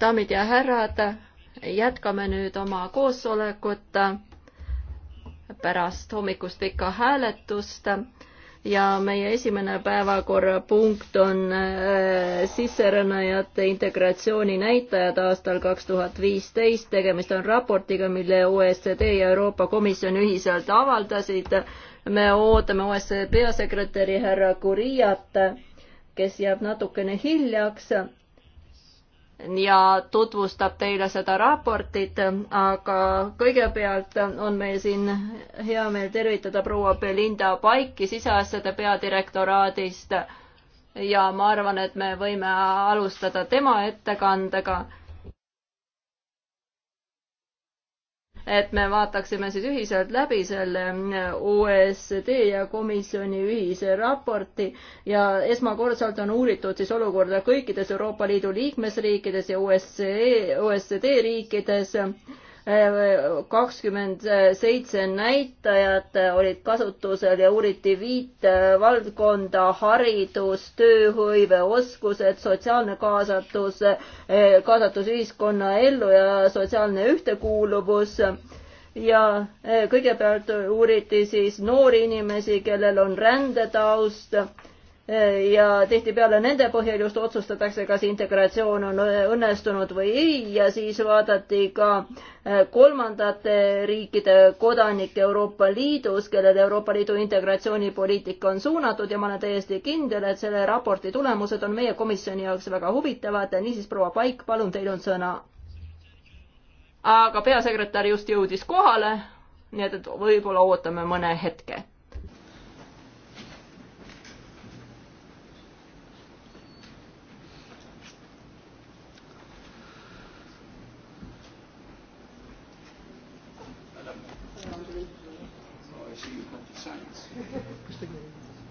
daamid ja härrad, jätkame nüüd oma koosolekut pärast hommikust pikka hääletust ja meie esimene päevakorrapunkt on äh, sisserännajate integratsiooni näitajad aastal kaks tuhat viisteist. tegemist on raportiga, mille OECD ja Euroopa Komisjon ühiselt avaldasid. me ootame OECD peasekretäri härra Kuriat, kes jääb natukene hiljaks ja tutvustab teile seda raportit, aga kõigepealt on meil siin hea meel tervitada proua Belinda Paiki siseasjade peadirektoraadist ja ma arvan, et me võime alustada tema ettekandega et me vaataksime siis ühiselt läbi selle äh, OSD ja komisjoni ühise raporti ja esmakordselt on uuritud siis olukorda kõikides Euroopa Liidu liikmesriikides ja OSCE, OSCD riikides kakskümmend seitse näitajat olid kasutusel ja uuriti viit äh, valdkonda, haridus, tööhõive, oskused, sotsiaalne kaasatus, äh, kaasatus ühiskonnaellu ja sotsiaalne ühtekuuluvus ja äh, kõigepealt uuriti siis noori inimesi, kellel on rändetaust ja tihtipeale nende põhjal just otsustatakse, kas integratsioon on õnnestunud või ei ja siis vaadati ka äh, kolmandate riikide kodanikke Euroopa Liidus, kellele Euroopa Liidu integratsioonipoliitika on suunatud ja ma olen täiesti kindel, et selle raporti tulemused on meie komisjoni jaoks väga huvitavad. niisiis, proua Paik, palun, teil on sõna. aga peasekretär just jõudis kohale, nii et, et võib-olla ootame mõne hetke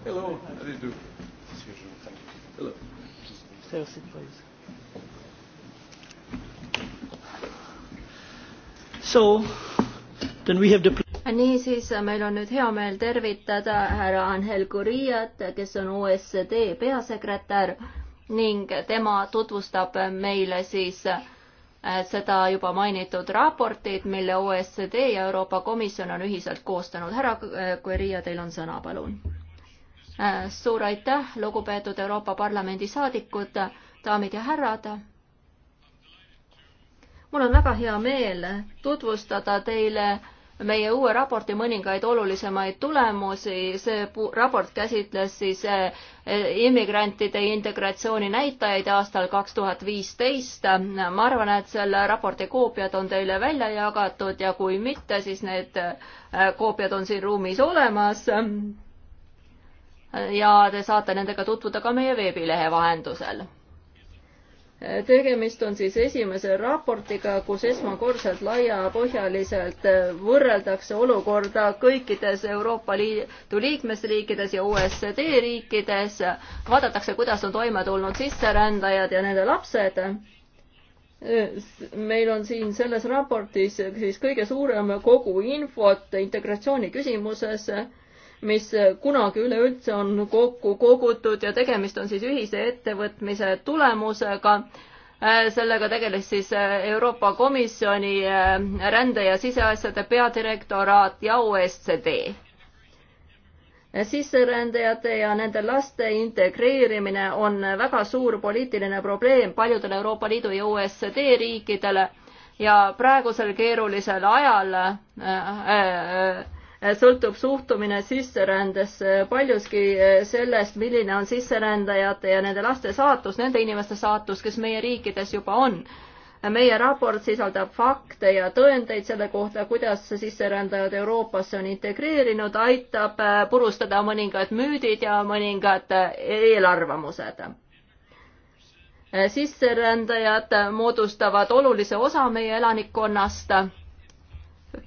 Hello, how do you do? Hello. Seriously, please. So, then we have the niisiis, meil on nüüd hea meel tervitada härra Angel Gurriat, kes on OSCD peasekretär ning tema tutvustab meile siis äh, seda juba mainitud raportit, mille OSCD ja Euroopa Komisjon on ühiselt koostanud. härra äh, Guerilla, teil on sõna, palun. Äh, suur aitäh, lugupeetud Euroopa Parlamendi saadikud, daamid ja härrad. mul on väga hea meel tutvustada teile meie uue raporti mõningaid olulisemaid tulemusi. see raport käsitles siis äh, immigrantide integratsiooni näitajaid aastal kaks tuhat viisteist. ma arvan, et selle raporti koopiad on teile välja jagatud ja kui mitte, siis need äh, koopiad on siin ruumis olemas ja te saate nendega tutvuda ka meie veebilehe vahendusel. tegemist on siis esimese raportiga, kus esmakordselt laiapõhjaliselt võrreldakse olukorda kõikides Euroopa Liidu liikmesriikides ja OSCD riikides, vaadatakse, kuidas on toime tulnud sisserändajad ja nende lapsed meil on siin selles raportis siis kõige suurem kogu infot integratsiooni küsimuses mis kunagi üleüldse on kokku kogutud ja tegemist on siis ühise ettevõtmise tulemusega. Äh, sellega tegeles siis äh, Euroopa Komisjoni äh, rände ja siseasjade peadirektoraat ja OSCD sisserändajate ja nende laste integreerimine on väga suur poliitiline probleem paljudele Euroopa Liidu ja OSCD riikidele ja praegusel keerulisel ajal äh, äh, sõltub suhtumine sisserändesse paljuski eh, sellest, milline on sisserändajate ja nende laste saatus, nende inimeste saatus, kes meie riikides juba on. meie raport sisaldab fakte ja tõendeid selle kohta, kuidas sisserändajad Euroopasse on integreerinud, aitab eh, purustada mõningad müüdid ja mõningad eh, eelarvamused sisserändajad moodustavad olulise osa meie elanikkonnast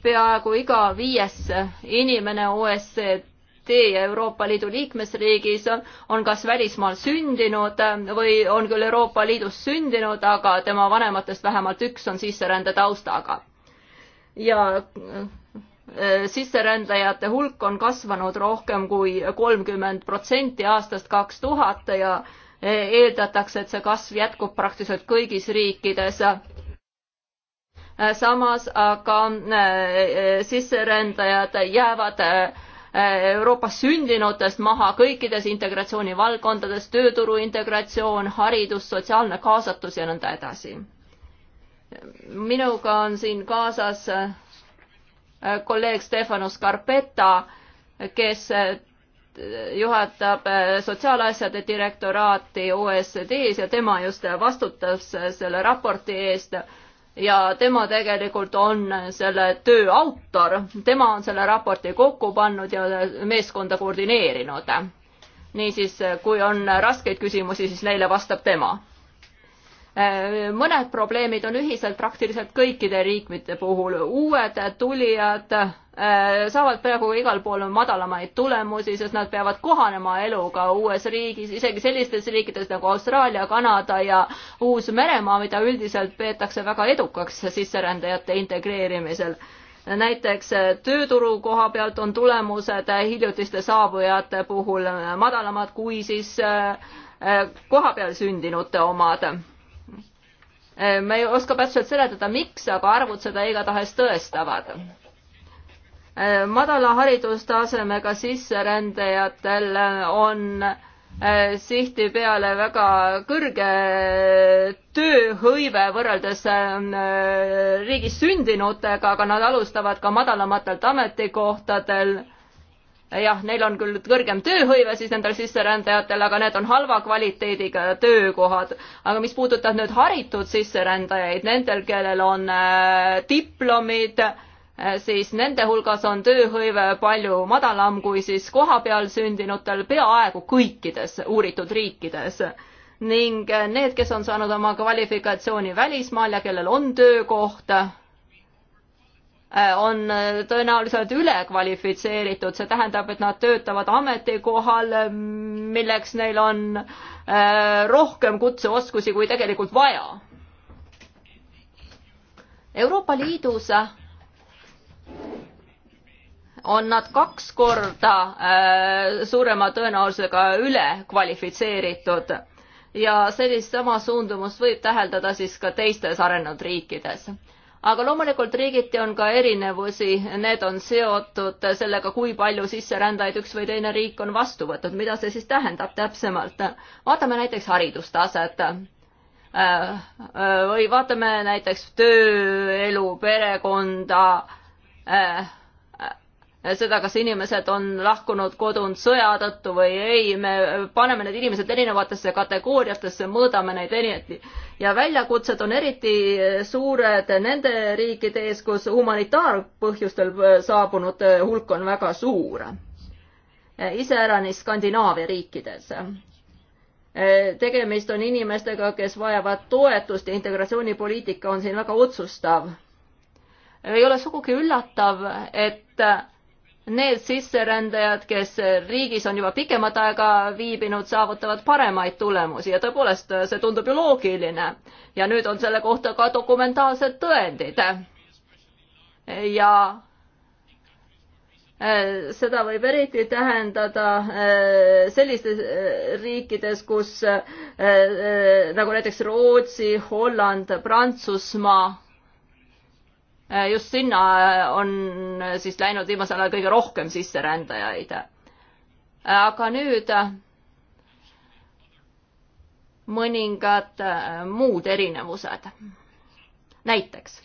peaaegu iga viies inimene OSCD ja Euroopa Liidu liikmesriigis on, on kas välismaal sündinud või on küll Euroopa Liidus sündinud, aga tema vanematest vähemalt üks on sisserände taustaga. ja äh, sisserändajate hulk on kasvanud rohkem kui kolmkümmend protsenti aastast kaks tuhat ja äh, eeldatakse, et see kasv jätkub praktiliselt kõigis riikides Äh, samas aga äh, sisserändajad jäävad äh, Euroopas sündinutest maha kõikides integratsioonivaldkondades, tööturu integratsioon, haridus, sotsiaalne kaasatus ja nõnda edasi. minuga on siin kaasas kolleeg Stefano Scarpetta, kes juhatab sotsiaalasjade direktoraati OSCD-s ja tema just vastutas selle raporti eest ja tema tegelikult on selle töö autor, tema on selle raporti kokku pannud ja meeskonda koordineerinud. niisiis, kui on raskeid küsimusi, siis neile vastab tema Äh, mõned probleemid on ühised praktiliselt kõikide riikide puhul, uued tulijad äh, saavad peaaegu igal pool madalamaid tulemusi, sest nad peavad kohanema eluga uues riigis, isegi sellistes riikides nagu Austraalia, Kanada ja Uus-Meremaa, mida üldiselt peetakse väga edukaks sisserändajate integreerimisel näiteks äh, tööturu koha pealt on tulemused hiljutiste saabujate puhul madalamad kui siis kohapeal sündinute omad Äh, me ei oska täpselt seletada, miks, aga arvud seda igatahes tõestavad. Äh, madala haridustasemega sisserändajatel on äh, sihti peale väga kõrge tööhõive võrreldes ähm, riigis sündinutega, aga nad alustavad ka madalamatelt ametikohtadel jah, neil on küll kõrgem tööhõive siis nendel sisserändajatel, aga need on halva kvaliteediga töökohad. aga mis puudutab nüüd haritud sisserändajaid, nendel, kellel on äh, diplomid, äh, siis nende hulgas on tööhõive palju madalam kui siis kohapeal sündinutel peaaegu kõikides uuritud riikides ning äh, need, kes on saanud oma kvalifikatsiooni välismaal ja kellel on töökoht, Äh, on äh, tõenäoliselt ülekvalifitseeritud, see tähendab, et nad töötavad ametikohal, milleks neil on äh, rohkem kutseoskusi, kui tegelikult vaja. Euroopa Liidus on nad kaks korda suurema tõenäosusega ülekvalifitseeritud ja sellist sama suundumust võib täheldada siis ka teistes arenenud riikides aga loomulikult riigiti on ka erinevusi, need on seotud sellega, kui palju sisserändajaid üks või teine riik on vastu võtnud, mida see siis tähendab täpsemalt. vaatame näiteks haridustaset äh, äh, või vaatame näiteks tööelu, perekonda äh, seda, kas inimesed on lahkunud kodunt sõja tõttu või ei, me paneme need inimesed erinevatesse kategooriatesse, mõõdame neid erinevalt ja väljakutsed on eriti suured nende riikide ees, kus humanitaarpõhjustel saabunute hulk on väga suur. iseäranis Skandinaavia riikides tegemist on inimestega, kes vajavad toetust ja integratsioonipoliitika on siin väga otsustav. ei ole sugugi üllatav, et need sisserändajad, kes riigis on juba pikemat aega viibinud, saavutavad paremaid tulemusi ja tõepoolest, see tundub ju loogiline. ja nüüd on selle kohta ka dokumentaalsed tõendid. ja e, seda võib eriti tähendada e, sellistes e, riikides, kus nagu näiteks Rootsi, Holland, Prantsusmaa Äh, just sinna äh, on äh, siis läinud viimasel ajal kõige rohkem sisserändajaid. aga nüüd mõningad muud erinevused. näiteks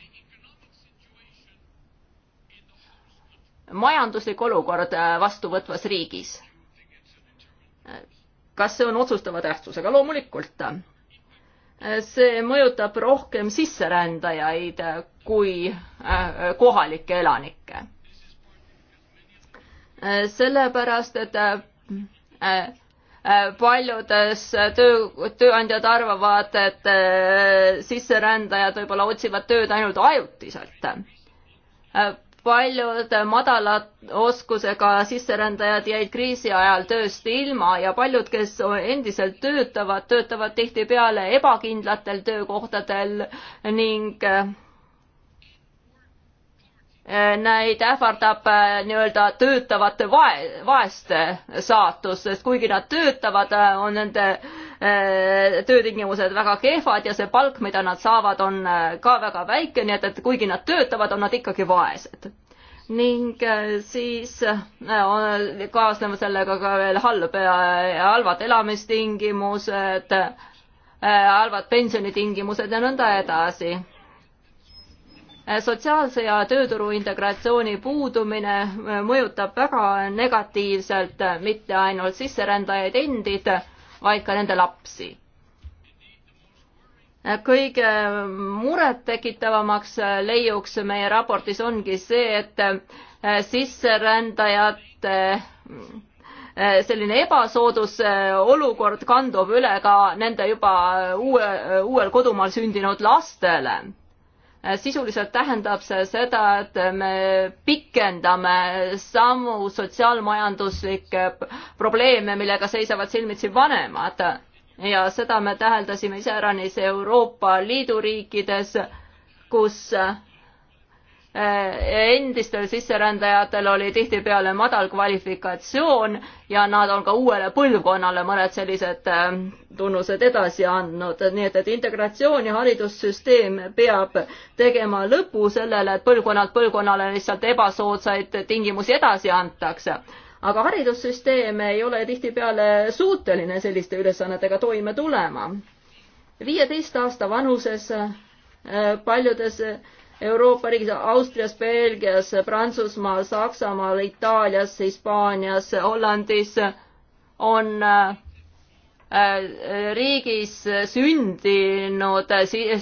majanduslik olukord vastuvõtvas riigis. kas see on otsustava tähtsusega? loomulikult. see mõjutab rohkem sisserändajaid kui äh, kohalikke elanikke. sellepärast, et äh, äh, paljudes töö, tööandjad arvavad, et sisserändajad võib-olla otsivad tööd ainult ajutiselt. paljud madala oskusega sisserändajad jäid kriisi ajal tööst ilma ja paljud, kes endiselt töötavad, töötavad tihtipeale ebakindlatel töökohtadel ning Eh, neid ähvardab eh, nii-öelda töötavate vae-, vaeste saatus, sest kuigi nad töötavad, eh, on nende töötingimused väga kehvad ja see palk, mida nad saavad, on ka väga väike, nii et, et kuigi nad töötavad, on nad ikkagi vaesed. ning siis kaasnevad sellega ka veel halb, halvad elamistingimused, halvad pensionitingimused ja nõnda edasi Äh, sotsiaalse ja tööturu integratsiooni puudumine äh, mõjutab väga negatiivselt äh, mitte ainult sisserändajaid endid, vaid ka nende lapsi. kõige murettekitavamaks leiuks meie raportis ongi see, et sisserändajate selline ebasoodus olukord kandub üle ka nende juba uue, uuel kodumaal sündinud lastele Äh, sisuliselt tähendab see seda, et me pikendame samu sotsiaalmajanduslikke probleeme, millega seisavad silmitsi vanemad ja seda me täheldasime iseäranis Euroopa Liidu riikides, kus äh, Äh, endistel sisserändajatel oli tihtipeale madal kvalifikatsioon ja nad on ka uuele põlvkonnale mõned sellised äh, tunnused edasi andnud, nii et, et integratsioon ja haridussüsteem peab tegema lõpu sellele, et põlvkonnalt põlvkonnale lihtsalt ebasoodsaid tingimusi edasi antakse. aga haridussüsteem ei ole tihtipeale suuteline selliste ülesannetega toime tulema. viieteist aasta vanuses äh, paljudes Euroopa riigis, Austrias, Belgias, Prantsusmaal, Saksamaal, Itaalias, Hispaanias, Hollandis on äh, riigis sündinud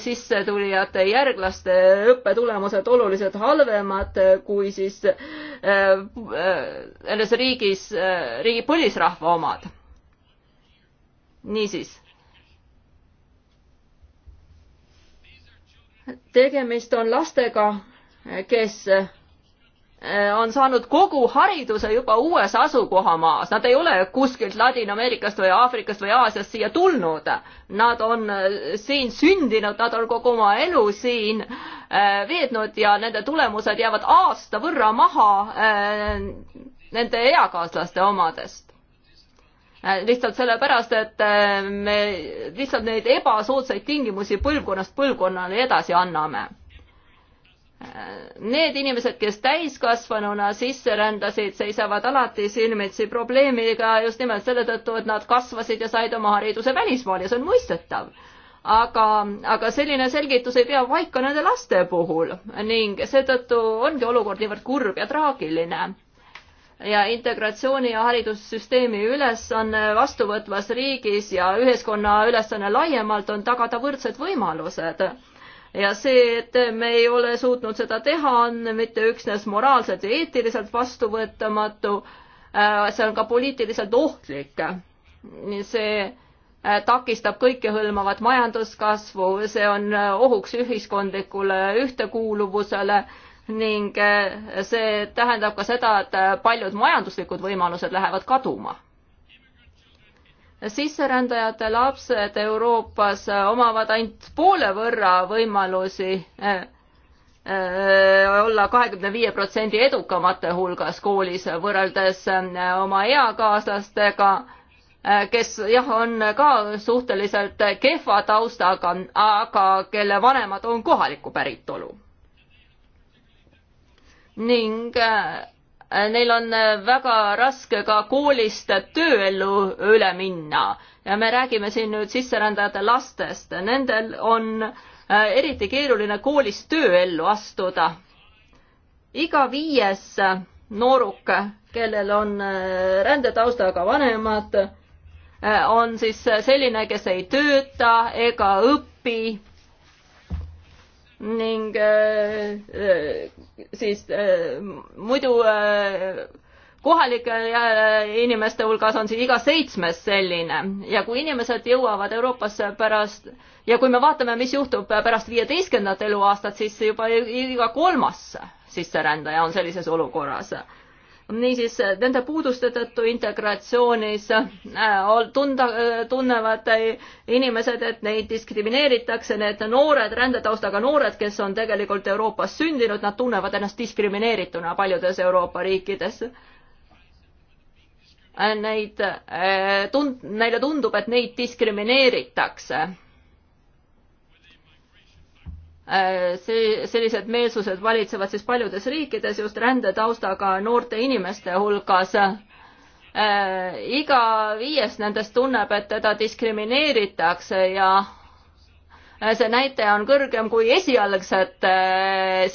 sissetulijate järglaste õppetulemused oluliselt halvemad kui siis äh, äh, selles riigis, riigi põlisrahva omad. niisiis tegemist on lastega, kes eh, on saanud kogu hariduse juba uues asukohamaas, nad ei ole kuskilt Ladina-Ameerikast või Aafrikast või Aasiast siia tulnud. Nad on eh, siin sündinud, nad on kogu oma elu siin eh, veetnud ja nende tulemused jäävad aasta võrra maha nende eakaaslaste omadest. Äh, lihtsalt sellepärast, et äh, me lihtsalt neid ebasoodsaid tingimusi põlvkonnast põlvkonnale edasi anname. Äh, need inimesed, kes täiskasvanuna sisse rändasid, seisavad alati silmitsi probleemiga just nimelt selle tõttu, et nad kasvasid ja said oma hariduse välismaal ja see on mõistetav aga, aga selline selgitus ei pea paika nende laste puhul ning seetõttu ongi olukord niivõrd kurb ja traagiline ja integratsiooni ja haridussüsteemi ülesanne vastuvõtvas riigis ja ühiskonna ülesanne laiemalt on tagada võrdsed võimalused. ja see, et me ei ole suutnud seda teha, on mitte üksnes moraalselt ja eetiliselt vastuvõetamatu, äh, see on ka poliitiliselt ohtlik. see äh, takistab kõikehõlmavat majanduskasvu, see on äh, ohuks ühiskondlikule ühtekuuluvusele ning eh, see tähendab ka seda, et eh, paljud majanduslikud võimalused lähevad kaduma. sisserändajate lapsed Euroopas eh, omavad ainult poole võrra võimalusi olla kahekümne viie protsendi edukamate hulgas koolis võrreldes oma eakaaslastega, kes jah, on ka suhteliselt kehva taustaga, aga kelle vanemad on kohalikku päritolu ning äh, neil on äh, väga raske ka koolist tööellu üle minna ja me räägime siin nüüd sisserändajate lastest, nendel on äh, eriti keeruline koolist tööellu astuda. iga viies nooruk, kellel on rändetaustaga vanemad, on siis selline, kes ei tööta ega õpi ning äh, äh, siis äh, muidu kohalike inimeste hulgas on siin iga seitsmes selline ja kui inimesed jõuavad Euroopasse pärast ja kui me vaatame, mis juhtub pärast viieteistkümnendat eluaastat, siis juba iga kolmas sisserändaja on sellises olukorras niisiis nende puuduste tõttu integratsioonis äh, tunda, äh, tunnevad inimesed, et neid diskrimineeritakse, need noored, rändetaustaga noored, kes on tegelikult Euroopas sündinud, nad tunnevad ennast diskrimineerituna paljudes Euroopa riikides. Äh, neid tund-, neile tundub, et neid diskrimineeritakse Äh, see, sellised meelsused valitsevad siis paljudes riikides just rändetaustaga noorte inimeste hulgas. Äh, iga viies nendest tunneb, et teda diskrimineeritakse ja äh, see näitaja on kõrgem kui esialgsete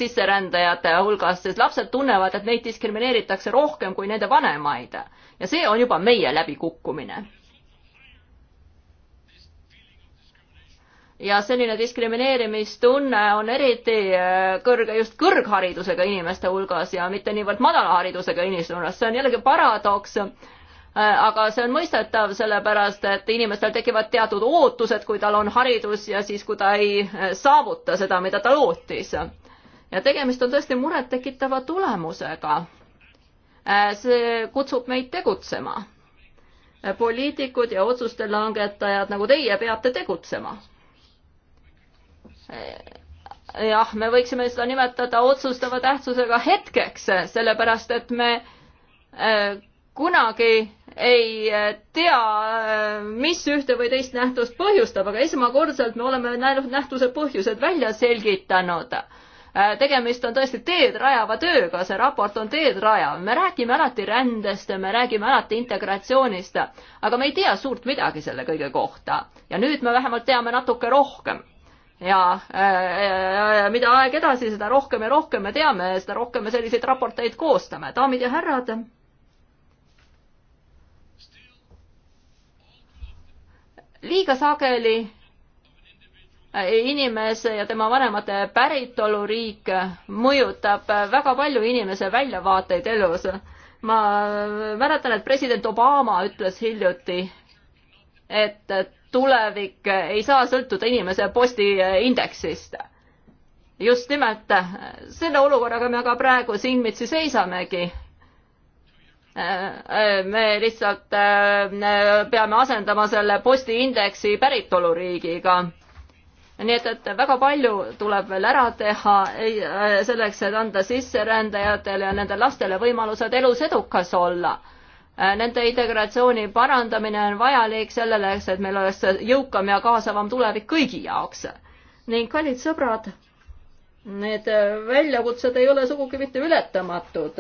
sisserändajate hulgas, sest lapsed tunnevad, et neid diskrimineeritakse rohkem kui nende vanemaid ja see on juba meie läbikukkumine ja selline diskrimineerimistunne on eriti äh, kõrge just kõrgharidusega inimeste hulgas ja mitte niivõrd madala haridusega inimeste hulgas, see on jällegi paradoks. Äh, aga see on mõistetav, sellepärast et inimestel tekivad teatud ootused, kui tal on haridus ja siis, kui ta ei äh, saavuta seda, mida ta lootis. ja tegemist on tõesti murettekitava tulemusega. see kutsub meid tegutsema poliitikud ja otsuste langetajad nagu teie peate tegutsema jah, me võiksime seda nimetada otsustava tähtsusega hetkeks, sellepärast et me äh, kunagi ei äh, tea, äh, mis ühte või teist nähtust põhjustab, aga esmakordselt me oleme näinud nähtuse põhjused välja selgitanud. tegemist on tõesti teed rajava tööga, see raport on teed rajav, me räägime alati rändest, me räägime alati integratsioonist, aga me ei tea suurt midagi selle kõige kohta ja nüüd me vähemalt teame natuke rohkem ja äh, äh mida aeg edasi, seda rohkem ja rohkem me teame, seda rohkem me selliseid raporteid koostame. daamid ja härrad. liiga sageli äh, inimese ja tema vanemate päritoluriik mõjutab äh, väga palju inimese väljavaateid elus. ma mäletan, et president Obama ütles hiljuti, et tulevik ei saa sõltuda inimese postiindeksist. just nimelt selle olukorraga me aga praegu silmitsi seisamegi. me lihtsalt äh, peame asendama selle postiindeksi päritoluriigiga nii et, et väga palju tuleb veel ära teha äh, selleks, et anda sisserändajatele ja nende lastele võimalused elus edukas olla Äh, nende integratsiooni parandamine on vajalik selleks, et meil oleks jõukam ja kaasavam tulevik kõigi jaoks. ning kallid sõbrad, need äh, väljakutsed ei ole sugugi mitte ületamatud.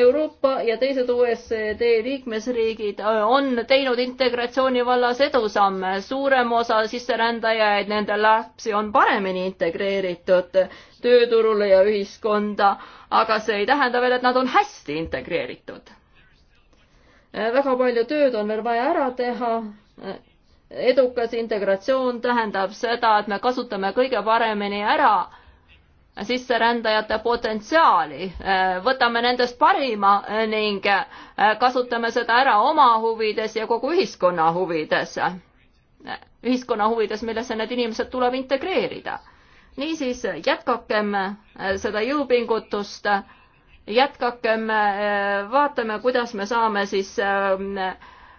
Euroopa ja teised OECD liikmesriigid äh, on teinud integratsiooni vallas edusamme, suurem osa sisserändajaid, nende lapsi on paremini integreeritud tööturule ja ühiskonda, aga see ei tähenda veel, et nad on hästi integreeritud Eh, väga palju tööd on veel vaja ära teha. Eh, edukas integratsioon tähendab seda, et me kasutame kõige paremini ära sisserändajate potentsiaali, eh, võtame nendest parima ning kasutame seda ära oma huvides ja kogu ühiskonna huvides. ühiskonna huvides, millesse need inimesed tuleb integreerida. niisiis jätkakem seda jõupingutust jätkakem, äh, vaatame, kuidas me saame siis äh,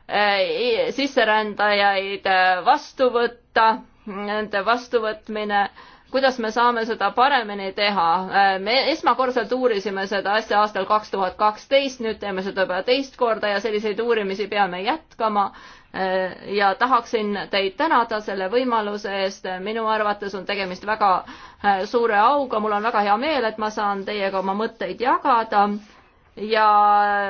äh, sisserändajaid vastu võtta, nende vastuvõtmine, kuidas me saame seda paremini teha. me esmakordselt uurisime seda asja aastal kaks tuhat kaksteist, nüüd teeme seda juba teist korda ja selliseid uurimisi peame jätkama Äh, ja tahaksin teid tänada selle võimaluse eest, minu arvates on tegemist väga äh, suure auga, mul on väga hea meel, et ma saan teiega oma mõtteid jagada ja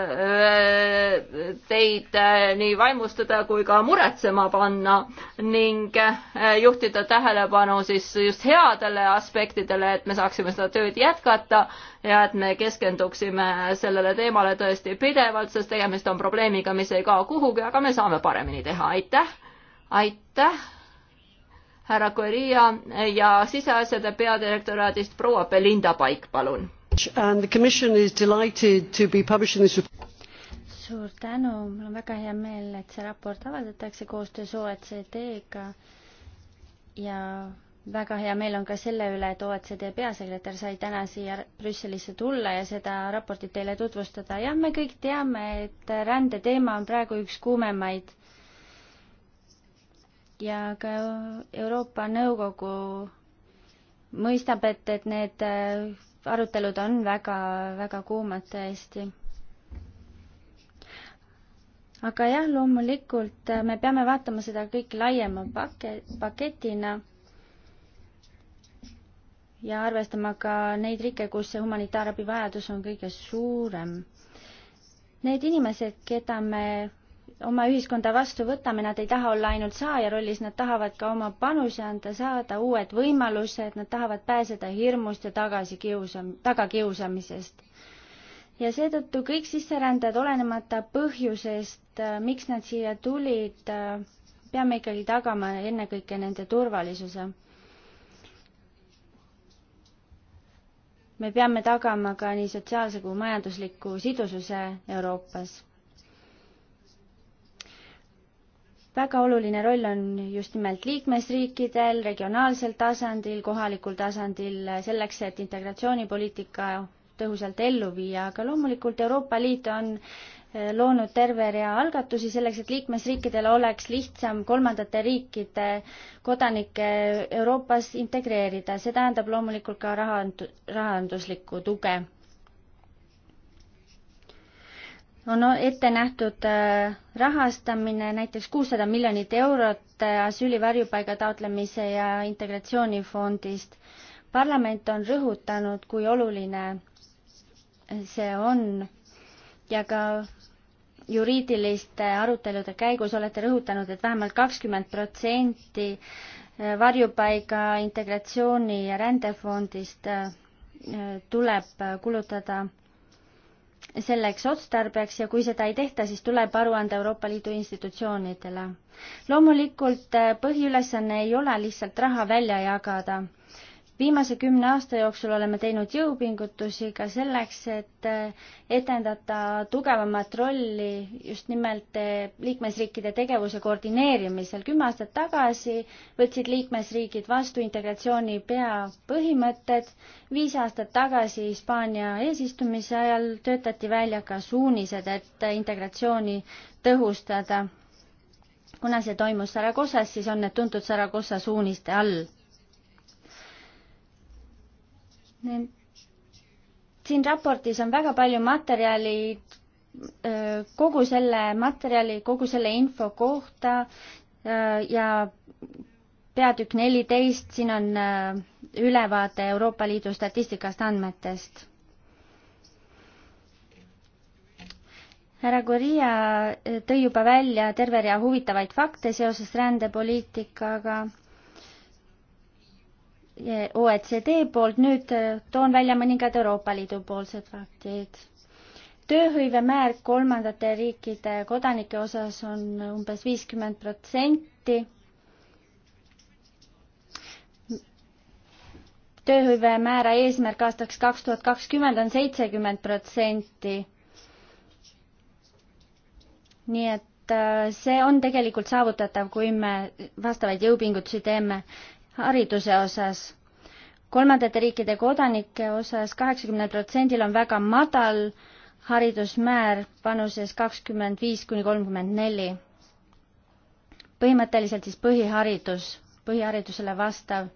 äh, teid äh, nii vaimustada kui ka muretsema panna ning äh, juhtida tähelepanu siis just headele aspektidele, et me saaksime seda tööd jätkata ja et me keskenduksime sellele teemale tõesti pidevalt, sest tegemist on probleemiga, mis ei kao kuhugi, aga me saame paremini teha, aitäh, aitäh, härra Koeria ja siseasjade peadirektoraadist proua Belinda Paik, palun And the commission is delighted to be publishing this report suur tänu, mul on väga hea meel, et see raport avaldatakse koostöös OECD-ga ja väga hea meel on ka selle üle, et OECD peasekretär sai täna siia Brüsselisse tulla ja seda raportit teile tutvustada. jah, me kõik teame, et rändeteema on praegu üks kuumemaid ja ka Euroopa Nõukogu mõistab, et, et need arutelud on väga, väga kuumad tõesti. aga jah, loomulikult äh, me peame vaatama seda kõike laiema pake-, paketina ja arvestama ka neid riike, kus see humanitaarabivajadus on kõige suurem. Need inimesed, keda me oma ühiskonda vastu võtame, nad ei taha olla ainult saaja rollis, nad tahavad ka oma panuse anda, saada uued võimalused, nad tahavad pääseda hirmust ja tagasi kiusam-, tagakiusamisest. ja seetõttu kõik sisserändajad, olenemata põhjusest, äh, miks nad siia tulid, äh, peame ikkagi tagama ennekõike nende turvalisuse. me peame tagama ka nii sotsiaalse kui majandusliku sidususe Euroopas väga oluline roll on just nimelt liikmesriikidel, regionaalsel tasandil, kohalikul tasandil selleks, et integratsioonipoliitika tõhusalt ellu viia, aga loomulikult Euroopa Liit on eh, loonud terve rea algatusi selleks, et liikmesriikidel oleks lihtsam kolmandate riikide kodanikke Euroopas integreerida, see tähendab loomulikult ka rahand-, rahanduslikku tuge on ette nähtud äh, rahastamine näiteks kuussada miljonit eurot äh, asüülivarjupaiga taotlemise ja integratsioonifondist. parlament on rõhutanud, kui oluline see on ja ka juriidiliste arutelude käigus olete rõhutanud, et vähemalt kakskümmend protsenti äh, varjupaiga integratsiooni ja rändefondist tuleb kulutada selleks otstarbeks ja kui seda ei tehta, siis tuleb aru anda Euroopa Liidu institutsioonidele. loomulikult eh, põhiülesanne ei ole lihtsalt raha välja jagada viimase kümne aasta jooksul oleme teinud jõupingutusi ka selleks, et eh, etendada tugevamat rolli just nimelt eh, liikmesriikide tegevuse koordineerimisel. kümme aastat tagasi võtsid liikmesriigid vastu integratsiooni peapõhimõtted, viis aastat tagasi Hispaania eesistumise ajal töötati välja ka suunised, et integratsiooni tõhustada. kuna see toimus Saragossas, siis on need tuntud Saragossa suuniste all siin raportis on väga palju materjali, kogu selle materjali, kogu selle info kohta ja peatükk neliteist, siin on ülevaade Euroopa Liidu statistikast andmetest. härra Guria tõi juba välja terve rea huvitavaid fakte seoses rändepoliitikaga OECD poolt, nüüd äh, toon välja mõningad Euroopa Liidu poolsed faktid. tööhõive määr kolmandate riikide kodanike osas on umbes viiskümmend protsenti. tööhõive määra eesmärk aastaks kaks tuhat kakskümmend on seitsekümmend protsenti. nii et äh, see on tegelikult saavutatav, kui me vastavaid jõupingutusi teeme hariduse osas. kolmandate riikide kodanike osas kaheksakümnel protsendil on väga madal haridusmäär vanuses kakskümmend viis kuni kolmkümmend neli. põhimõtteliselt siis põhiharidus, põhiharidusele vastav.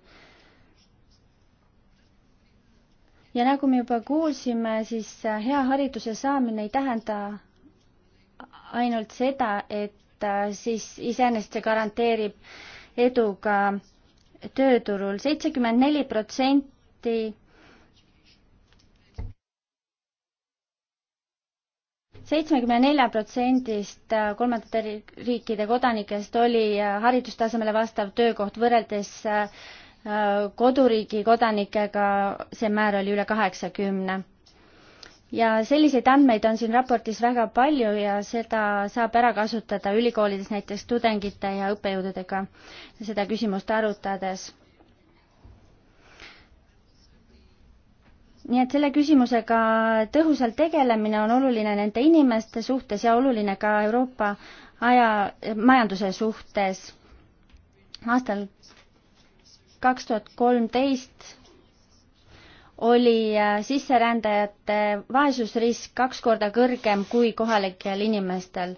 ja nagu me juba kuulsime, siis hea hariduse saamine ei tähenda ainult seda, et äh, siis iseenesest see garanteerib edu ka tööturul. seitsekümmend neli protsenti seitsmekümne nelja protsendist äh, kolmandate riikide kodanikest oli äh, haridustasemele vastav töökoht võrreldes äh, koduriigi kodanikega, see määr oli üle kaheksakümne ja selliseid andmeid on siin raportis väga palju ja seda saab ära kasutada ülikoolides näiteks tudengite ja õppejõududega seda küsimust arutades nii et selle küsimusega tõhusalt tegelemine on oluline nende inimeste suhtes ja oluline ka Euroopa aja, majanduse suhtes. aastal kaks tuhat kolmteist oli äh, sisserändajate vaesusrisk kaks korda kõrgem kui kohalikel inimestel.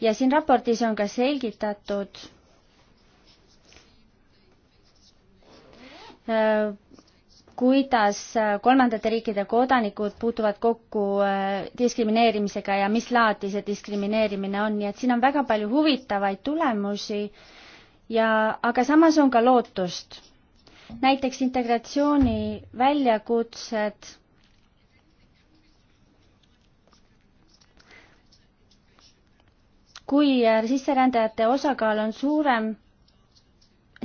ja siin raportis on ka selgitatud äh, kuidas äh, kolmandate riikide kodanikud puutuvad kokku diskrimineerimisega ja mis laadi see diskrimineerimine on, nii et siin on väga palju huvitavaid tulemusi ja, aga samas on ka lootust näiteks integratsiooni väljakutsed. kui sisserändajate osakaal on suurem,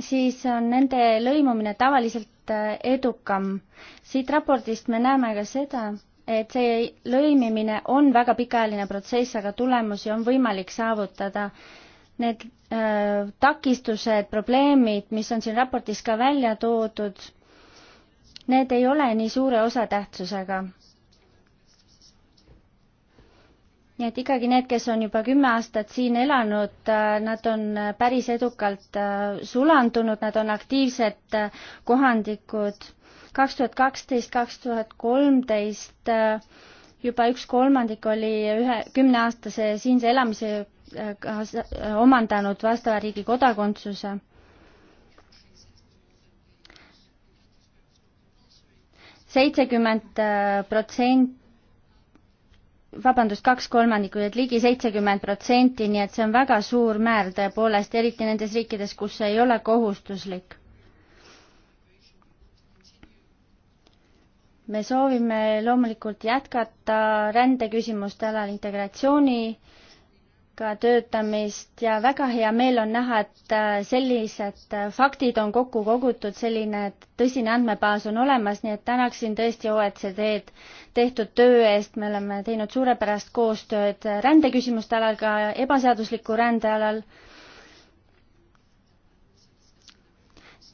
siis on nende lõimumine tavaliselt äh, edukam. siit raportist me näeme ka seda, et see lõimimine on väga pikaajaline protsess, aga tulemusi on võimalik saavutada Need äh, takistused, probleemid, mis on siin raportis ka välja toodud, need ei ole nii suure osatähtsusega. nii et ikkagi need, kes on juba kümme aastat siin elanud, äh, nad on päris edukalt äh, sulandunud, nad on aktiivsed äh, kohandikud. kaks tuhat kaksteist, kaks tuhat kolmteist juba üks kolmandik oli ühe, kümneaastase siinse elamise kas omandanud vastava riigi kodakondsuse. seitsekümmend äh, protsenti, vabandust, kaks kolmandikku, et ligi seitsekümmend protsenti, nii et see on väga suur määr tõepoolest, eriti nendes riikides, kus see ei ole kohustuslik. me soovime loomulikult jätkata rändeküsimuste alal integratsiooni äh, ka töötamist ja väga hea meel on näha, et äh, sellised äh, faktid on kokku kogutud, selline tõsine andmebaas on olemas, nii et tänaksin tõesti OECD-d tehtud töö eest, me oleme teinud suurepärast koostööd äh, rändeküsimuste alal, ka ebaseadusliku rände alal.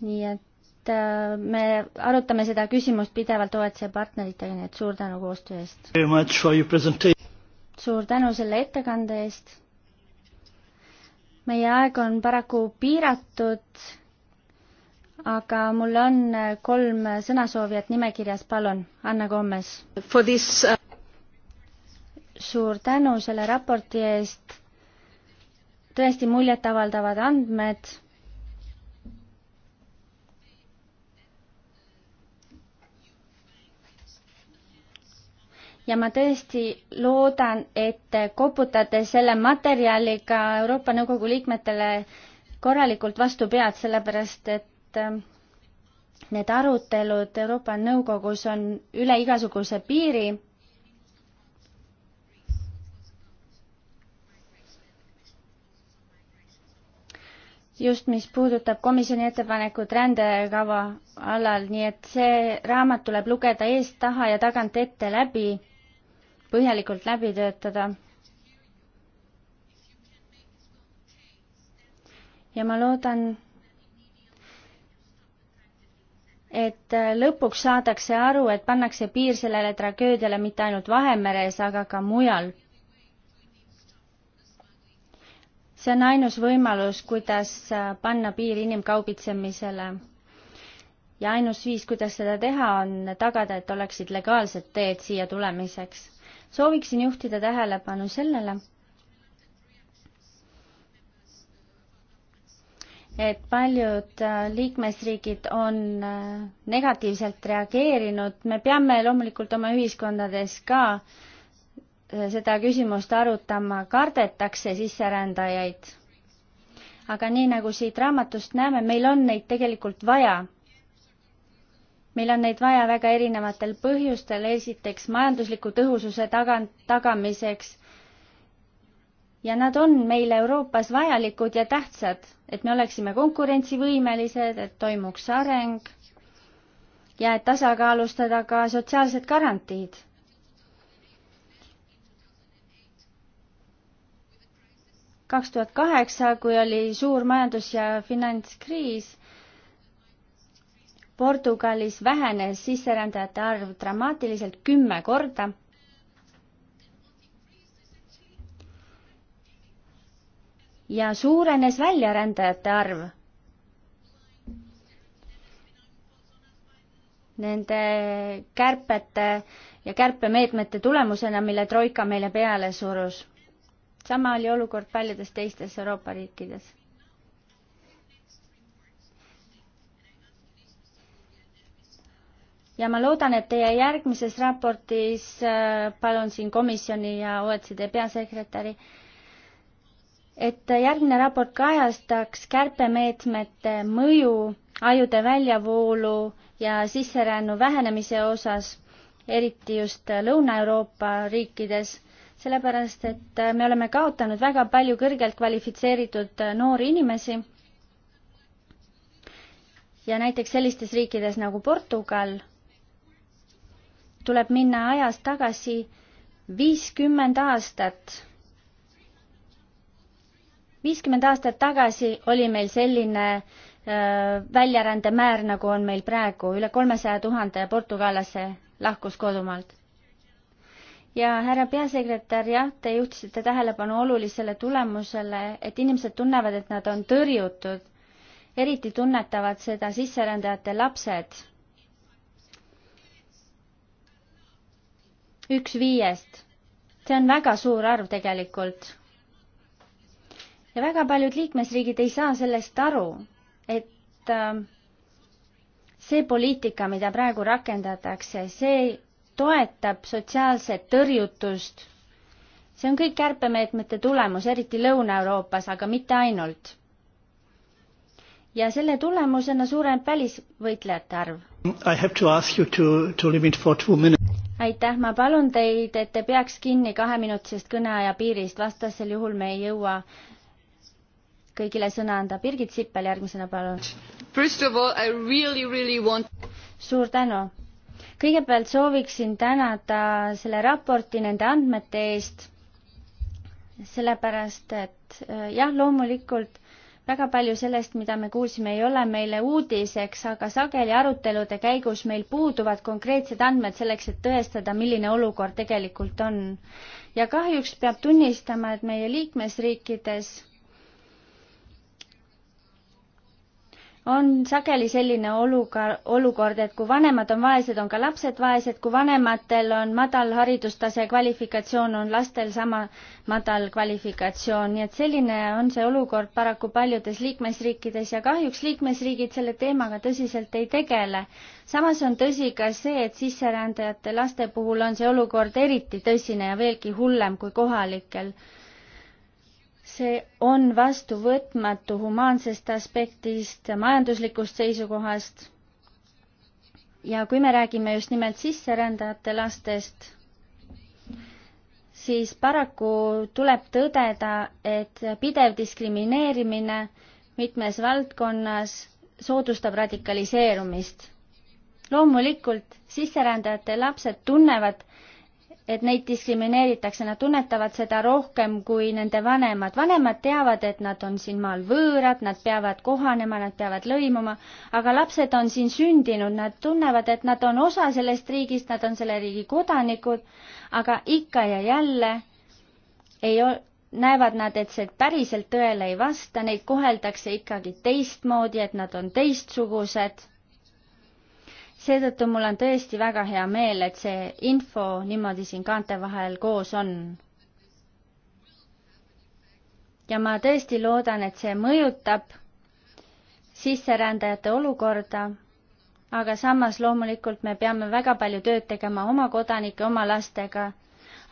nii et me arutame seda küsimust pidevalt OECD partneritega, nii et suur tänu koostöö eest! suur tänu selle ettekande eest! meie aeg on paraku piiratud, aga mul on kolm sõnasoovijat nimekirjas, palun, Anna Gomes. This... Uh, suur tänu selle raporti eest, tõesti muljetavaldavad andmed ja ma tõesti loodan, et te koputate selle materjaliga Euroopa Nõukogu liikmetele korralikult vastu pead, sellepärast et ähm, need arutelud Euroopa Nõukogus on üle igasuguse piiri just, mis puudutab komisjoni ettepanekut rändekava alal, nii et see raamat tuleb lugeda eest, taha ja tagant ette läbi põhjalikult läbi töötada. ja ma loodan, et lõpuks saadakse aru, et pannakse piir sellele tragöödiale mitte ainult Vahemeres, aga ka mujal. see on ainus võimalus, kuidas panna piir inimkaubitsemisele. ja ainus viis, kuidas seda teha, on tagada, et oleksid legaalsed teed siia tulemiseks sooviksin juhtida tähelepanu sellele, et paljud äh, liikmesriigid on äh, negatiivselt reageerinud, me peame loomulikult oma ühiskondades ka äh, seda küsimust arutama, kardetakse sisserändajaid. aga nii, nagu siit raamatust näeme, meil on neid tegelikult vaja meil on neid vaja väga erinevatel põhjustel, esiteks majandusliku tõhususe tagant, tagamiseks ja nad on meile Euroopas vajalikud ja tähtsad, et me oleksime konkurentsivõimelised, et toimuks areng ja et tasakaalustada ka sotsiaalsed garantiid. kaks tuhat kaheksa, kui oli suur majandus- ja finantskriis Portugalis vähenes sisserändajate arv dramaatiliselt kümme korda. ja suurenes väljarändajate arv. Nende kärpete ja kärpemeetmete tulemusena, mille Troika meile peale surus. sama oli olukord paljudes teistes Euroopa riikides ja ma loodan, et teie järgmises raportis, äh, palun siin komisjoni ja OECD peasekretäri, et järgmine raport kajastaks kärpemeetmete mõju ajude väljavoolu ja sisserännu vähenemise osas, eriti just Lõuna-Euroopa riikides, sellepärast et äh, me oleme kaotanud väga palju kõrgelt kvalifitseeritud äh, noori inimesi. ja näiteks sellistes riikides nagu Portugal tuleb minna ajas tagasi viiskümmend aastat. viiskümmend aastat tagasi oli meil selline väljarändemäär, nagu on meil praegu, üle kolmesaja tuhande portugallase lahkus kodumaalt. ja härra peasekretär, jah, te juhtisite tähelepanu olulisele tulemusele, et inimesed tunnevad, et nad on tõrjutud. eriti tunnetavad seda sisserändajate lapsed üks viiest. see on väga suur arv tegelikult. ja väga paljud liikmesriigid ei saa sellest aru, et ähm, see poliitika, mida praegu rakendatakse, see toetab sotsiaalset tõrjutust. see on kõik kärpemeetmete tulemus, eriti Lõuna-Euroopas, aga mitte ainult ja selle tulemusena suureneb välisvõitlejate arv aitäh, ma palun teid, et te peaks kinni kaheminutisest kõneaja piirist, vastasel juhul me ei jõua kõigile sõna anda. Birgit Sippel järgmisena, palun. Really, really want... suur tänu. kõigepealt sooviksin tänada selle raporti nende andmete eest, sellepärast et äh, jah, loomulikult väga palju sellest, mida me kuulsime, ei ole meile uudiseks, aga sageli arutelude käigus meil puuduvad konkreetsed andmed selleks, et tõestada, milline olukord tegelikult on. ja kahjuks peab tunnistama, et meie liikmesriikides on sageli selline oluga, olukord, et kui vanemad on vaesed, on ka lapsed vaesed, kui vanematel on madal haridustase, kvalifikatsioon, on lastel sama madal kvalifikatsioon, nii et selline on see olukord paraku paljudes liikmesriikides ja kahjuks liikmesriigid selle teemaga tõsiselt ei tegele. samas on tõsi ka see, et sisserändajate laste puhul on see olukord eriti tõsine ja veelgi hullem kui kohalikel see on vastuvõtmatu humaansest aspektist, majanduslikust seisukohast. ja kui me räägime just nimelt sisserändajate lastest, siis paraku tuleb tõdeda, et pidev diskrimineerimine mitmes valdkonnas soodustab radikaliseerumist. loomulikult sisserändajate lapsed tunnevad, et neid diskrimineeritakse, nad tunnetavad seda rohkem kui nende vanemad. vanemad teavad, et nad on siin maal võõrad, nad peavad kohanema, nad peavad lõimuma, aga lapsed on siin sündinud, nad tunnevad, et nad on osa sellest riigist, nad on selle riigi kodanikud, aga ikka ja jälle ei ol-, näevad nad, et see päriselt tõele ei vasta, neid koheldakse ikkagi teistmoodi, et nad on teistsugused seetõttu mul on tõesti väga hea meel, et see info niimoodi siin kaante vahel koos on. ja ma tõesti loodan, et see mõjutab sisserändajate olukorda, aga samas loomulikult me peame väga palju tööd tegema oma kodanike, oma lastega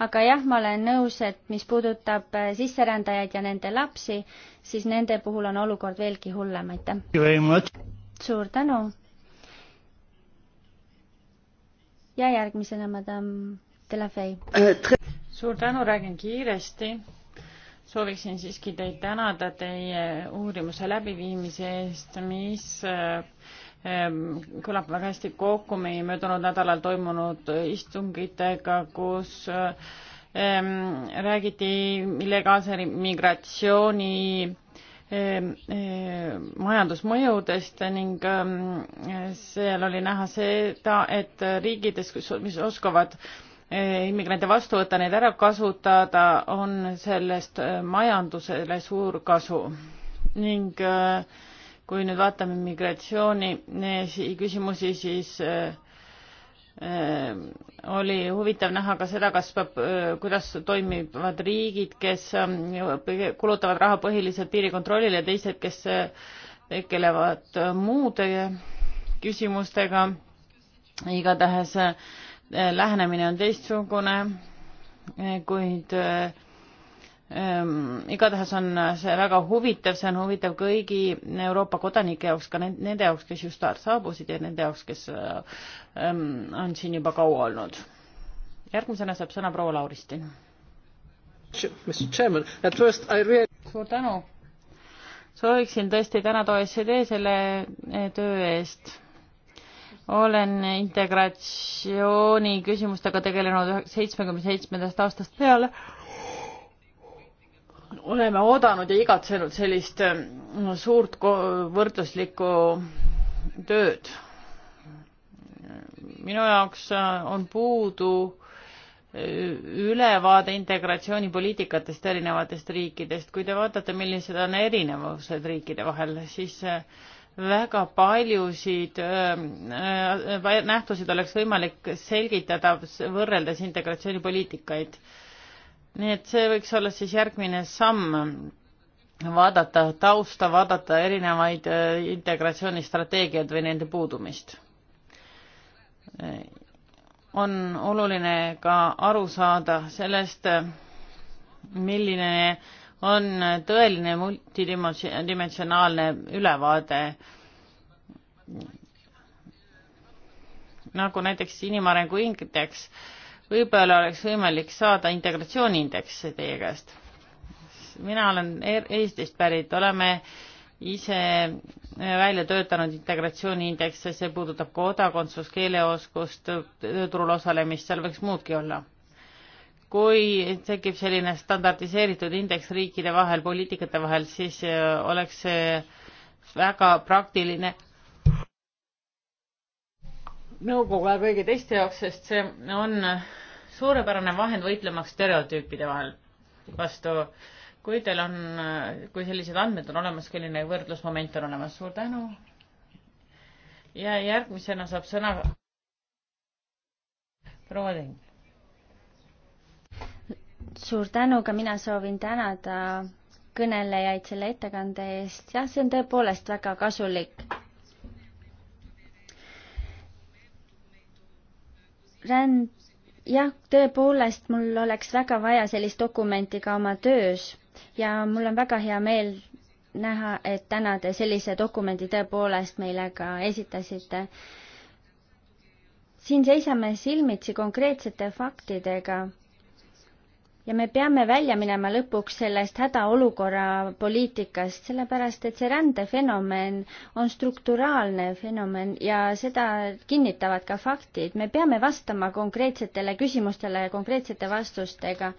aga jah, ma olen nõus, et mis puudutab sisserändajaid ja nende lapsi, siis nende puhul on olukord veelgi hullem, aitäh. suur tänu. ja järgmisena madam Delafay. suur tänu, räägin kiiresti. sooviksin siiski teid tänada teie uurimuse läbiviimise eest, mis ähm, kõlab väga hästi kokku meie möödunud nädalal toimunud istungitega, kus ähm, räägiti illegaalse migratsiooni Ehm, ehm, majandusmõjudest ning ehm, seal oli näha seda, et riigides, kus, mis oskavad eh, immigrante vastu võtta, neid ära kasutada, on sellest eh, majandusele suur kasu. ning eh, kui nüüd vaatame migratsiooni küsimusi, siis Ehm, oli huvitav näha ka seda, kas peab, kuidas toimivad riigid, kes kulutavad raha põhiliselt piirikontrollile ja teised, kes tegelevad muude küsimustega. igatahes lähenemine on teistsugune, kuid äh, Ehm, igatahes on see väga huvitav, see on huvitav kõigi Euroopa kodanike jaoks, ka nende jaoks, kes just saabusid ja nende jaoks, kes ehm, on siin juba kaua olnud. järgmisena saab sõna proua Lauristin. suur tänu. sooviksin tõesti tänada OECD selle eh, töö eest olen integratsiooni küsimustega tegelenud seitsmekümne seitsmendast aastast peale oleme oodanud ja igatsenud sellist ähm, suurt võrdluslikku tööd. minu jaoks äh, on puudu äh, ülevaade integratsioonipoliitikatest erinevatest riikidest. kui te vaatate, millised on erinevused riikide vahel, siis äh, väga paljusid ähm, nähtusid oleks võimalik selgitada võrreldes integratsioonipoliitikaid nii et see võiks olla siis järgmine samm, vaadata tausta, vaadata erinevaid äh, integratsioonistrateegiaid või nende puudumist. on oluline ka aru saada sellest, milline on tõeline multidimensionaalne ülevaade nagu näiteks inimarengu indeks võib-olla oleks võimalik saada integratsiooniindeks teie käest. mina olen er-, Eestist pärit, oleme ise äh, välja töötanud integratsiooniindekse, see puudutab kodakondsust, keeleoskust, tööturul osalemist, seal võiks muudki olla. kui tekib selline standardiseeritud indeks riikide vahel, poliitikate vahel, siis äh, oleks see väga praktiline nõukogu ja kõigi teiste jaoks, sest see on suurepärane vahend võitlemaks stereotüüpide vahel vastu. kui teil on, kui sellised andmed on olemas, selline võrdlusmoment on olemas, suur tänu. ja järgmisena saab sõna proua Ling suur tänu, ka mina soovin tänada kõnelejaid selle ettekande eest, jah, see on tõepoolest väga kasulik. ränd jah, tõepoolest, mul oleks väga vaja sellist dokumenti ka oma töös ja mul on väga hea meel näha, et täna te sellise dokumendi tõepoolest meile ka esitasite. siin seisame silmitsi konkreetsete faktidega ja me peame välja minema lõpuks sellest hädaolukorra poliitikast, sellepärast et see rändefenomen on strukturaalne fenomen ja seda kinnitavad ka faktid. me peame vastama konkreetsetele küsimustele konkreetsete vastustega.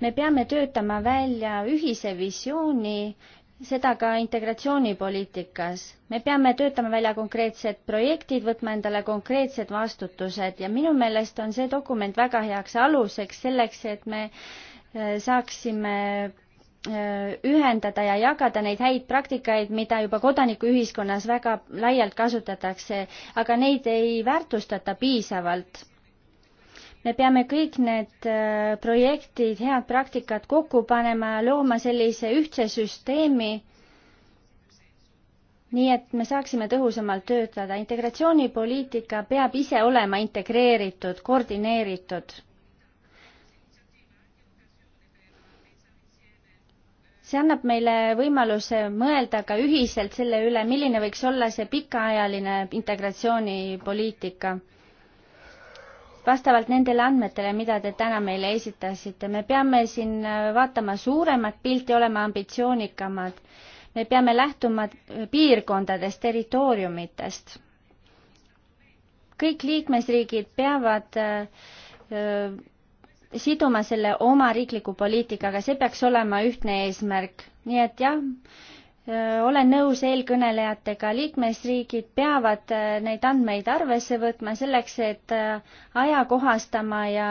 me peame töötama välja ühise visiooni seda ka integratsioonipoliitikas. me peame töötama välja konkreetsed projektid, võtma endale konkreetsed vastutused ja minu meelest on see dokument väga heaks aluseks selleks, et me äh, saaksime äh, ühendada ja jagada neid häid praktikaid, mida juba kodanikuühiskonnas väga laialt kasutatakse, aga neid ei väärtustata piisavalt me peame kõik need äh, projektid, head praktikad kokku panema ja looma sellise ühtse süsteemi, nii et me saaksime tõhusamalt töötada. integratsioonipoliitika peab ise olema integreeritud, koordineeritud. see annab meile võimaluse mõelda ka ühiselt selle üle, milline võiks olla see pikaajaline integratsioonipoliitika vastavalt nendele andmetele, mida te täna meile esitasite. me peame siin äh, vaatama suuremat pilti, olema ambitsioonikamad. me peame lähtuma äh, piirkondadest, territooriumitest. kõik liikmesriigid peavad öö, äh, siduma selle oma riikliku poliitikaga, see peaks olema ühtne eesmärk. nii et jah, olen nõus eelkõnelejatega, liikmesriigid peavad neid andmeid arvesse võtma selleks, et ajakohastama ja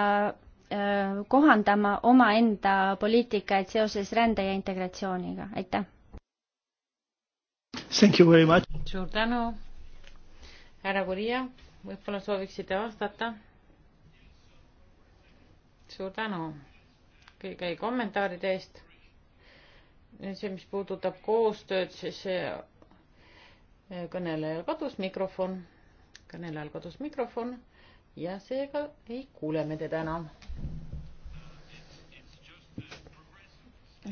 kohandama omaenda poliitikaid seoses rände ja integratsiooniga, aitäh! suur tänu, härra Gurija, võib-olla sooviksite vastata? suur tänu kõigi kommentaaride eest see, mis puudutab koostööd, siis eh, kõnelejal kadus mikrofon, kõnelejal kadus mikrofon ja seega ei kuule me teda enam.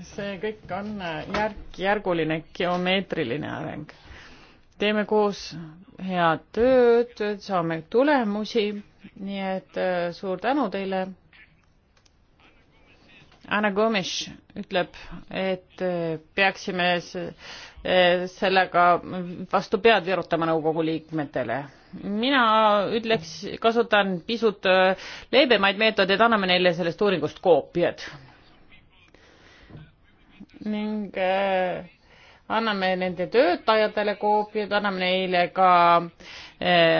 see kõik on eh, järk-järguline geomeetriline areng. teeme koos head tööd, saame tulemusi, nii et eh, suur tänu teile Anna Gomes ütleb, et eh, peaksime eh, sellega vastu pead virutama nõukogu liikmetele. mina ütleks, kasutan pisut eh, leebemaid meetodeid, anname neile sellest uuringust koopiad. ning anname nende töötajatele koopiad, anname neile ka,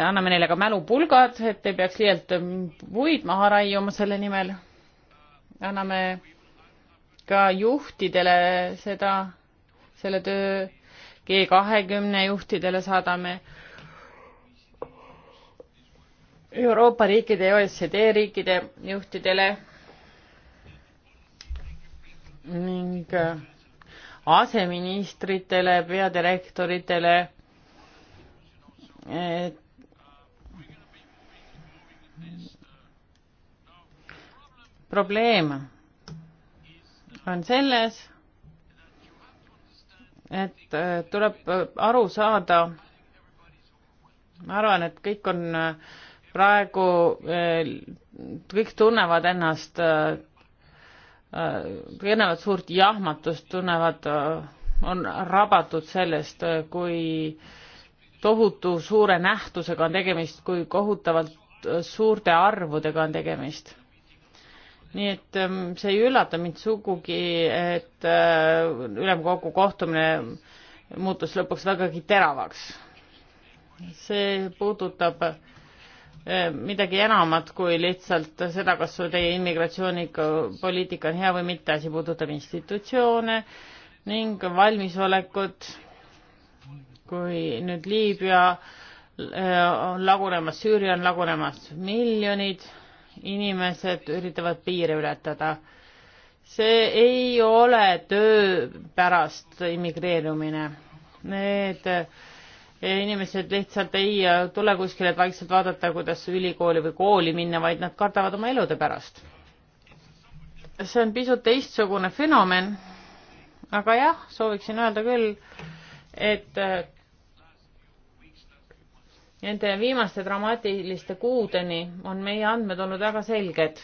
anname neile ka mälupulgad, et ei peaks liialt mm, puid maha raiuma selle nimel anname ka juhtidele seda, selle töö G kahekümne juhtidele saadame. Euroopa riikide ja OECD riikide juhtidele ning aseministritele, peadirektoritele, et probleem on selles, et äh, tuleb äh, aru saada, ma arvan, et kõik on äh, praegu, kõik tunnevad ennast, tunnevad suurt jahmatust, tunnevad, on rabatud sellest, kui tohutu suure nähtusega on tegemist, kui kohutavalt suurte arvudega on tegemist nii et ähm, see ei üllata mind sugugi, et äh, ülemkogu kohtumine muutus lõpuks vägagi teravaks. see puudutab äh, midagi enamat kui lihtsalt seda, kas teie immigratsioonipoliitika on hea või mitte, asi puudutab institutsioone ning valmisolekut, kui nüüd Liibüa on äh, lagunemas, Süüria on lagunemas, miljonid inimesed üritavad piire ületada. see ei ole töö pärast immigreerumine. Need inimesed lihtsalt ei tule kuskile, et vaikselt vaadata, kuidas ülikooli või kooli minna, vaid nad kardavad oma elude pärast. see on pisut teistsugune fenomen, aga jah, sooviksin öelda küll, et Nende viimaste dramaatiliste kuudeni on meie andmed olnud väga selged.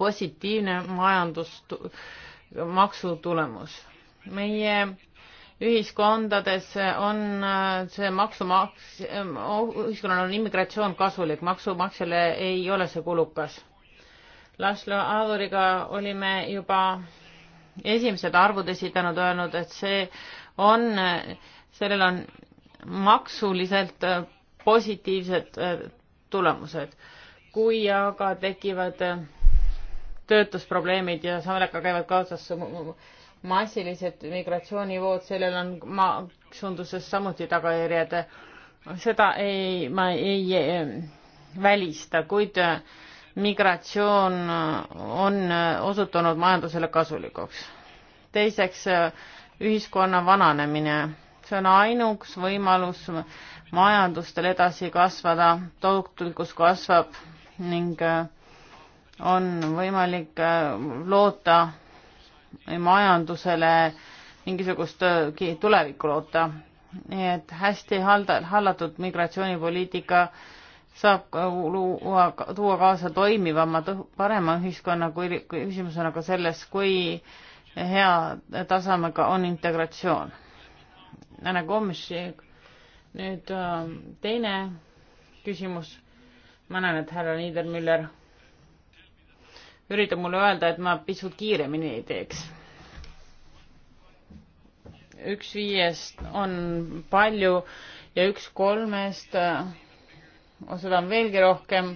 positiivne majandus, maksutulemus. meie ühiskondades on äh, see maksumaks, äh, ühiskonnal on immigratsioon kasulik, maksumaksjale ei ole see kulukas. Laslo Aaduriga olime juba esimesed arvud esitanud, öelnud, et see on, sellel on maksuliselt äh, positiivsed äh, tulemused. kui aga tekivad äh, töötusprobleemid ja sellega käivad kaasas massilised migratsioonivood, sellel on maksunduses samuti tagajärjed. seda ei, ma ei välista, kuid migratsioon on osutunud majandusele kasulikuks. teiseks, ühiskonna vananemine see on ainus võimalus majandustel edasi kasvada, tootlikkus kasvab ning äh, on võimalik äh, loota majandusele mingisugust äh, tulevikku loota. nii et hästi halda, hallatud migratsioonipoliitika saab luua, tuua kaasa toimivama, parema ühiskonna, kui küsimus on aga selles, kui hea tasemega on integratsioon Anna Komšik. nüüd ähm, teine küsimus. ma näen, et härra Niedermüller üritab mulle öelda, et ma pisut kiiremini teeks. üks viiest on palju ja üks kolmest, äh, seda on veelgi rohkem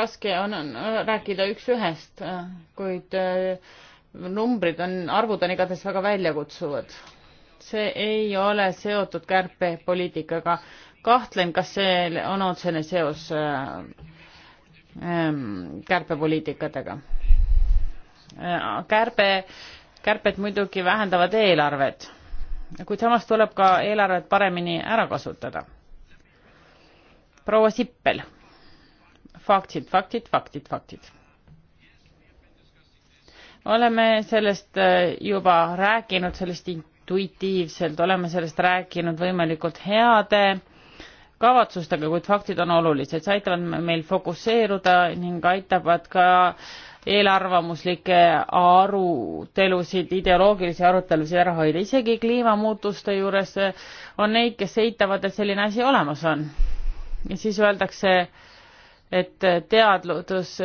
raske on, on rääkida üks-ühest, äh, kuid äh, numbrid on, arvud on igatahes väga väljakutsuvad. see ei ole seotud kärpepoliitikaga. kahtlen, kas see on otsene seos äh, ähm, kärpepoliitikatega. Äh, kärbe, kärped muidugi vähendavad eelarvet, kuid samas tuleb ka eelarvet paremini ära kasutada. proua Sippel, faktid, faktid, faktid, faktid oleme sellest äh, juba rääkinud, sellest intuitiivselt, oleme sellest rääkinud võimalikult heade kavatsustega, kuid faktid on olulised, see aitavad meil fokusseeruda ning aitavad ka eelarvamuslikke arutelusid, ideoloogilisi arutelusid ära hoida, isegi kliimamuutuste juures äh, on neid, kes eitavad, et selline asi olemas on. ja siis öeldakse, et äh, teadlus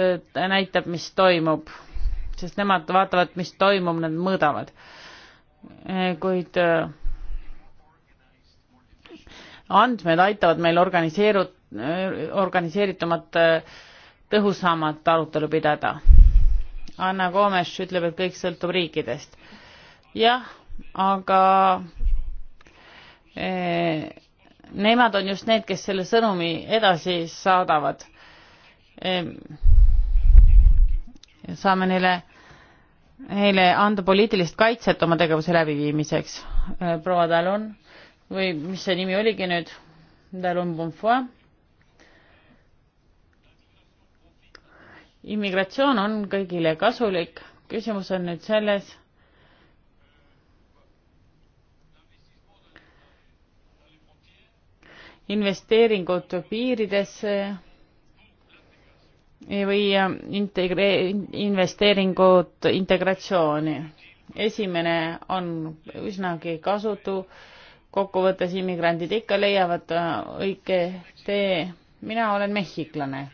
näitab, mis toimub sest nemad vaatavad, mis toimub, nad mõõdavad. kuid äh, andmed aitavad meil organiseeru-, organiseeritumat, äh, tõhusamat arutelu pidada. Anna Gomes ütleb, et kõik sõltub riikidest. jah, aga eh, nemad on just need, kes selle sõnumi edasi saadavad eh, saame neile, neile anda poliitilist kaitset oma tegevuse läbiviimiseks. Äh, proua Talon või mis see nimi oligi nüüd? Talon Bonfoy. immigratsioon on kõigile kasulik, küsimus on nüüd selles, investeeringud piiridesse või äh, integre-, investeeringud integratsiooni. esimene on üsnagi kasutu, kokkuvõttes immigrandid ikka leiavad äh, õige tee. mina olen mehhiklane.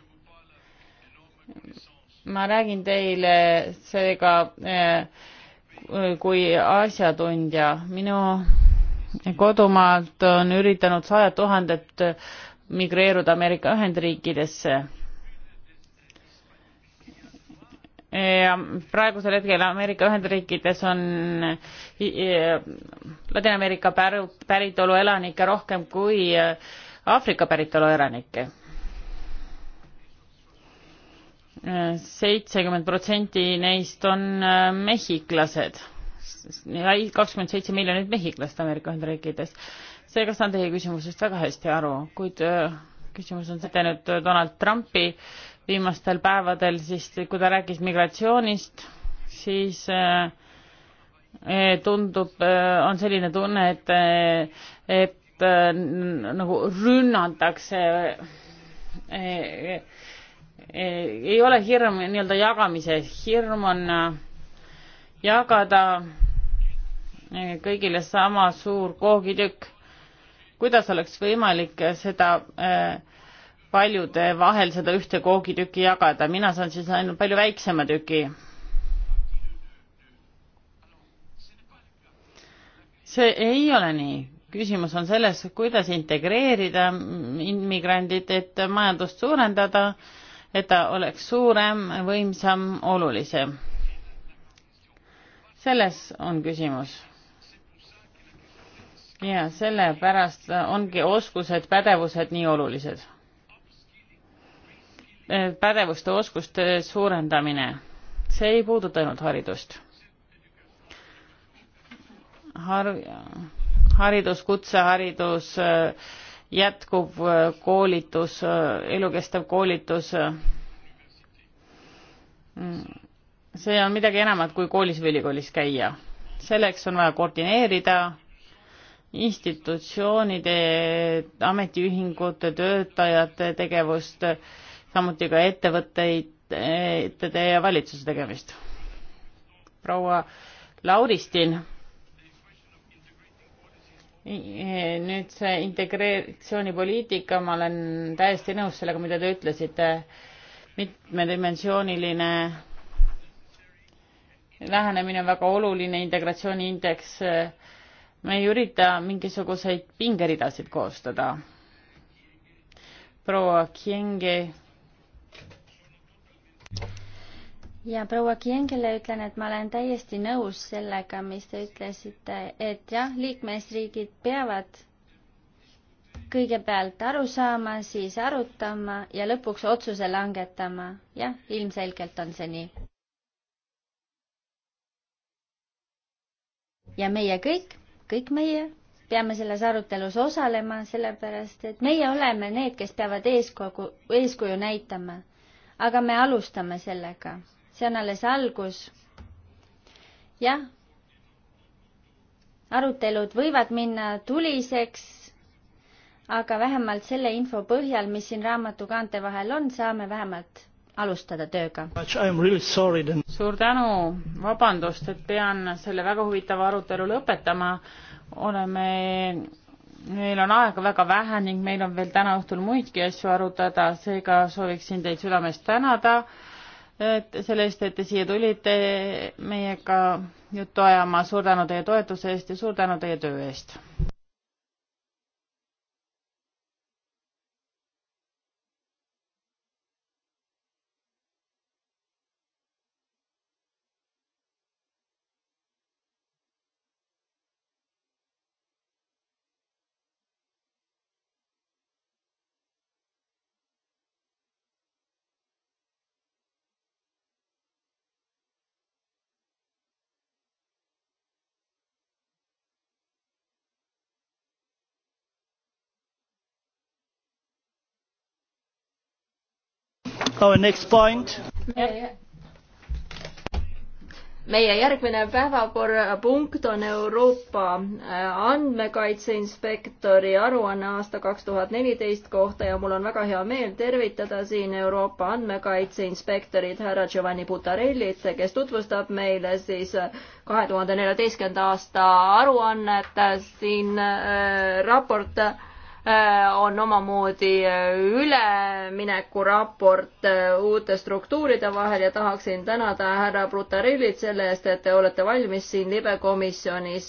ma räägin teile seega äh, kui asjatundja. minu kodumaalt on üritanud sajad tuhanded migreeruda Ameerika Ühendriikidesse praegusel hetkel Ameerika Ühendriikides on Ladina-Ameerika päritolu elanikke rohkem kui äh, Aafrika päritolu elanikke. seitsekümmend protsenti neist on äh, mehhiklased, kakskümmend seitse miljonit mehhiklast Ameerika Ühendriikides. seega saan teie küsimusest väga hästi aru, kuid äh, küsimus on seda nüüd Donald Trumpi äh, viimastel päevadel, siis kui ta rääkis migratsioonist, siis äh, eh, tundub, äh, on selline tunne, et, äh, et nagu rünnatakse. Eh, ei ole hirm nii-öelda jagamise, hirm on jagada kõigile sama suur koogitükk. kuidas oleks võimalik seda äh, paljude vahel seda ühte koogitükki jagada, mina saan siis ainult palju väiksema tüki. see ei ole nii, küsimus on selles, kuidas integreerida immigrandid, et majandust suurendada, et ta oleks suurem, võimsam, olulisem. selles on küsimus ja sellepärast ongi oskused, pädevused nii olulised pädevuste, oskuste suurendamine. see ei puuduta ainult haridust. Har-, haridus, kutseharidus, jätkuv koolitus, elukestev koolitus, see on midagi enamat kui koolis või ülikoolis käia. selleks on vaja koordineerida institutsioonide, ametiühingute, töötajate tegevust samuti ka ettevõtteid, ettede ja valitsuse tegemist. proua Lauristin. nüüd see integratsioonipoliitika, ma olen täiesti nõus sellega, mida te ütlesite, mitmedimensiooniline lähenemine on väga oluline, integratsiooniindeks, me ei ürita mingisuguseid pingeridasid koostada. proua Kienge ja proua Kiengile ütlen, et ma olen täiesti nõus sellega, mis te ütlesite, et jah, liikmesriigid peavad kõigepealt aru saama, siis arutama ja lõpuks otsuse langetama. jah, ilmselgelt on see nii. ja meie kõik, kõik meie peame selles arutelus osalema, sellepärast et meie oleme need, kes peavad eeskogu, eeskuju näitama. aga me alustame sellega see on alles algus. jah, arutelud võivad minna tuliseks, aga vähemalt selle info põhjal, mis siin raamatu kaante vahel on, saame vähemalt alustada tööga. suur tänu, vabandust, et pean selle väga huvitava arutelu lõpetama. oleme, meil on aega väga vähe ning meil on veel täna õhtul muidki asju arutada, seega sooviksin teid südamest tänada selle eest, et te siia tulite meiega juttu ajama. suur tänu teie toetuse eest ja suur tänu teie töö eest. Our next point. meie järgmine päevakorrapunkt on Euroopa äh, andmekaitse inspektori aruanne aasta kaks tuhat neliteist kohta ja mul on väga hea meel tervitada siin Euroopa andmekaitse inspektorit härra Giovanni Butarellit, kes tutvustab meile siis äh, kahe tuhande neljateistkümnenda aasta aruannet. siin äh, raport äh, Äh, on omamoodi äh, üleminekuraport äh, uute struktuuride vahel ja tahaksin tänada härra Brutarillit selle eest, et te olete valmis siin libekomisjonis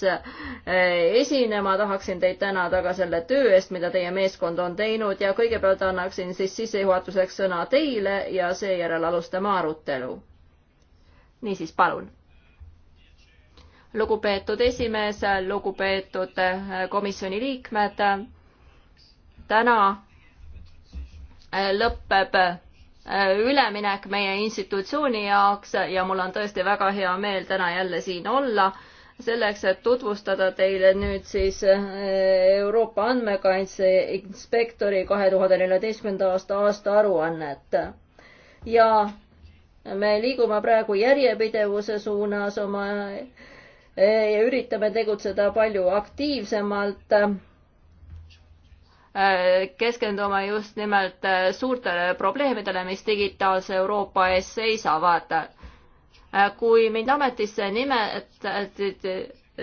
esinema. tahaksin teid tänada ka selle töö eest, mida teie meeskond on teinud ja kõigepealt annaksin siis sissejuhatuseks sõna teile ja seejärel alustame arutelu. niisiis, palun lugupeetud esimees, lugupeetud komisjoni liikmed täna äh, lõpeb äh, üleminek meie institutsiooni jaoks ja mul on tõesti väga hea meel täna jälle siin olla, selleks et tutvustada teile nüüd siis äh, Euroopa Andmekaitse Inspektori kahe tuhande neljateistkümnenda aasta aastaaruannet. ja me liigume praegu järjepidevuse suunas oma ja üritame tegutseda palju aktiivsemalt keskendume just nimelt äh, suurtele probleemidele, mis digitaalse Euroopa ees seisavad. Äh, kui mind ametisse nimetati,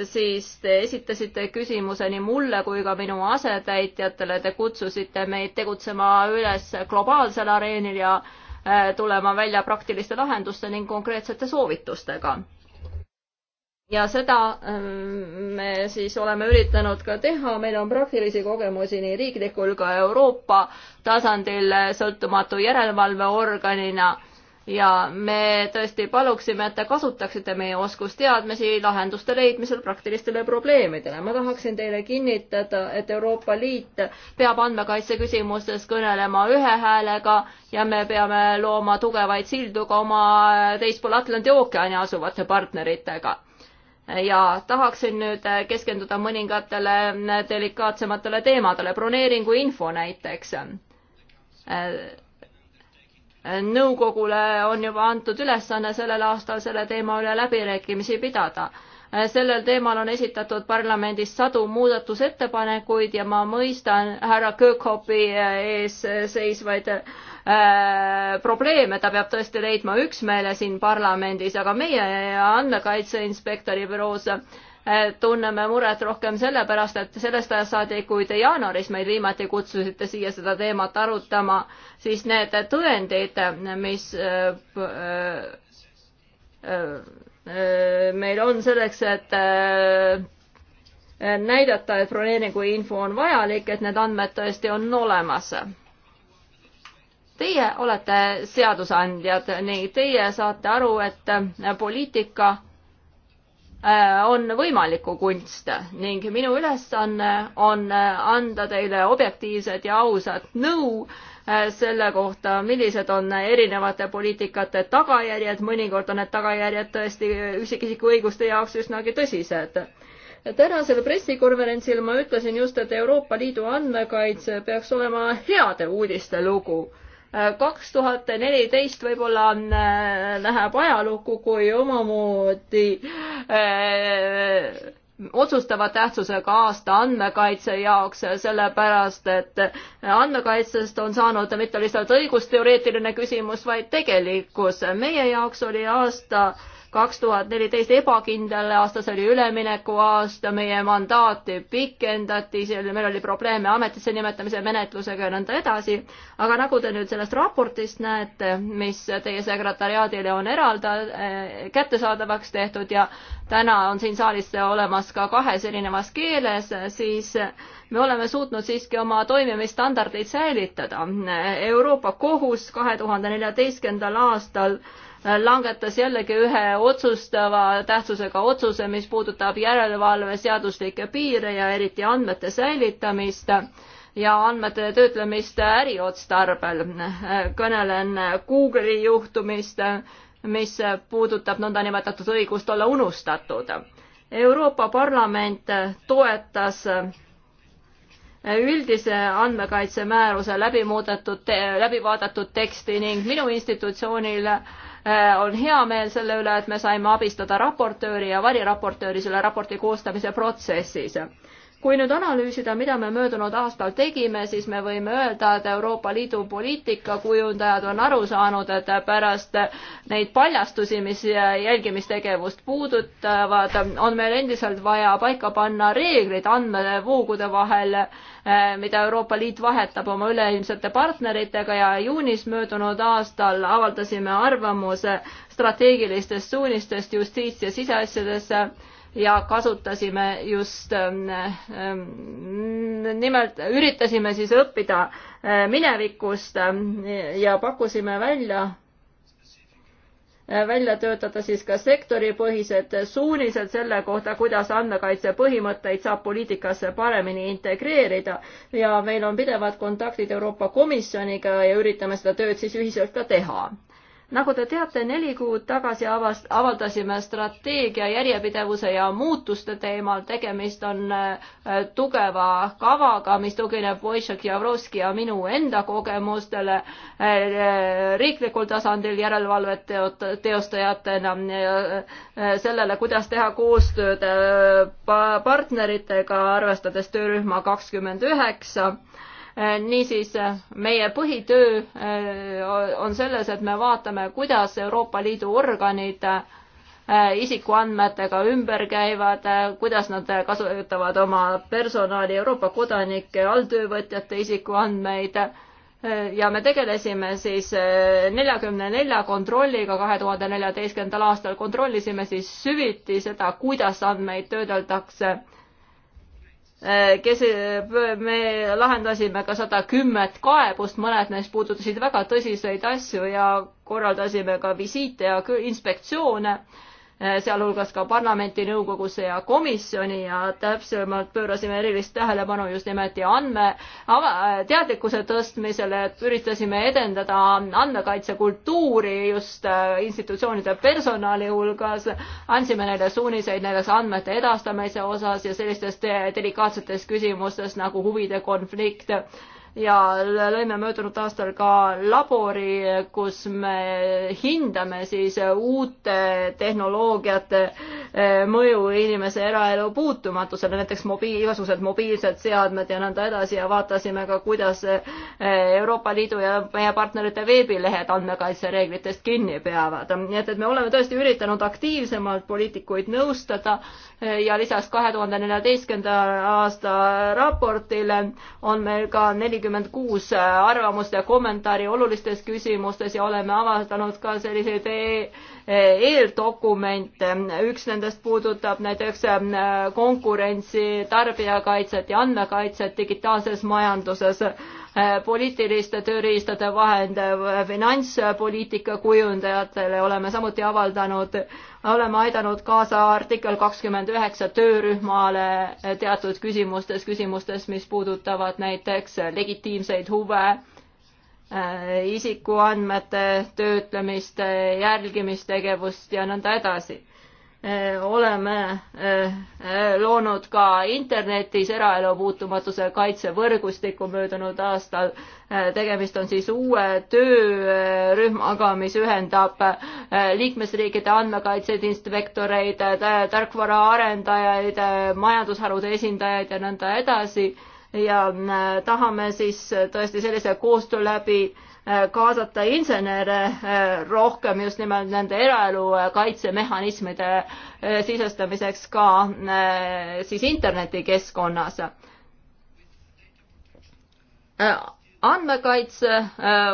siis te esitasite küsimuse nii mulle kui ka minu asetäitjatele, te kutsusite meid tegutsema üles globaalsel areenil ja äh, tulema välja praktiliste lahenduste ning konkreetsete soovitustega ja seda ähm, me siis oleme üritanud ka teha, meil on praktilisi kogemusi nii riiklikul kui Euroopa tasandil sõltumatu järelevalveorganina ja me tõesti paluksime, et te kasutaksite meie oskusteadmisi lahenduste leidmisel praktilistele probleemidele. ma tahaksin teile kinnitada, et Euroopa Liit peab andmekaitse küsimustes kõnelema ühe häälega ja me peame looma tugevaid sildu ka oma teispool Atlandi ookeani asuvate partneritega ja tahaksin nüüd äh, keskenduda mõningatele äh, delikaatsematele teemadele, broneeringu info näiteks. Äh, nõukogule on juba antud ülesanne sellel aastal selle teema üle läbirääkimisi pidada sellel teemal on esitatud parlamendis sadu muudatusettepanekuid ja ma mõistan härra Köökhoppi äh, ees äh, seisvaid äh, probleeme, ta peab tõesti leidma üksmeele siin parlamendis, aga meie andmekaitse inspektori büroos äh, tunneme muret rohkem sellepärast, et sellest ajast saadik, kui te jaanuaris meid viimati kutsusite siia seda teemat arutama, siis need tõendid, mis äh, äh, Äh, meil on selleks, et äh, näidata, et broneeringu info on vajalik, et need andmed tõesti on olemas. Teie olete seadusandjad ning teie saate aru, et äh, poliitika on võimaliku kunst ning minu ülesanne on, on anda teile objektiivset ja ausat nõu no, Äh, selle kohta, millised on erinevate poliitikate tagajärjed, mõnikord on need tagajärjed tõesti üksikisiku õiguste jaoks üsnagi tõsised tänasel pressikonverentsil ma ütlesin just, et Euroopa Liidu andmekaitse peaks olema heade uudiste lugu. Äh, kaks tuhat neliteist võib-olla on, äh, läheb ajalukku kui omamoodi äh, otsustava tähtsusega aasta andmekaitse jaoks, sellepärast et andmekaitsest on saanud mitte lihtsalt õigusteoreetiline küsimus, vaid tegelikkus. meie jaoks oli aasta kaks tuhat neliteist ebakindel aasta, see oli üleminekuaasta, meie mandaati pikendati, meil oli probleeme ametisse nimetamise menetlusega ja nõnda edasi. aga nagu te nüüd sellest raportist näete, mis teie sekretariaadile on eralda, eh, kättesaadavaks tehtud ja täna on siin saalis olemas ka kahes erinevas keeles, siis me oleme suutnud siiski oma toimimisstandardeid säilitada. Euroopa Kohus kahe tuhande neljateistkümnendal aastal Äh, langetas jällegi ühe otsustava tähtsusega otsuse, mis puudutab järelevalve seaduslikke piire ja eriti andmete säilitamist ja andmete töötlemist äriotstarbel. Äh, kõnelen Google'i juhtumist, mis puudutab nõndanimetatud õigust olla unustatud. Euroopa Parlament toetas üldise andmekaitsemääruse läbi muudetud, läbi vaadatud teksti ning minu institutsioonil äh, Äh, on hea meel selle üle, et me saime abistada raportööri ja variraportööri selle raporti koostamise protsessis kui nüüd analüüsida, mida me möödunud aastal tegime, siis me võime öelda, et Euroopa Liidu poliitikakujundajad on aru saanud, et pärast neid paljastusi, mis jälgimistegevust puudutavad, on meil endiselt vaja paika panna reeglid andmevoogude vahel, mida Euroopa Liit vahetab oma üleilmsete partneritega ja juunis möödunud aastal avaldasime arvamuse strateegilistest suunistest justiits- ja siseasjadesse ja kasutasime just ähm, ähm, nimelt, üritasime siis õppida äh, minevikust ähm, ja pakkusime välja, äh, välja töötada siis ka sektoripõhised suunised selle kohta, kuidas andmekaitse põhimõtteid saab poliitikasse paremini integreerida ja meil on pidevad kontaktid Euroopa Komisjoniga ja üritame seda tööd siis ühiselt ka teha nagu te teate, neli kuud tagasi avast-, avaldasime strateegia järjepidevuse ja muutuste teemal, tegemist on äh, tugeva kavaga, mis tugineb Wojciech Javrovski ja minu enda kogemustele äh, äh, riiklikul tasandil järelevalvet teot-, teostajatena, sellele, kuidas teha koostööd partneritega, arvestades töörühma kakskümmend üheksa Äh, niisiis äh, meie põhitöö äh, on selles, et me vaatame, kuidas Euroopa Liidu organid isikuandmetega ümber käivad, kuidas nad kasutavad oma personali Euroopa kodanike, alltöövõtjate isikuandmeid ja me tegelesime siis neljakümne nelja kontrolliga kahe tuhande neljateistkümnendal aastal, kontrollisime siis süviti seda, kuidas andmeid töödeldakse Äh, kes, äh, me lahendasime ka sada kümmet kaebust, mõned neist puudutasid väga tõsiseid asju ja korraldasime ka visiite ja inspektsioone Eh, sealhulgas ka parlamenti, nõukogusse ja komisjoni ja täpsemalt pöörasime erilist tähelepanu just nimelt ja andme, teadlikkuse tõstmisele, et üritasime edendada andmekaitsekultuuri just eh, institutsioonide personali hulgas, andsime neile suuniseid näiteks andmete edastamise osas ja sellistes delikaatsetes küsimustes nagu huvide konflikt ja lõime möödunud aastal ka labori, kus me hindame siis uute tehnoloogiate eh, mõju inimese eraelu puutumatusele, näiteks mobiil, igasugused mobiilsed seadmed ja nõnda edasi ja vaatasime ka, kuidas eh, Euroopa Liidu ja meie partnerite veebilehed andmekaitsereeglitest kinni peavad. nii et, et me oleme tõesti üritanud aktiivsemalt poliitikuid nõustada eh, ja lisaks kahe tuhande neljateistkümnenda aasta raportile on meil ka neli nelikümmend kuus arvamust ja kommentaari olulistes küsimustes ja oleme avaldanud ka selliseid e-, e-, eeldokumente. üks nendest puudutab näiteks ähm, konkurentsi, tarbijakaitset ja andmekaitset digitaalses majanduses Äh, poliitiliste tööriistade vahend äh, finantspoliitika kujundajatele oleme samuti avaldanud, oleme aidanud kaasa artikkel kakskümmend üheksa töörühmale teatud küsimustes, küsimustes, mis puudutavad näiteks legitiimseid huve, äh, isikuandmete töötlemist, jälgimistegevust ja nõnda edasi Eh, oleme eh, eh, loonud ka internetis eraelu puutumatuse kaitsevõrgustiku möödunud aastal. tegemist on siis uue töörühmaga, mis ühendab liikmesriikide andmekaitseid, inspektoreid, tarkvaraarendajaid, majandusharude esindajaid ja nõnda edasi ja tahame siis tõesti sellise koostöö läbi äh, Äh, kaasata insenere äh, rohkem just nimelt nende eraelu äh, kaitsemehhanismide sisestamiseks ka siis internetikeskkonnas. andmekaitse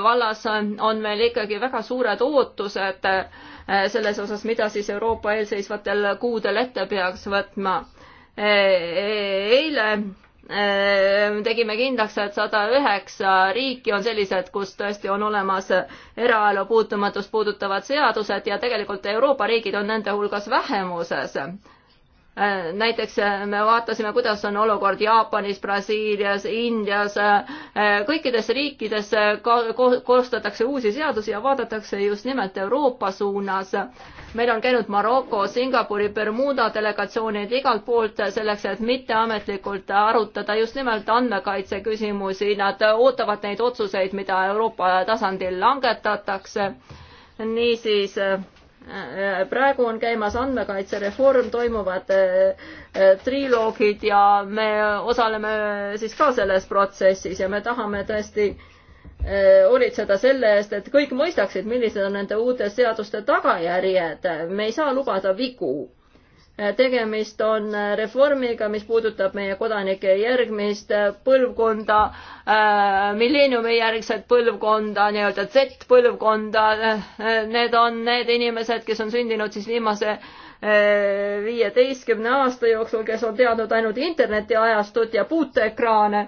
vallas on meil ikkagi väga suured ootused selles osas, mida siis Euroopa eelseisvatel kuudel ette peaks võtma. E, eile Ehm, tegime kindlaks, et sada üheksa riiki on sellised, kus tõesti on olemas eraelu puutumatust puudutavad seadused ja tegelikult Euroopa riigid on nende hulgas vähemuses näiteks eh, me vaatasime, kuidas on olukord Jaapanis, Brasiilias, Indias, eh, kõikides riikides eh, koostatakse uusi seadusi ja vaadatakse just nimelt Euroopa suunas. meil on käinud Maroko, Singapuri, Bermuda delegatsioonid igalt poolt selleks, et mitteametlikult arutada just nimelt andmekaitse küsimusi, nad ootavad neid otsuseid, mida Euroopa tasandil langetatakse. niisiis praegu on käimas andmekaitsereform, toimuvad eh, eh, triloogid ja me osaleme siis ka selles protsessis ja me tahame tõesti eh, hoolitseda selle eest, et kõik mõistaksid, millised on nende uute seaduste tagajärjed. me ei saa lubada vigu tegemist on reformiga, mis puudutab meie kodanike järgmist põlvkonda, äh, milleeniumi järgset põlvkonda, nii-öelda Z-põlvkonda. Need on need inimesed, kes on sündinud siis viimase äh, viieteistkümne aasta jooksul, kes on teadnud ainult internetiajastut ja puuteekraane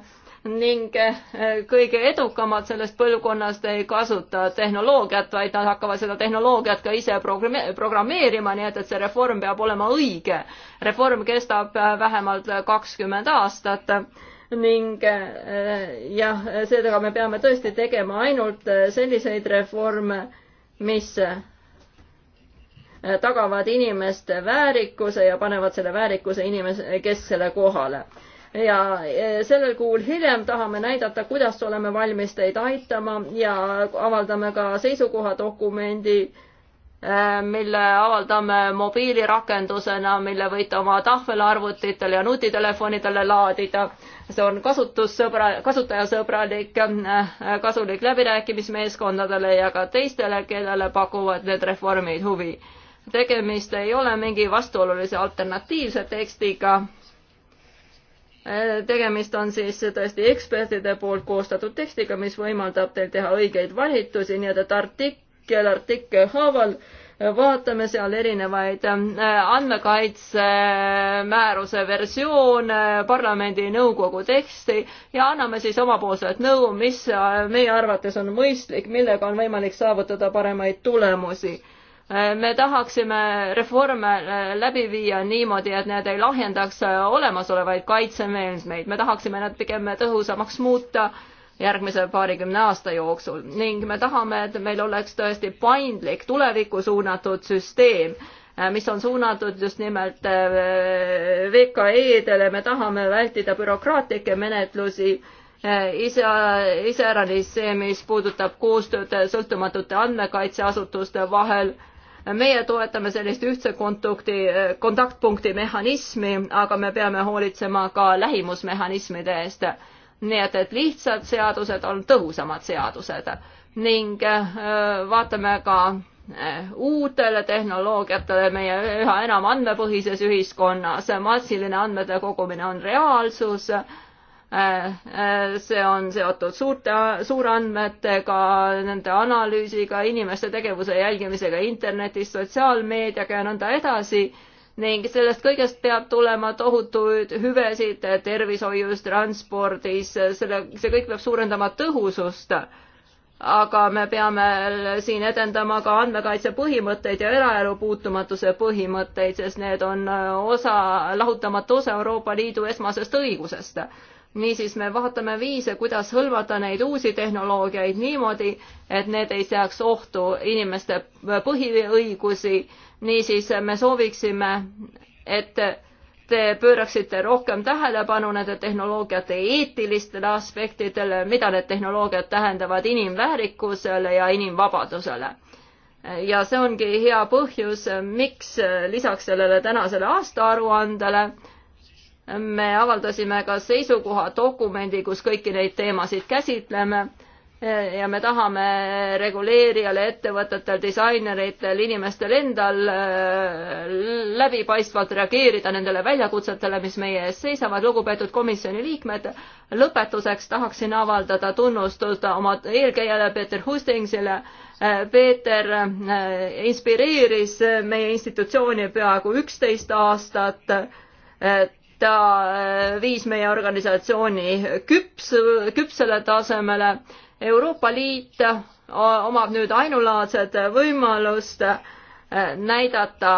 ning eh, kõige edukamad sellest põlvkonnast ei kasuta tehnoloogiat, vaid nad hakkavad seda tehnoloogiat ka ise programmeerima, nii et, et see reform peab olema õige. reform kestab eh, vähemalt kakskümmend aastat ning eh, jah, seega me peame tõesti tegema ainult selliseid reforme, mis tagavad inimeste väärikuse ja panevad selle väärikuse inimese kesksele kohale ja e, sellel kuul hiljem tahame näidata, kuidas oleme valmis teid aitama ja avaldame ka seisukohadokumendi e, mille avaldame mobiilirakendusena, mille võite oma tahvelarvutitele ja nutitelefonidele laadida. see on kasutussõbra, kasutajasõbralik, e, kasulik läbirääkimismeeskondadele ja ka teistele, kellele pakuvad need reformid huvi. tegemist ei ole mingi vastuolulise alternatiivse tekstiga Äh, tegemist on siis tõesti ekspertide poolt koostatud tekstiga, mis võimaldab teil teha õigeid valitusi, nii et, et artikkel artikkel haaval äh, vaatame seal erinevaid äh, andmekaitsemääruse versioone, parlamendi nõukogu teksti ja anname siis omapoolset nõu, mis meie arvates on mõistlik, millega on võimalik saavutada paremaid tulemusi me tahaksime reforme äh, läbi viia niimoodi, et need ei lahjendaks äh, olemasolevaid kaitsemeelmeid, me tahaksime nad pigem tõhusamaks muuta järgmise paarikümne aasta jooksul ning me tahame, et meil oleks tõesti paindlik tulevikku suunatud süsteem, äh, mis on suunatud just nimelt VKE-dele, me tahame vältida bürokraatlikke menetlusi ise, iseäranis see, mis puudutab koostööd sõltumatute andmekaitseasutuste vahel meie toetame sellist ühtse kontakti, kontaktpunkti mehhanismi, aga me peame hoolitsema ka lähimusmehhanismide eest. nii et, et lihtsad seadused on tõhusamad seadused ning äh, vaatame ka äh, uutele tehnoloogiatele meie üha enam andmepõhises ühiskonnas. massiline andmete kogumine on reaalsus Äh, äh, see on seotud suurte, suurandmetega, nende analüüsiga, inimeste tegevuse jälgimisega internetis, sotsiaalmeediaga ja nõnda edasi ning sellest kõigest peab tulema tohutuid hüvesid tervishoius, transpordis, selle, see kõik peab suurendama tõhusust. aga me peame siin edendama ka andmekaitse põhimõtteid ja eraelu puutumatuse põhimõtteid, sest need on osa, lahutamatu osa Euroopa Liidu esmasest õigusest niisiis me vaatame viise, kuidas hõlmata neid uusi tehnoloogiaid niimoodi, et need ei seaks ohtu inimeste põhiõigusi. niisiis me sooviksime, et te pööraksite rohkem tähelepanu nende tehnoloogiate eetilistele aspektidele, mida need tehnoloogiad tähendavad inimväärikusele ja inimvabadusele. ja see ongi hea põhjus, miks lisaks sellele tänasele aastaaruandele äh, me avaldasime ka seisukohadokumendi, kus kõiki neid teemasid käsitleme ja me tahame reguleerijale, ettevõtetel, disaineritel, inimestel endal äh, läbipaistvalt reageerida nendele väljakutsetele, mis meie ees seisavad. lugupeetud komisjoni liikmed, lõpetuseks tahaksin avaldada tunnustust oma eelkäijale Peeter Hustingsile. Äh, Peeter äh, inspireeris meie institutsiooni peaaegu üksteist aastat ta äh, viis meie organisatsiooni küps, küpsele tasemele. Euroopa Liit äh, omab nüüd ainulaadset võimalust äh, näidata,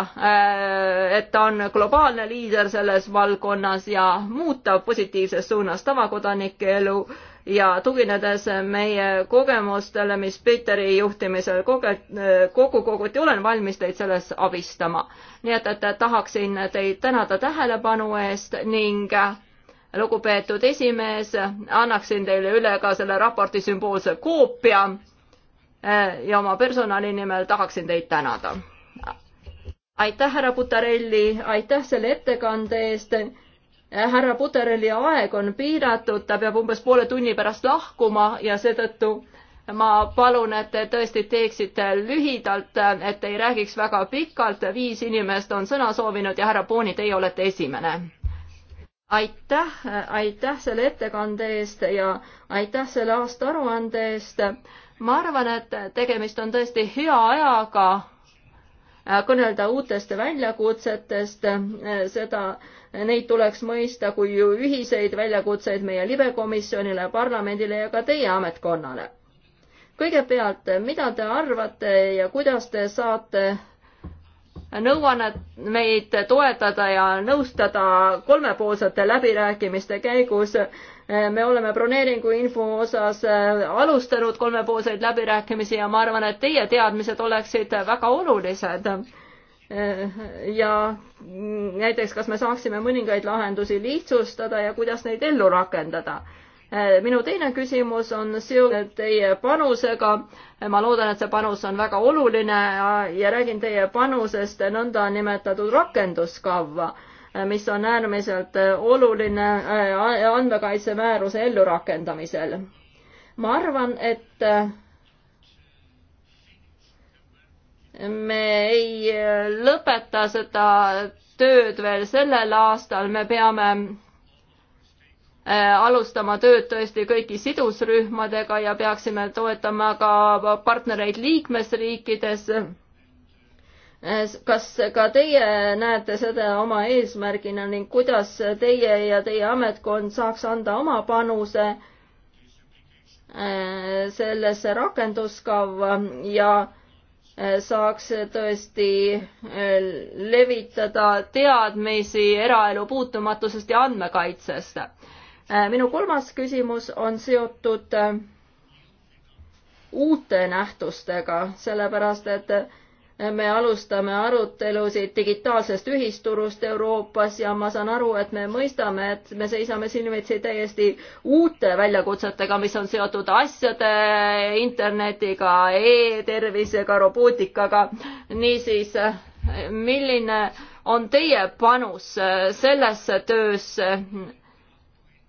et ta on globaalne liider selles valdkonnas ja muuta positiivses suunas tavakodanike elu ja tuginedes meie kogemustele, mis Peteri juhtimisel koge-, kokku koguti, olen valmis teid selles abistama. nii et, et tahaksin teid tänada tähelepanu eest ning lugupeetud esimees, annaksin teile üle ka selle raporti sümboolse koopia ja oma personali nimel tahaksin teid tänada. aitäh, härra Butarelli, aitäh selle ettekande eest Äh, härra Putereli aeg on piiratud, ta peab umbes poole tunni pärast lahkuma ja seetõttu ma palun, et te tõesti teeksite lühidalt, et ei räägiks väga pikalt, viis inimest on sõna soovinud ja härra Pooni, teie olete esimene. aitäh, aitäh selle ettekande eest ja aitäh selle aasta aruande eest. ma arvan, et tegemist on tõesti hea ajaga kõnelda uutest väljakutsetest, seda äh, Neid tuleks mõista kui ühiseid väljakutseid meie libekomisjonile, parlamendile ja ka teie ametkonnale. kõigepealt, mida te arvate ja kuidas te saate nõuannet meid toetada ja nõustada kolmepoolsete läbirääkimiste käigus. me oleme broneeringu info osas alustanud kolmepoolseid läbirääkimisi ja ma arvan, et teie teadmised oleksid väga olulised Äh, ja näiteks, kas me saaksime mõningaid lahendusi lihtsustada ja kuidas neid ellu rakendada äh, minu teine küsimus on seotud teie panusega. ma loodan, et see panus on väga oluline ja, ja räägin teie panusest nõndanimetatud rakenduskavva, äh, mis on äärmiselt oluline andmekaitsemääruse ellurakendamisel. ma arvan, et me ei äh, lõpeta seda tööd veel sellel aastal, me peame äh, alustama tööd tõesti kõigi sidusrühmadega ja peaksime toetama ka partnereid liikmesriikides. Äh, kas ka teie näete seda oma eesmärgina ning kuidas teie ja teie ametkond saaks anda oma panuse sellesse rakenduskava ja Äh, saaks tõesti äh, levitada teadmisi eraelu puutumatusest ja andmekaitsest. Äh, minu kolmas küsimus on seotud uute nähtustega, sellepärast et me alustame arutelusid digitaalsest ühisturust Euroopas ja ma saan aru, et me mõistame, et me seisame silmitsi täiesti uute väljakutsetega, mis on seotud asjade, internetiga e, e-tervisega, robootikaga. niisiis, milline on teie panus sellesse töösse?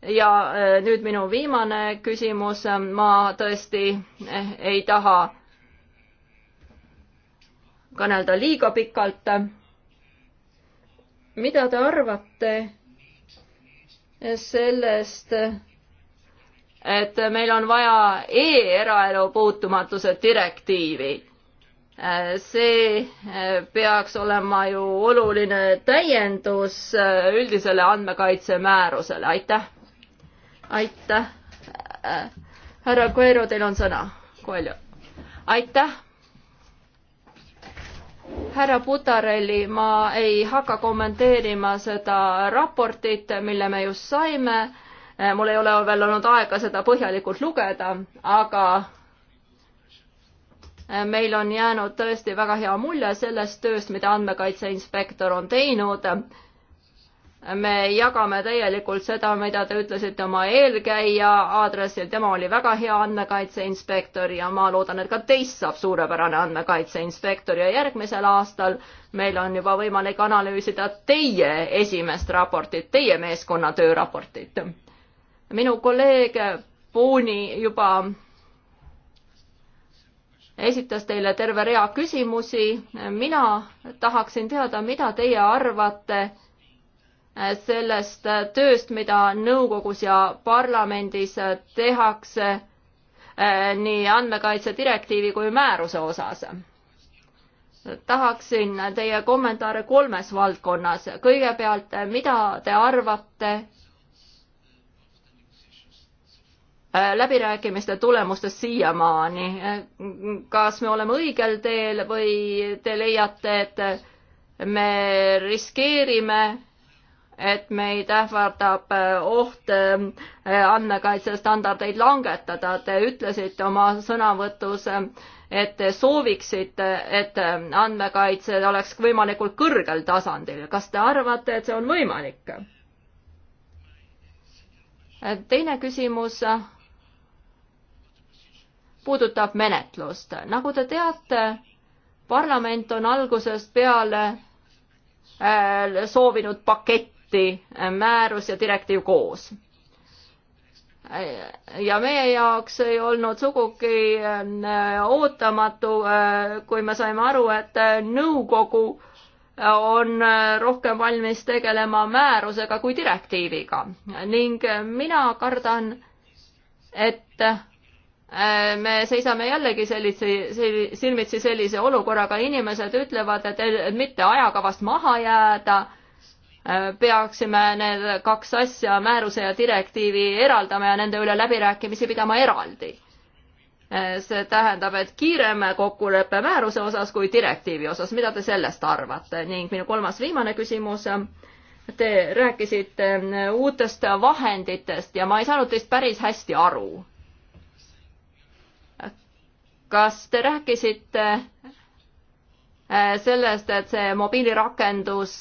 ja eh, nüüd minu viimane küsimus, ma tõesti eh, ei taha kõnelda liiga pikalt. mida te arvate sellest, et meil on vaja e-eraelu puutumatuse direktiivi? see peaks olema ju oluline täiendus üldisele andmekaitsemäärusele, aitäh. aitäh. härra Koero, teil on sõna, Koeljo. aitäh härra Putarelli, ma ei hakka kommenteerima seda raportit, mille me just saime. Eh, mul ei ole veel olnud aega seda põhjalikult lugeda, aga eh, meil on jäänud tõesti väga hea mulje sellest tööst, mida andmekaitse inspektor on teinud me jagame täielikult seda, mida te ütlesite oma eelkäija aadressil, tema oli väga hea andmekaitseinspektor ja ma loodan, et ka teist saab suurepärane andmekaitseinspektor ja järgmisel aastal meil on juba võimalik analüüsida teie esimest raportit, teie meeskonna tööraportit. minu kolleeg Puuni juba esitas teile terve rea küsimusi, mina tahaksin teada, mida teie arvate sellest tööst, mida nõukogus ja parlamendis tehakse eh, nii andmekaitse direktiivi kui määruse osas. tahaksin teie kommentaare kolmes valdkonnas. kõigepealt, mida te arvate eh, läbirääkimiste tulemustest siiamaani. kas me oleme õigel teel või te leiate, et me riskeerime et meid ähvardab äh, oht äh, andmekaitsestandardeid langetada. Te ütlesite oma sõnavõtus, äh, et te sooviksite, et andmekaitse oleks võimalikult kõrgel tasandil. kas te arvate, et see on võimalik? teine küsimus puudutab menetlust. nagu te teate, parlament on algusest peale soovinud paketti võeti määrus ja direktiiv koos. ja meie jaoks ei olnud sugugi äh, ootamatu, äh, kui me saime aru, et äh, nõukogu on rohkem valmis tegelema määrusega kui direktiiviga ning mina kardan, et me seisame jällegi sellise, sellise, silmitsi sellise olukorraga, inimesed ütlevad, et mitte ajakavast maha jääda Äh, peaksime need kaks asja, määruse ja direktiivi eraldama ja nende üle läbirääkimisi pidama eraldi. Äh, see tähendab, et kiirem kokkulepe määruse osas kui direktiivi osas, mida te sellest arvate ning minu kolmas viimane küsimus Te rääkisite äh, uutest vahenditest ja ma ei saanud teist päris hästi aru. kas te rääkisite sellest, et see mobiilirakendus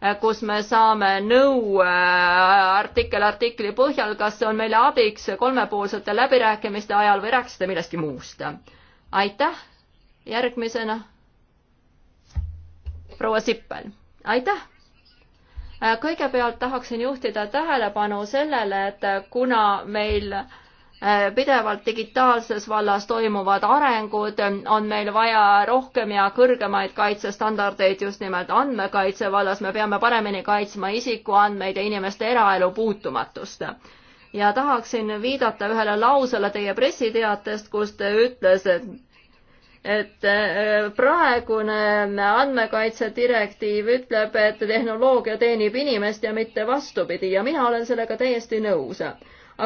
Äh, kus me saame nõu äh, artikkel artikli põhjal, kas see on meile abiks kolmepoolsete läbirääkimiste ajal või rääkisite millestki muust? aitäh, järgmisena proua Sippel, aitäh! Äh, kõigepealt tahaksin juhtida tähelepanu sellele, et kuna meil äh, Äh, pidevalt digitaalses vallas toimuvad arengud, äh, on meil vaja rohkem ja kõrgemaid kaitsestandardeid just nimelt andmekaitse vallas, me peame paremini kaitsma isikuandmeid ja inimeste eraelu puutumatust. ja tahaksin viidata ühele lausele teie pressiteatest, kus te ütles, et et äh, praegune andmekaitse direktiiv ütleb, et tehnoloogia teenib inimest ja mitte vastupidi ja mina olen sellega täiesti nõus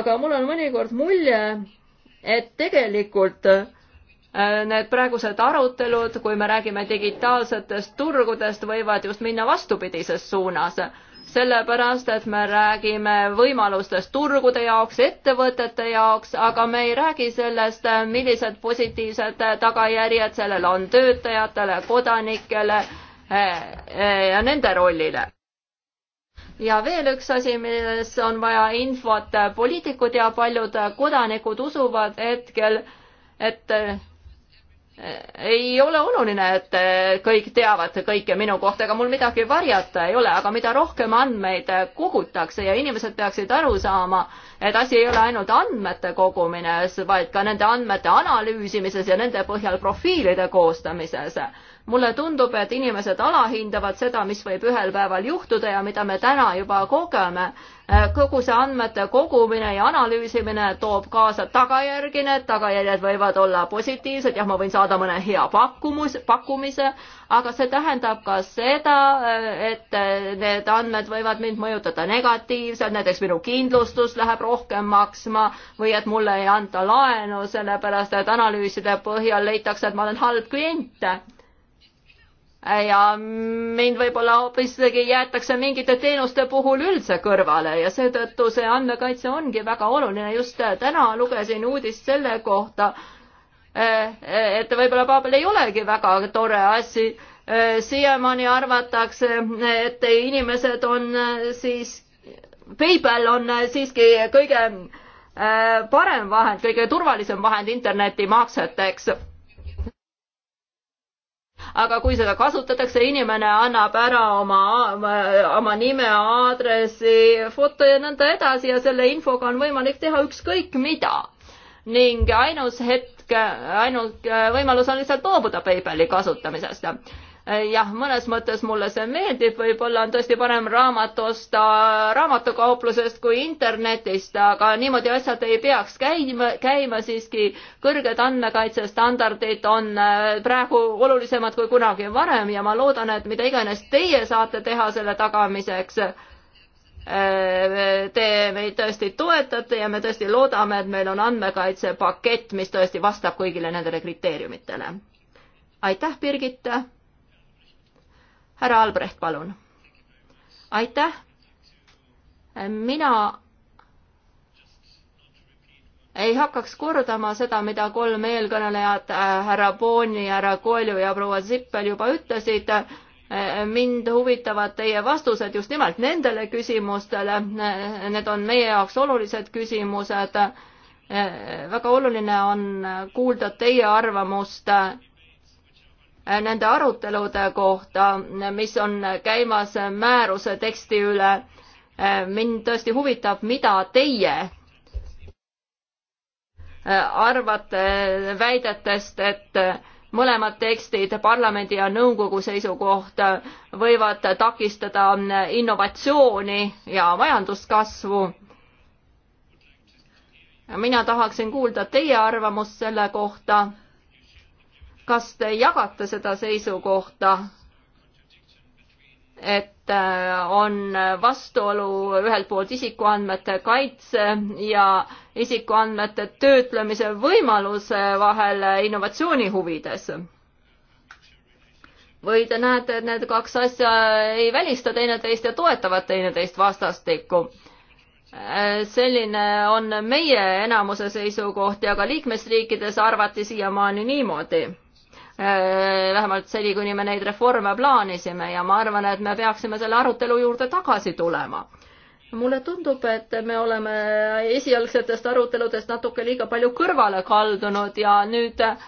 aga mul on mõnikord mulje, et tegelikult äh, need praegused arutelud, kui me räägime digitaalsetest turgudest, võivad just minna vastupidises suunas. sellepärast, et me räägime võimalustest turgude jaoks, ettevõtete jaoks, aga me ei räägi sellest, millised positiivsed tagajärjed sellel on töötajatele, kodanikele äh, äh, ja nende rollile ja veel üks asi, milles on vaja infot, poliitikud ja paljud kodanikud usuvad hetkel, et eh, ei ole oluline, et kõik teavad kõike minu kohta, ega mul midagi varjata ei ole, aga mida rohkem andmeid kogutakse ja inimesed peaksid aru saama, et asi ei ole ainult andmete kogumines, vaid ka nende andmete analüüsimises ja nende põhjal profiilide koostamises mulle tundub, et inimesed alahindavad seda, mis võib ühel päeval juhtuda ja mida me täna juba kogeme. kogu see andmete kogumine ja analüüsimine toob kaasa tagajärgi, need tagajärjed võivad olla positiivsed, jah, ma võin saada mõne hea pakkumus, pakkumise, aga see tähendab ka seda, et need andmed võivad mind mõjutada negatiivselt, näiteks minu kindlustus läheb rohkem maksma või et mulle ei anta laenu, sellepärast et analüüside põhjal leitakse, et ma olen halb klient ja mind võib-olla hoopis jäetakse mingite teenuste puhul üldse kõrvale ja seetõttu see andmekaitse ongi väga oluline. just täna lugesin uudist selle kohta, eh, et võib-olla paabel ei olegi väga tore asi. Eh, siiamaani arvatakse, et inimesed on eh, siis, PayPal on siiski kõige parem vahend, kõige turvalisem vahend internetimakseteks aga kui seda kasutatakse, inimene annab ära oma, oma nime, aadressi, foto ja nõnda edasi ja selle infoga on võimalik teha ükskõik mida. ning ainus hetk, ainult võimalus on lihtsalt loobuda PayPali kasutamisest Eh, jah, mõnes mõttes mulle see meeldib, võib-olla on tõesti parem raamat osta raamatukauplusest kui internetist, aga niimoodi asjad ei peaks käima, käima siiski. kõrged andmekaitsestandardid on eh, praegu olulisemad kui kunagi varem ja ma loodan, et mida iganes teie saate teha selle tagamiseks, eh, Te meid tõesti toetate ja me tõesti loodame, et meil on andmekaitsepakett, mis tõesti vastab kõigile nendele kriteeriumitele. aitäh, Birgit! härra Albrecht, palun. aitäh. mina ei hakkaks kordama seda, mida kolm eelkõnelejat äh,, härra Booni, härra Kolju ja proua Zippel juba ütlesid äh,. mind huvitavad teie vastused just nimelt nendele küsimustele. Need on meie jaoks olulised küsimused äh,. väga oluline on kuulda teie arvamust äh, Äh, nende arutelude kohta, mis on käimas määruse teksti üle. Äh, mind tõesti huvitab, mida teie äh, arvate väidetest, et mõlemad tekstid, parlamendi ja nõukogu seisukoht, võivad takistada innovatsiooni ja majanduskasvu. mina tahaksin kuulda teie arvamust selle kohta kas te jagate seda seisukohta, et äh, on vastuolu ühelt poolt isikuandmete kaitse ja isikuandmete töötlemise võimaluse vahel innovatsiooni huvides? või te näete, et need kaks asja ei välista teineteist ja toetavad teineteist vastastikku? Äh, selline on meie enamuse seisukoht ja ka liikmesriikides arvati siiamaani niimoodi Äh, vähemalt seni, kuni me neid reforme plaanisime ja ma arvan, et me peaksime selle arutelu juurde tagasi tulema. mulle tundub, et me oleme esialgsetest aruteludest natuke liiga palju kõrvale kaldunud ja nüüd äh,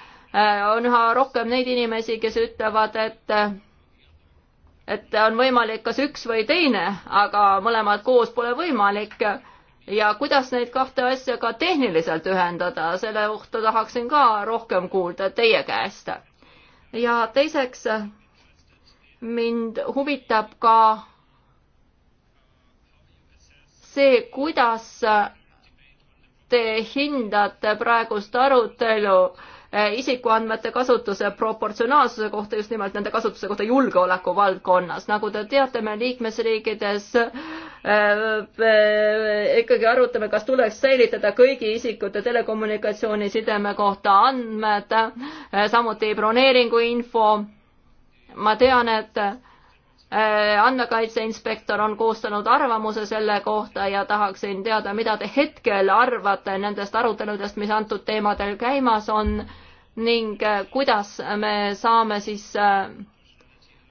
on üha rohkem neid inimesi, kes ütlevad, et et on võimalik kas üks või teine, aga mõlemad koos pole võimalik ja kuidas neid kahte asja ka tehniliselt ühendada, selle kohta tahaksin ka rohkem kuulda teie käest ja teiseks mind huvitab ka see, kuidas te hindate praegust arutelu eh, isikuandmete kasutuse proportsionaalsuse kohta, just nimelt nende kasutuse kohta julgeoleku valdkonnas. nagu te teate, me liikmesriikides äh, Äh, äh, ikkagi arutame, kas tuleks säilitada kõigi isikute telekommunikatsioonisideme kohta andmed, äh, samuti broneeringu info. ma tean, et andmekaitse inspektor on koostanud arvamuse selle kohta ja tahaksin teada, mida te hetkel arvate nendest aruteludest, mis antud teemadel käimas on ning kuidas me saame siis äh,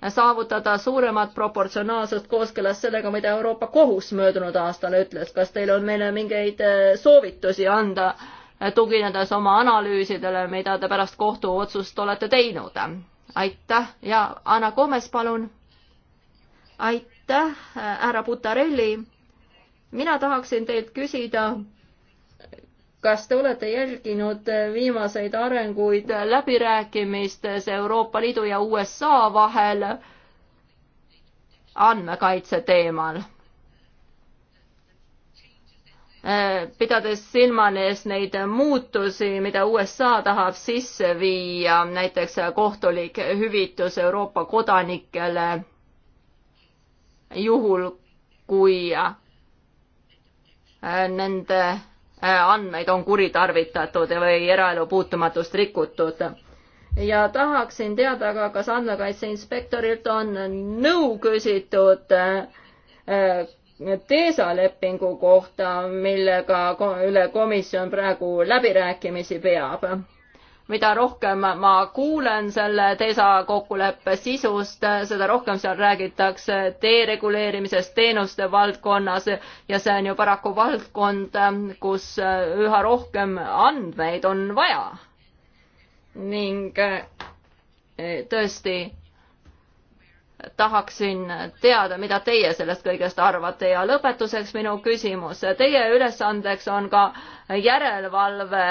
saavutada suuremat proportsionaalsust kooskõlas sellega, mida Euroopa Kohus möödunud aastal ütles. kas teil on meile mingeid äh, soovitusi anda, äh, tuginedes oma analüüsidele, mida te pärast kohtuotsust olete teinud? aitäh ja Anna Komes, palun. aitäh, äh, härra Butarelli. mina tahaksin teilt küsida kas te olete jälginud äh, viimaseid arenguid äh, läbirääkimistes Euroopa Liidu ja USA vahel andmekaitse teemal? Äh, pidades silmanes neid muutusi, mida USA tahab sisse viia, näiteks kohtulik hüvitus Euroopa kodanikele juhul, kui nende Äh, andmeid on kuritarvitatud või eraelu puutumatust rikutud. ja tahaksin teada ka, kas andmekaitse inspektorilt on nõu küsitud äh, Teesa lepingu kohta, millega üle komisjon praegu läbirääkimisi peab mida rohkem ma kuulen selle TESA kokkuleppe sisust, seda rohkem seal räägitakse dereguleerimisest teenuste valdkonnas ja see on ju paraku valdkond, kus üha rohkem andmeid on vaja. ning eh, tõesti tahaksin teada, mida teie sellest kõigest arvate ja lõpetuseks minu küsimus. Teie ülesandeks on ka järelevalve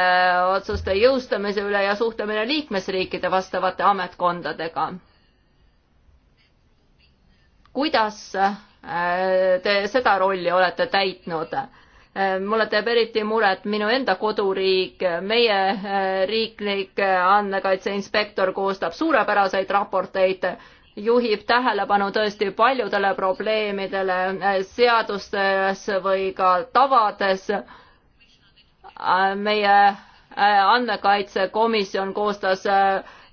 otsuste jõustamise üle ja suhtlemine liikmesriikide vastavate ametkondadega. kuidas äh, te seda rolli olete täitnud? Äh, mulle teeb eriti muret minu enda koduriik, meie äh, riiklik andmekaitse inspektor koostab suurepäraseid raporteid juhib tähelepanu tõesti paljudele probleemidele äh, seadustes või ka tavades. Äh, meie äh, andmekaitsekomisjon koostas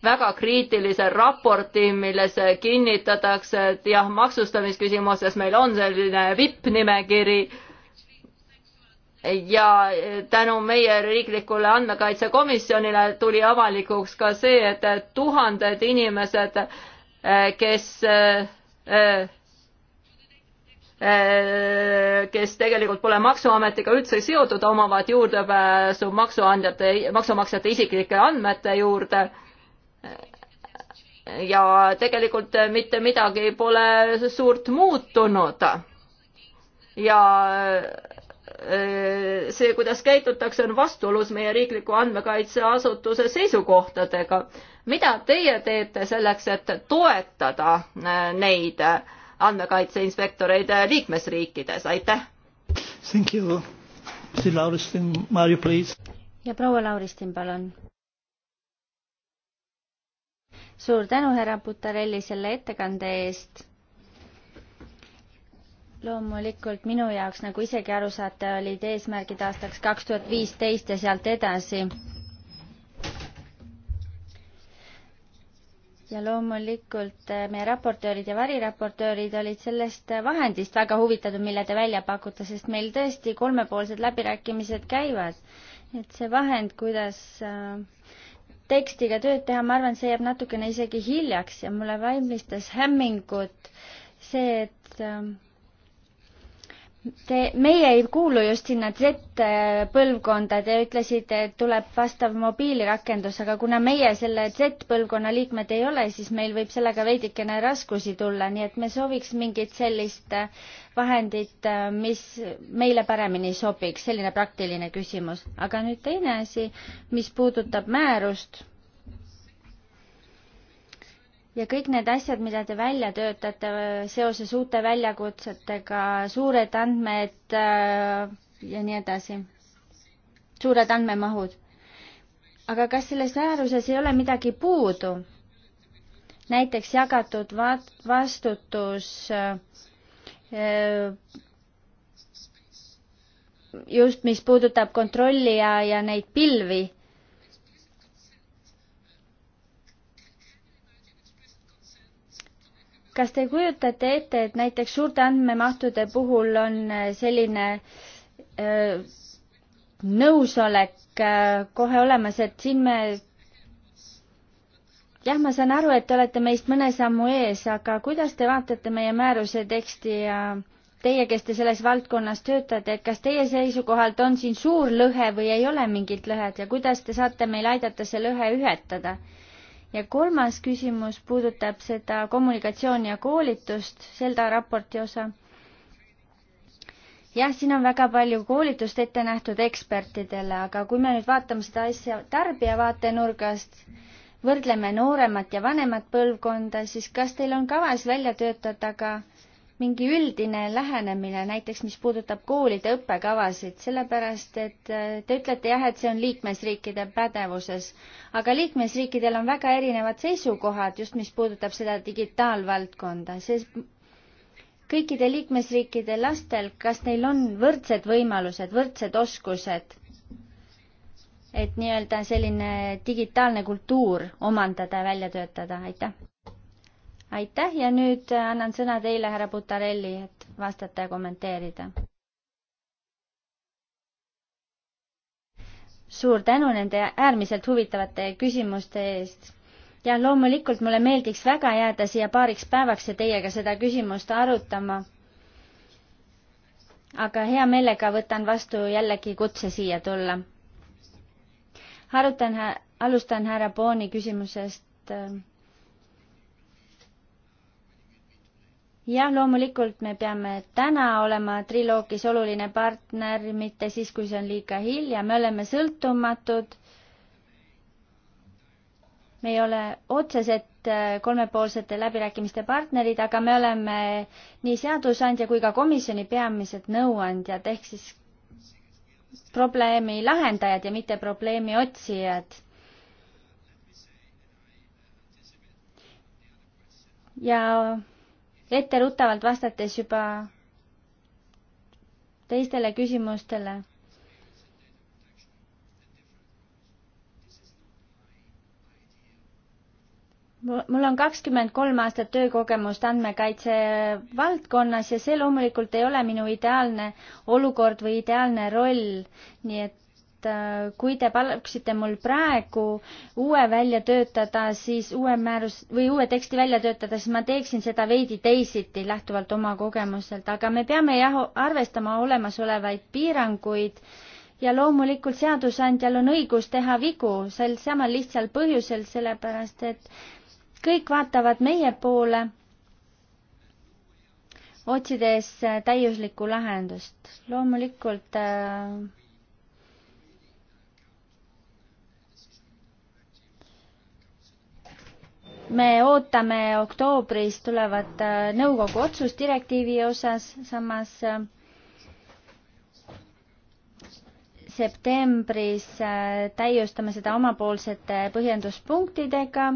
väga kriitilise raporti, milles kinnitatakse, et jah, maksustamisküsimuses meil on selline vippnimekiri ja tänu meie riiklikule andmekaitsekomisjonile tuli avalikuks ka see, et tuhanded inimesed Äh, kes äh, äh, kes tegelikult pole Maksuametiga üldse seotud, omavad juurdepääsu maksuandjate, maksumaksjate isiklike andmete juurde. ja tegelikult mitte midagi pole suurt muutunud. ja see, kuidas käitutakse, on vastuolus meie riikliku andmekaitseasutuse seisukohtadega mida teie teete selleks, et toetada äh, neid äh, andmekaitse inspektoreid äh, liikmesriikides, aitäh! Thank you, Mr Lauristin, Marju, please. ja proua Lauristin, palun. suur tänu, härra Butarelli, selle ettekande eest loomulikult minu jaoks, nagu isegi aru saate, olid eesmärgid aastaks kaks tuhat viisteist ja sealt edasi ja loomulikult eh, meie raportöörid ja variraportöörid olid sellest eh, vahendist väga huvitatud, mille te välja pakute, sest meil tõesti kolmepoolsed läbirääkimised käivad. et see vahend, kuidas eh, tekstiga tööd teha, ma arvan, see jääb natukene isegi hiljaks ja mulle valmistas hämmingut see, et Te, meie ei kuulu just sinna Z-põlvkonda, te ütlesite, et tuleb vastav mobiilirakendus, aga kuna meie selle Z-põlvkonna liikmed ei ole, siis meil võib sellega veidikene raskusi tulla, nii et me sooviks mingit sellist äh, vahendit, äh, mis meile paremini sobiks, selline praktiline küsimus. aga nüüd teine asi, mis puudutab määrust ja kõik need asjad, mida te välja töötate äh, seoses uute väljakutsetega, suured andmed äh, ja nii edasi, suured andmemahud. aga kas selles määruses ei ole midagi puudu? näiteks jagatud vaat-, vastutus äh, just mis puudutab kontrolli ja, ja neid pilvi kas te kujutate ette, et näiteks suurte andmemahtude puhul on äh, selline öö, äh, nõusolek öö, äh, kohe olemas, et siin me jah, ma saan aru, et te olete meist mõne sammu ees, aga kuidas te vaatate meie määruse teksti ja teie, kes te selles valdkonnas töötate, et kas teie seisukohalt on siin suur lõhe või ei ole mingit lõhet ja kuidas te saate meil aidata see lõhe ühetada? ja kolmas küsimus puudutab seda kommunikatsiooni ja koolitust, Selda raporti osa. jah, siin on väga palju koolitust ette nähtud ekspertidele, aga kui me nüüd vaatame seda asja tarbija vaatenurgast, võrdleme nooremat ja vanemat põlvkonda, siis kas teil on kavas välja töötada ka mingi üldine lähenemine, näiteks mis puudutab koolide õppekavasid, sellepärast et äh, te ütlete jah, et see on liikmesriikide pädevuses, aga liikmesriikidel on väga erinevad seisukohad just, mis puudutab seda digitaalvaldkonda, sest kõikide liikmesriikide lastel, kas neil on võrdsed võimalused, võrdsed oskused, et nii-öelda selline digitaalne kultuur omandada ja välja töötada, aitäh! aitäh ja nüüd äh, annan sõna teile, härra Butarelli, et vastata ja kommenteerida. suur tänu nende äärmiselt huvitavate küsimuste eest ja loomulikult mulle meeldiks väga jääda siia paariks päevaks ja teiega seda küsimust arutama. aga hea meelega võtan vastu jällegi kutse siia tulla. arutan, alustan härra Booni küsimusest äh, jah, loomulikult me peame täna olema triloogis oluline partner, mitte siis, kui see on liiga hilja, me oleme sõltumatud. me ei ole otsesed äh, kolmepoolsete läbirääkimiste partnerid, aga me oleme nii seadusandja kui ka komisjoni peamised nõuandjad ehk siis probleemi lahendajad ja mitte probleemi otsijad ja etteruttavalt vastates juba teistele küsimustele. mul on kakskümmend kolm aastat töökogemust andmekaitse valdkonnas ja see loomulikult ei ole minu ideaalne olukord või ideaalne roll, nii et Äh, kui te paluksite mul praegu uue välja töötada, siis uue määrus või uue teksti välja töötada, siis ma teeksin seda veidi teisiti lähtuvalt oma kogemuselt, aga me peame jah arvestama olemasolevaid piiranguid ja loomulikult seadusandjal on õigus teha vigu sel samal lihtsal põhjusel, sellepärast et kõik vaatavad meie poole, otsides täiuslikku lahendust. loomulikult äh, me ootame oktoobris tulevat äh, nõukogu otsust direktiivi osas, samas äh, septembris äh, täiustame seda omapoolsete põhjenduspunktidega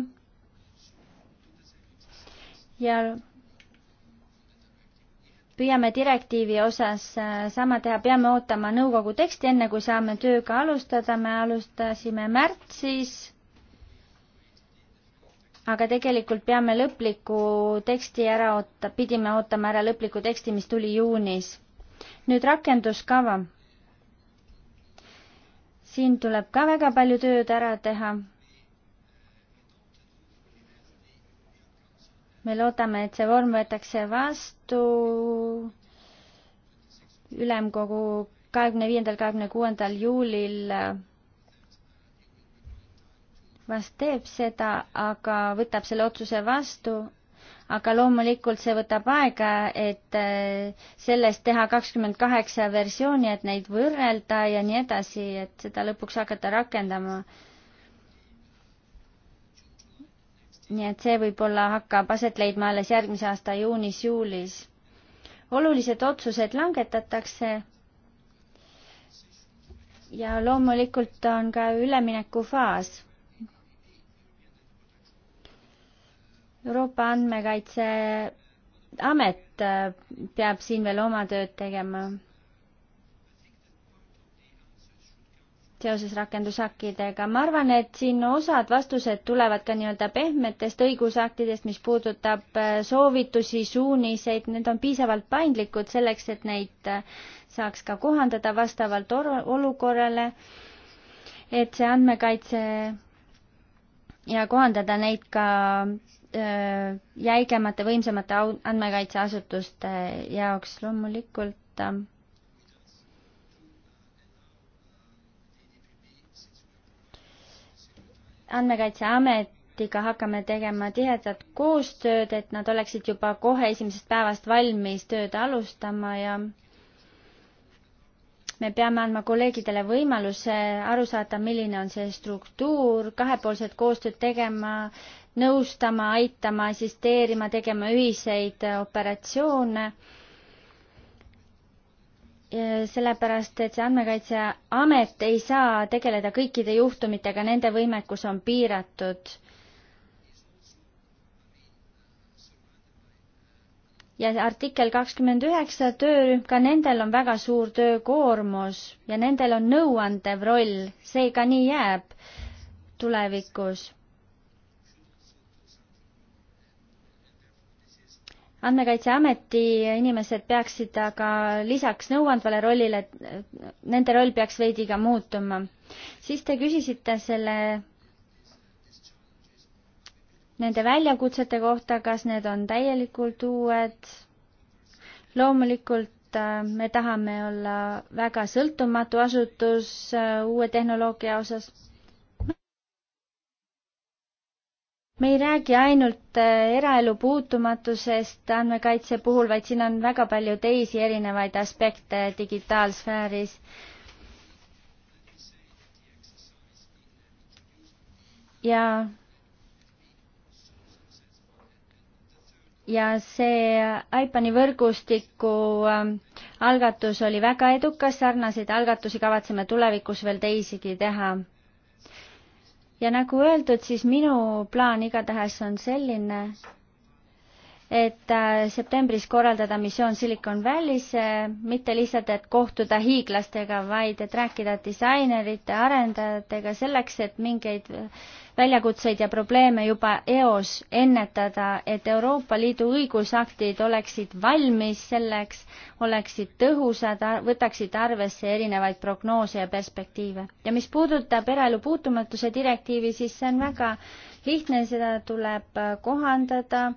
ja püüame direktiivi osas sama teha, peame ootama nõukogu teksti, enne kui saame tööga alustada, me alustasime märtsis aga tegelikult peame lõpliku teksti ära oota, pidime ootama ära lõpliku teksti, mis tuli juunis. nüüd rakenduskava. siin tuleb ka väga palju tööd ära teha. me loodame, et see vorm võetakse vastu ülemkogu kahekümne viiendal, kahekümne kuuendal juulil vast teeb seda, aga võtab selle otsuse vastu, aga loomulikult see võtab aega, et äh, sellest teha kakskümmend kaheksa versiooni, et neid võrrelda ja nii edasi, et seda lõpuks hakata rakendama. nii et see võib-olla hakkab aset leidma alles järgmise aasta juunis-juulis. olulised otsused langetatakse ja loomulikult on ka üleminekufaas Euroopa Andmekaitseamet äh, peab siin veel oma tööd tegema seoses rakendusaktidega. ma arvan, et siin osad vastused tulevad ka nii-öelda pehmetest õigusaktidest, mis puudutab äh, soovitusi, suuniseid, need on piisavalt paindlikud selleks, et neid äh, saaks ka kohandada vastavalt olukorrale, et see andmekaitse ja kohandada neid ka Äh, jäigemate, võimsamate andmekaitseasutuste jaoks loomulikult äh, andmekaitseametiga hakkame tegema tihedat koostööd, et nad oleksid juba kohe esimesest päevast valmis tööd alustama ja me peame andma kolleegidele võimaluse aru saada, milline on see struktuur, kahepoolset koostööd tegema nõustama, aitama, assisteerima, tegema ühiseid operatsioone. sellepärast, et see Andmekaitseamet ei saa tegeleda kõikide juhtumitega, nende võimekus on piiratud. ja artikkel kakskümmend üheksa töörühm, ka nendel on väga suur töökoormus ja nendel on nõuandev roll, see ka nii jääb tulevikus andmekaitseameti inimesed peaksid aga lisaks nõuandvale rollile, nende roll peaks veidi ka muutuma. siis te küsisite selle, nende väljakutsete kohta, kas need on täielikult uued. loomulikult äh, me tahame olla väga sõltumatu asutus äh, uue tehnoloogia osas me ei räägi ainult äh, eraelu puutumatusest andmekaitse puhul, vaid siin on väga palju teisi erinevaid aspekte digitaalsfääris. ja ja see IPAN-i võrgustiku ähm, algatus oli väga edukas, sarnaseid algatusi kavatseme tulevikus veel teisigi teha ja nagu öeldud, siis minu plaan igatahes on selline, et äh, septembris korraldada missioon Silicon Valley's, äh, mitte lihtsalt, et kohtuda hiiglastega, vaid et rääkida disainerite, arendajatega selleks, et mingeid väljakutseid ja probleeme juba eos ennetada, et Euroopa Liidu õigusaktid oleksid valmis selleks, oleksid tõhusad, võtaksid arvesse erinevaid prognoose ja perspektiive. ja mis puudutab eraelu puutumatuse direktiivi, siis see on väga lihtne, seda tuleb äh, kohandada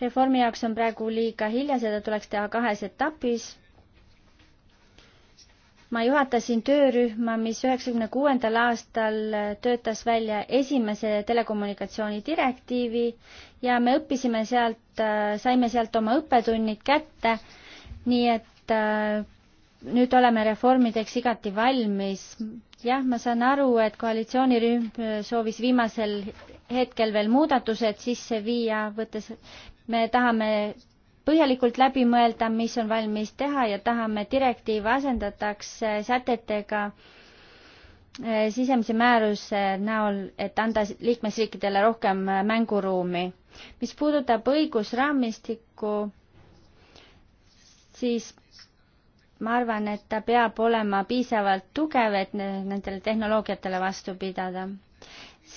reformi jaoks on praegu liiga hilja, seda tuleks teha kahes etapis. ma juhatasin töörühma, mis üheksakümne kuuendal aastal töötas välja esimese telekommunikatsiooni direktiivi ja me õppisime sealt, saime sealt oma õppetunnid kätte, nii et äh, nüüd oleme reformideks igati valmis. jah, ma saan aru, et koalitsioonirühm soovis viimasel hetkel veel muudatused sisse viia, võttes me tahame põhjalikult läbi mõelda, mis on valmis teha ja tahame direktiive asendataks eh, sätetega eh, sisemise määruse näol, et anda liikmesriikidele rohkem eh, mänguruumi. mis puudutab õigusraamistikku, siis ma arvan, et ta peab olema piisavalt tugev, et nendele tehnoloogiatele vastu pidada.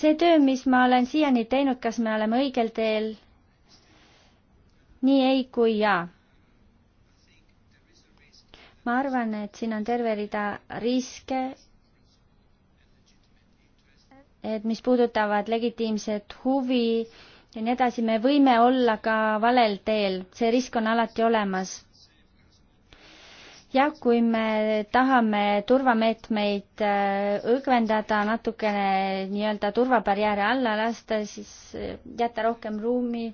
see töö, mis ma olen siiani teinud, kas me oleme õigel teel, nii ei kui jaa. ma arvan, et siin on terve rida riske, et mis puudutavad legitiimset huvi ja nii edasi, me võime olla ka valel teel, see risk on alati olemas jah, kui me tahame turvameetmeid äh, õgvendada, natukene nii-öelda turvabarjääre alla lasta, siis äh, jätta rohkem ruumi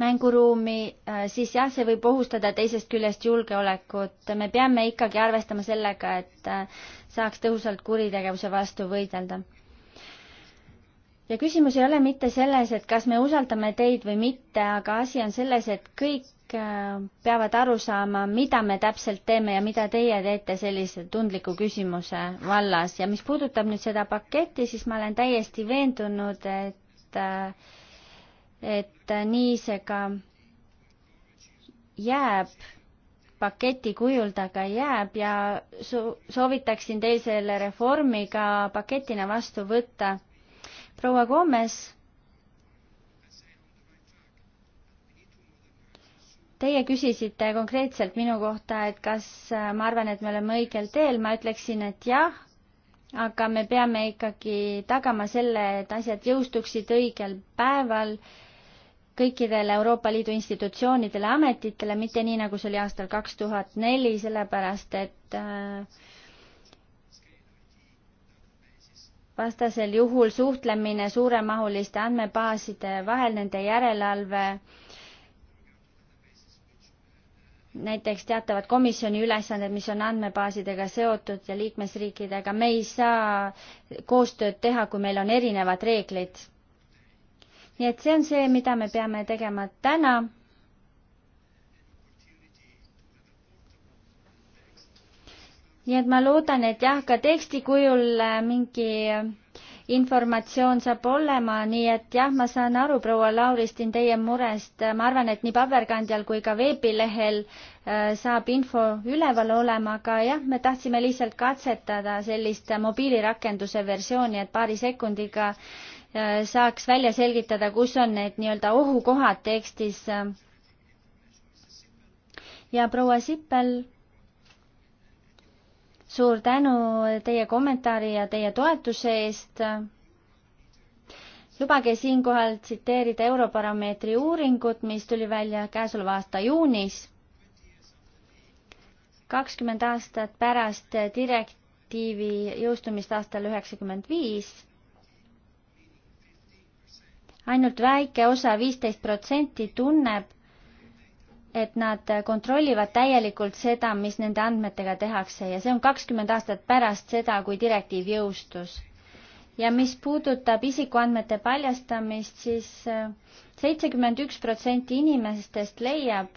mänguruumi, äh, siis jah, see võib ohustada teisest küljest julgeolekut. me peame ikkagi arvestama sellega, et äh, saaks tõhusalt kuritegevuse vastu võidelda. ja küsimus ei ole mitte selles, et kas me usaldame teid või mitte, aga asi on selles, et kõik äh, peavad aru saama, mida me täpselt teeme ja mida teie teete sellise tundliku küsimuse vallas ja mis puudutab nüüd seda paketti, siis ma olen täiesti veendunud, et äh, et nii see ka jääb, paketi kujul ta ka jääb ja su-, soovitaksin teil selle reformi ka paketina vastu võtta. proua Gomes, teie küsisite konkreetselt minu kohta, et kas äh, ma arvan, et me oleme õigel teel, ma ütleksin, et jah, aga me peame ikkagi tagama selle, et asjad jõustuksid õigel päeval äh, kõikidele Euroopa Liidu institutsioonidele, ametitele, mitte nii, nagu see oli aastal kaks tuhat neli, sellepärast et äh, vastasel juhul suhtlemine suuremahuliste andmebaaside vahel, nende järelevalve, näiteks teatavad komisjoni ülesanded, mis on andmebaasidega seotud ja liikmesriikidega, me ei saa koostööd teha, kui meil on erinevad reeglid nii et see on see, mida me peame tegema täna nii et ma loodan, et jah, ka teksti kujul äh, mingi informatsioon saab olema, nii et jah, ma saan aru, proua Lauristin, teie murest. Äh, ma arvan, et nii paberkandjal kui ka veebilehel äh, saab info üleval olema, aga jah, me tahtsime lihtsalt katsetada sellist mobiilirakenduse versiooni, et paari sekundiga Äh, saaks välja selgitada, kus on need nii-öelda ohukohad tekstis. ja proua Sippel, suur tänu teie kommentaari ja teie toetuse eest. lubage siinkohal tsiteerida Eurobaromeetri uuringut, mis tuli välja käesoleva aasta juunis. kakskümmend aastat pärast direktiivi jõustumist aastal üheksakümmend viis ainult väike osa, viisteist protsenti, tunneb, et nad kontrollivad täielikult seda, mis nende andmetega tehakse ja see on kakskümmend aastat pärast seda, kui direktiiv jõustus. ja mis puudutab isikuandmete paljastamist siis, siis äh, seitsekümmend üks protsenti inimestest leiab,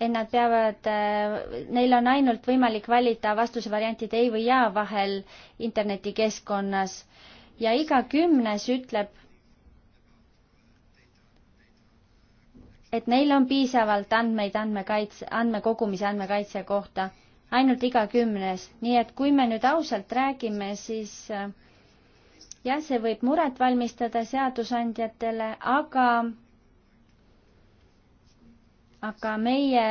et nad peavad, äh, neil on ainult võimalik valida vastusevariantid ei või jaa vahel internetikeskkonnas ja iga kümnes ütleb, et neil on piisavalt andmeid andmekaitse, andmekogumise andmekaitse kohta, ainult iga kümnes. nii et kui me nüüd ausalt räägime, siis äh, jah, see võib muret valmistada seadusandjatele, aga, aga meie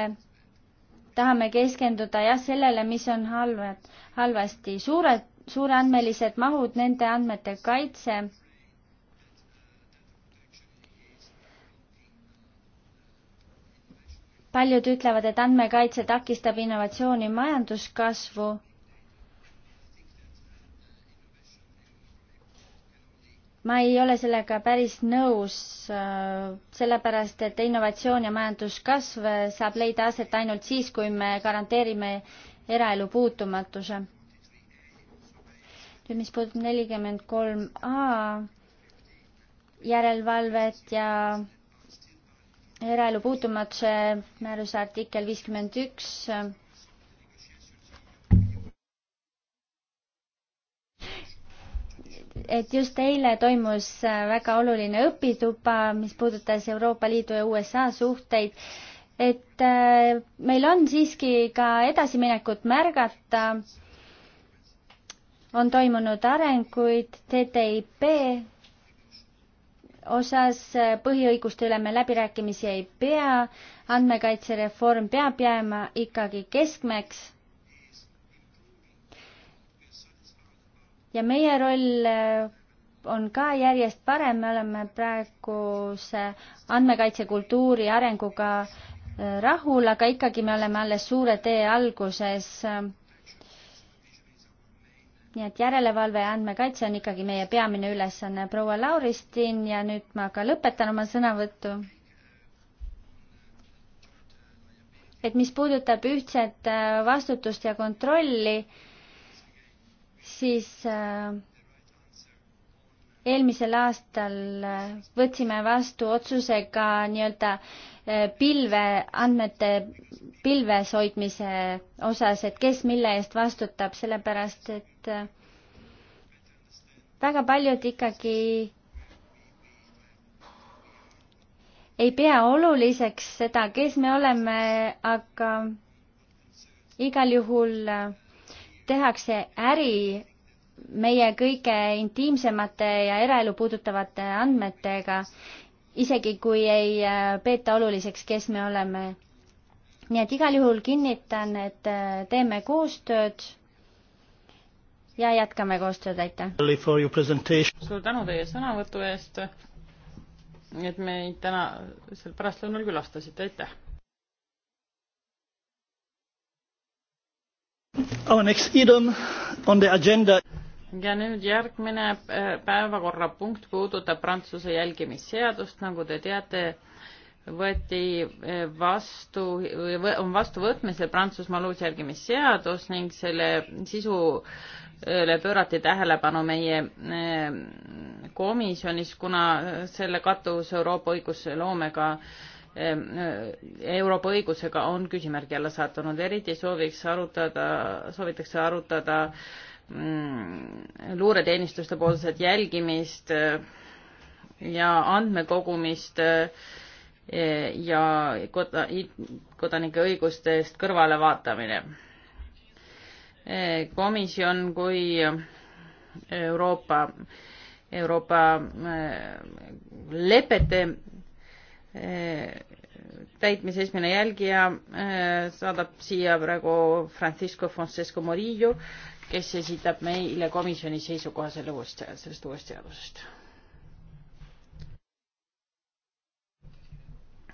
tahame keskenduda jah, sellele, mis on halvad, halvasti. suured suurandmelised mahud, nende andmete kaitse. paljud ütlevad, et andmekaitse takistab innovatsiooni majanduskasvu ma ei ole sellega päris nõus, äh, sellepärast et innovatsioon ja majanduskasv äh, saab leida aset ainult siis, kui me garanteerime eraelu puutumatuse nüüd, mis puudutab nelikümmend kolm A järelevalvet ja eraelu puutumatuse määruse artikkel viiskümmend üks et just eile toimus väga oluline õpituba, mis puudutas Euroopa Liidu ja USA suhteid. et äh, meil on siiski ka edasiminekut märgata on toimunud arenguid TTIP osas põhiõiguste üle me läbirääkimisi ei pea, andmekaitsereform peab jääma ikkagi keskmeks. ja meie roll äh, on ka järjest parem, me oleme praeguse andmekaitsekultuuri arenguga äh, rahul, aga ikkagi me oleme alles suure tee alguses äh, nii et järelevalve ja andmekaitse on ikkagi meie peamine ülesanne. proua Lauristin ja nüüd ma ka lõpetan oma sõnavõttu. et mis puudutab ühtset äh, vastutust ja kontrolli, siis äh, eelmisel aastal äh, võtsime vastu otsuse ka nii-öelda pilve, andmete pilves hoidmise osas, et kes mille eest vastutab, sellepärast et et väga paljud ikkagi ei pea oluliseks seda, kes me oleme, aga igal juhul tehakse äri meie kõige intiimsemate ja eraelu puudutavate andmetega, isegi kui ei äh, peeta oluliseks, kes me oleme. nii et igal juhul kinnitan, et äh, teeme koostööd ja jätkame koostööd, aitäh! suur tänu teie sõnavõtu eest, et meid täna seal pärastlõunal külastasite, aitäh! Our next item on the agenda ja nüüd järgmine äh, päevakorrapunkt puudutab Prantsuse jälgimisseadust, nagu te teate, võeti äh, vastu, on vastuvõtmisel Prantsusmaa uus jälgimisseadus ning selle sisu üle pöörati tähelepanu meie eh, komisjonis, kuna selle katus Euroopa õigusloomega, eh, Euroopa õigusega on küsimärgi alla sattunud, eriti sooviks arutada, soovitakse arutada mm, luureteenistuste poolset jälgimist eh, ja andmekogumist ja kodanike õiguste eest kõrvalevaatamine komisjon kui Euroopa, Euroopa eh, lepete eh, täitmise esimene jälgija eh, saadab siia praegu Francisco Francesco Morillo, kes esitab meile komisjoni seisukoha selle uuest, sellest uuest seadusest.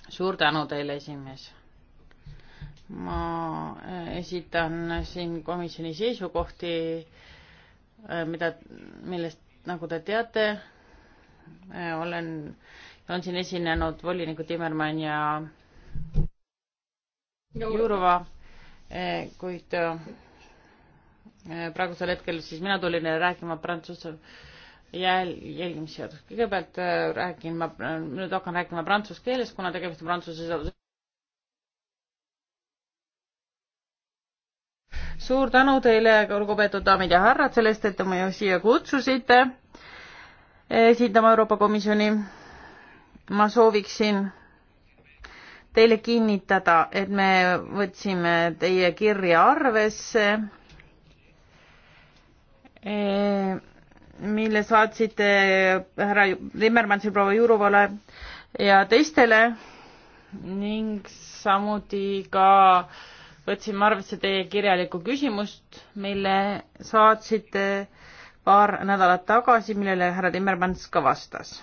suur tänu teile, esimees ma äh, esitan siin komisjoni seisukohti, äh, mida, millest, nagu te teate, äh, olen, on siin esinenud volinikud Timmermann ja Jurova, kuid praegusel hetkel siis mina tulin rääkima prantsuse jäl-, jälgimisseadust. kõigepealt räägin ma, nüüd hakkan rääkima prantsuse keeles, kuna tegemist on prantsuse seadusega suur tänu teile, lugupeetud daamid ja härrad, selle eest, et te meid siia kutsusite esindama Euroopa Komisjoni. ma sooviksin teile kinnitada, et me võtsime teie kirja arvesse e, mille saatsite härra Timmermansi proua Jurovale ja teistele ning samuti ka äh, võtsime arvesse teie kirjalikku küsimust, mille saatsite paar nädalat tagasi, millele härra Timmermans ka vastas.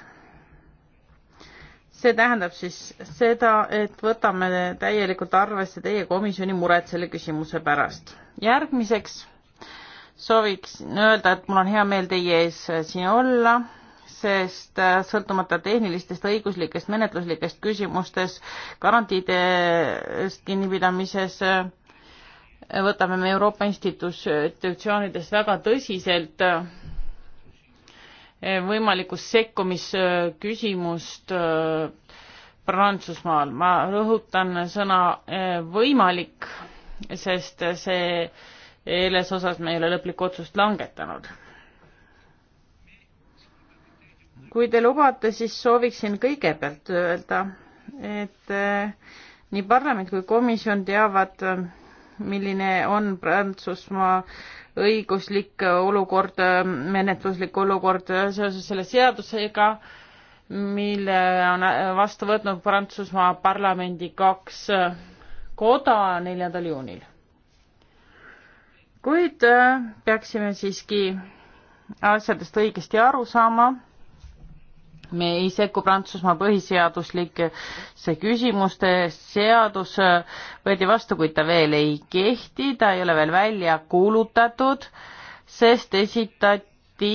see tähendab siis seda, et võtame täielikult arvesse teie komisjoni muret selle küsimuse pärast. järgmiseks sooviksin öelda, et mul on hea meel teie ees siin olla sest äh, sõltumata tehnilistest õiguslikest menetluslikest küsimustes, garantiidest kinnipidamises, äh, võtame me Euroopa institutsioonides väga tõsiselt äh, võimalikust sekkumisküsimust Prantsusmaal. ma rõhutan sõna võimalik, sest see selles osas me ei ole lõplikku otsust langetanud kui te lubate, siis sooviksin kõigepealt öelda, et eh, nii parlament kui komisjon teavad, milline on Prantsusmaa õiguslik olukord, menetluslik olukord seoses selle seadusega, mille on vastu võtnud Prantsusmaa parlamendi kaks koda neljandal juunil. kuid eh, peaksime siiski asjadest õigesti aru saama me ei sekku Prantsusmaa põhiseaduslikesse küsimuste, seadus äh, võeti vastu, kuid ta veel ei kehti, ta ei ole veel välja kuulutatud, sest esitati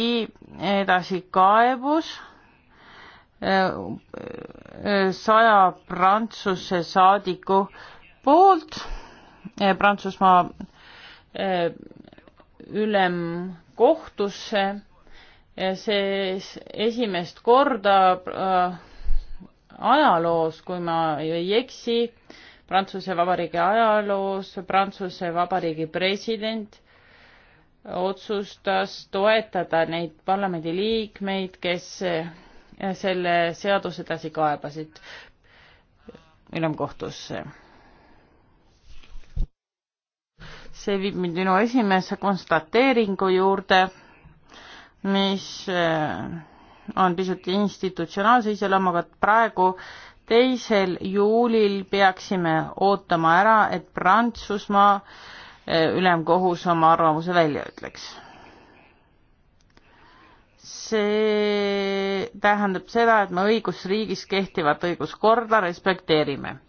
edasikaebus äh, äh, saja Prantsuse saadiku poolt Prantsusmaa ülemkohtusse see esimest korda äh, ajaloos, kui ma ei eksi, Prantsuse Vabariigi ajaloos Prantsuse Vabariigi president otsustas toetada neid parlamendiliikmeid, kes äh, selle seaduse edasi kaebasid ülemkohtusse. see viib mind minu esimese konstateeringu juurde mis eh, on pisut institutsionaalse iseloomuga, et praegu teisel juulil peaksime ootama ära, et Prantsusmaa eh, ülemkohus oma arvamuse välja ütleks. see tähendab seda, et me õigusriigis kehtivat õiguskorda respekteerime.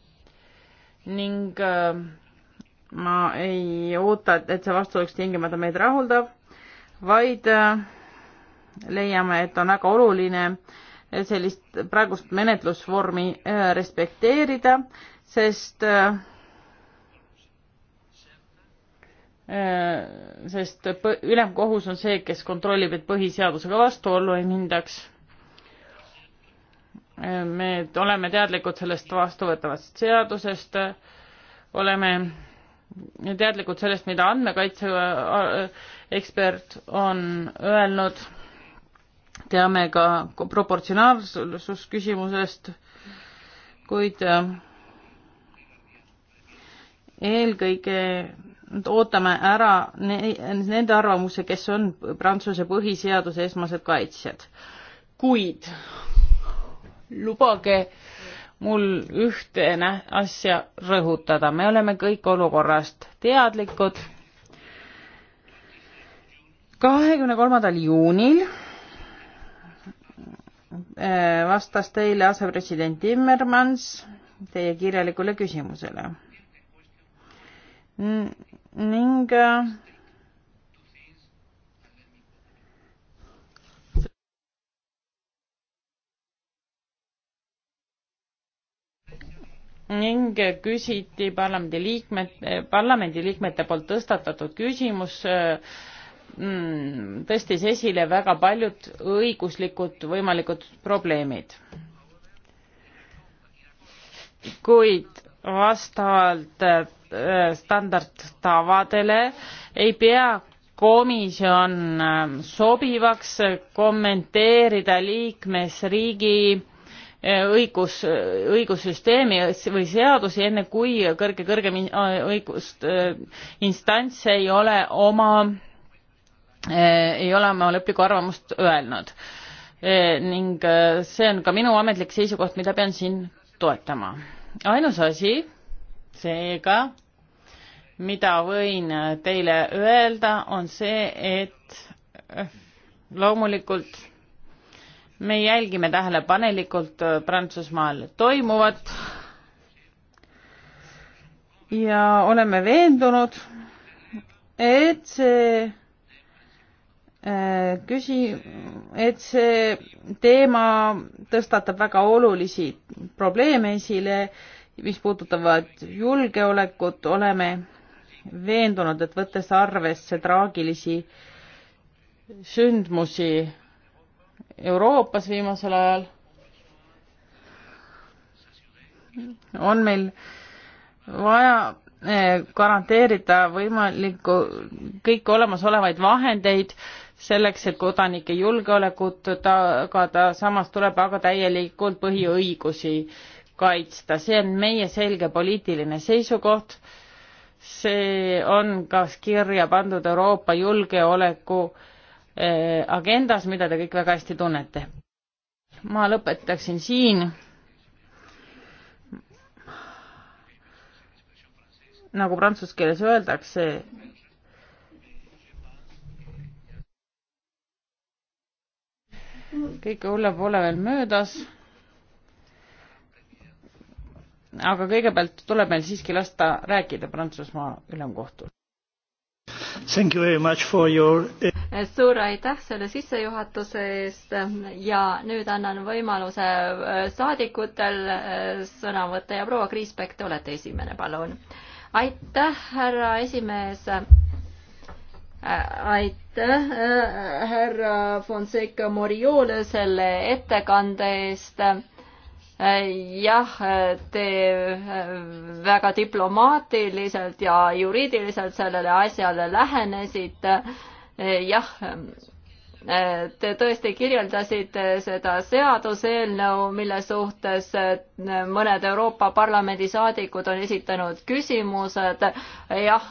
ning eh, ma ei oota, et see vastu oleks tingimata meid rahuldav, vaid äh, leiame, et on väga oluline sellist praegust menetlusvormi äh, respekteerida, sest äh, äh, sest ülemkohus on see, kes kontrollib, et põhiseadusega vastuollu ei mindaks. me oleme teadlikud sellest vastuvõetavast seadusest, oleme teadlikud sellest, mida andmekaitse ekspert on öelnud teame ka proportsionaalsusküsimusest, kuid äh, eelkõige ootame ära nende arvamuse, kes on Prantsuse põhiseaduse esmased kaitsjad. kuid lubage mul ühte asja rõhutada, me oleme kõik olukorrast teadlikud. kahekümne kolmandal juunil Äh, vastas teile asepresident Timmermans teie kirjalikule küsimusele N. ning äh, ning küsiti parlamendiliikmete, parlamendiliikmete poolt tõstatatud küsimus äh, Mm, tõstis esile väga paljud õiguslikud võimalikud probleemid. kuid vastavalt äh, standardtavadele ei pea komisjon äh, sobivaks kommenteerida liikmesriigi äh, õigus, õigussüsteemi või seadusi, enne kui kõrge, kõrgem õigust, instants ei ole oma Eh, ei ole oma lõplikku arvamust öelnud. Eh, ning eh, see on ka minu ametlik seisukoht, mida pean siin toetama. ainus asi seega, mida võin teile öelda, on see, et loomulikult me jälgime tähelepanelikult Prantsusmaal toimuvat ja oleme veendunud, et see Äh, küsi-, et see teema tõstatab väga olulisi probleeme esile, mis puudutavad julgeolekut, oleme veendunud, et võttes arvesse traagilisi sündmusi Euroopas viimasel ajal, on meil vaja äh, garanteerida võimalikku, kõiki olemasolevaid vahendeid äh, selleks, et kodanike julgeolekut tagada, samas tuleb aga täielikult põhiõigusi kaitsta, see on meie selge poliitiline seisukoht, see on ka kirja pandud Euroopa julgeoleku eh, agendas, mida te kõik väga hästi tunnete. ma lõpetaksin siin. nagu prantsuse keeles öeldakse, kõige hullem pole veel möödas. aga kõigepealt tuleb meil siiski lasta rääkida Prantsusmaa ülemkohtul. Thank you very much for your eh, suur aitäh selle sissejuhatuse eest ja nüüd annan võimaluse eh, saadikutel eh, sõna võtta ja proua Kriisbeck, te olete esimene, palun. aitäh, härra esimees aitäh, äh, härra Fonseca Moriole selle ettekande eest. Äh, jah, te äh, väga diplomaatiliselt ja juriidiliselt sellele asjale lähenesite. jah, te tõesti kirjeldasite seda seaduseelnõu, mille suhtes mõned Euroopa Parlamendi saadikud on esitanud küsimused. jah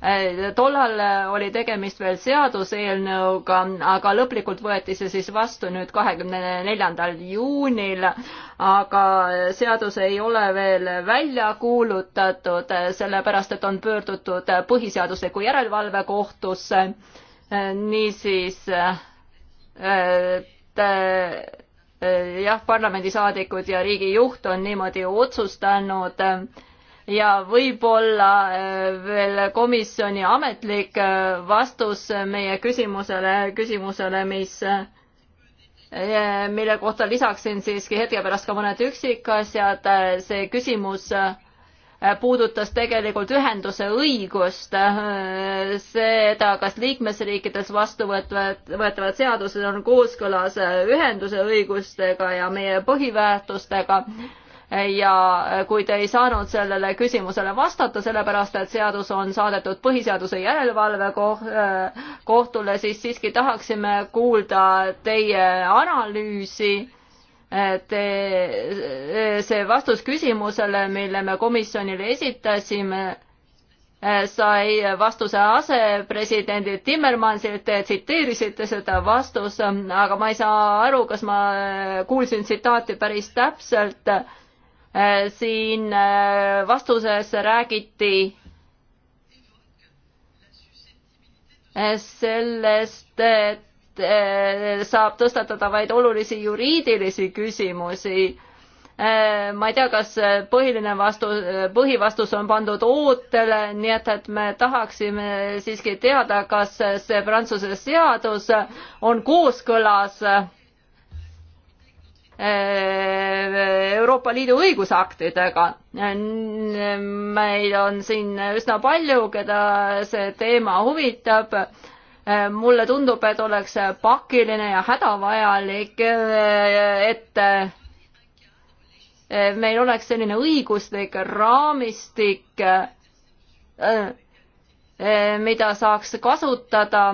Äh, tollal äh, oli tegemist veel seaduseelnõuga, aga lõplikult võeti see siis vastu nüüd kahekümne neljandal juunil. aga seadus ei ole veel välja kuulutatud, äh, sellepärast et on pöördutud põhiseadusliku järelevalve kohtusse. niisiis et jah, parlamendisaadikud ja riigijuht on niimoodi otsustanud ja võib-olla äh, veel komisjoni ametlik äh, vastus meie küsimusele, küsimusele, mis äh, mille kohta lisaksin siiski hetke pärast ka mõned üksikasjad, see küsimus puudutas tegelikult ühenduse õigust, seda, kas liikmesriikides vastuvõtvad, võetavad seadused on kooskõlas ühenduse õigustega ja meie põhiväärtustega ja kui te ei saanud sellele küsimusele vastata, sellepärast et seadus on saadetud põhiseaduse järelevalve kohtule, siis siiski tahaksime kuulda teie analüüsi. Te, see vastus küsimusele, mille me komisjonile esitasime, sai vastuse asepresidendilt Timmermansilt, te tsiteerisite seda vastust, aga ma ei saa aru, kas ma kuulsin tsitaati päris täpselt Äh, siin äh, vastuses räägiti äh, sellest, et saab tõstatada vaid olulisi juriidilisi küsimusi. ma ei tea, kas põhiline vastus, põhivastus on pandud ootele, nii et, et me tahaksime siiski teada, kas see Prantsuse seadus on kooskõlas Euroopa Liidu õigusaktidega. meil on siin üsna palju, keda see teema huvitab. mulle tundub, et oleks pakiline ja hädavajalik, et meil oleks selline õiguslik raamistik, mida saaks kasutada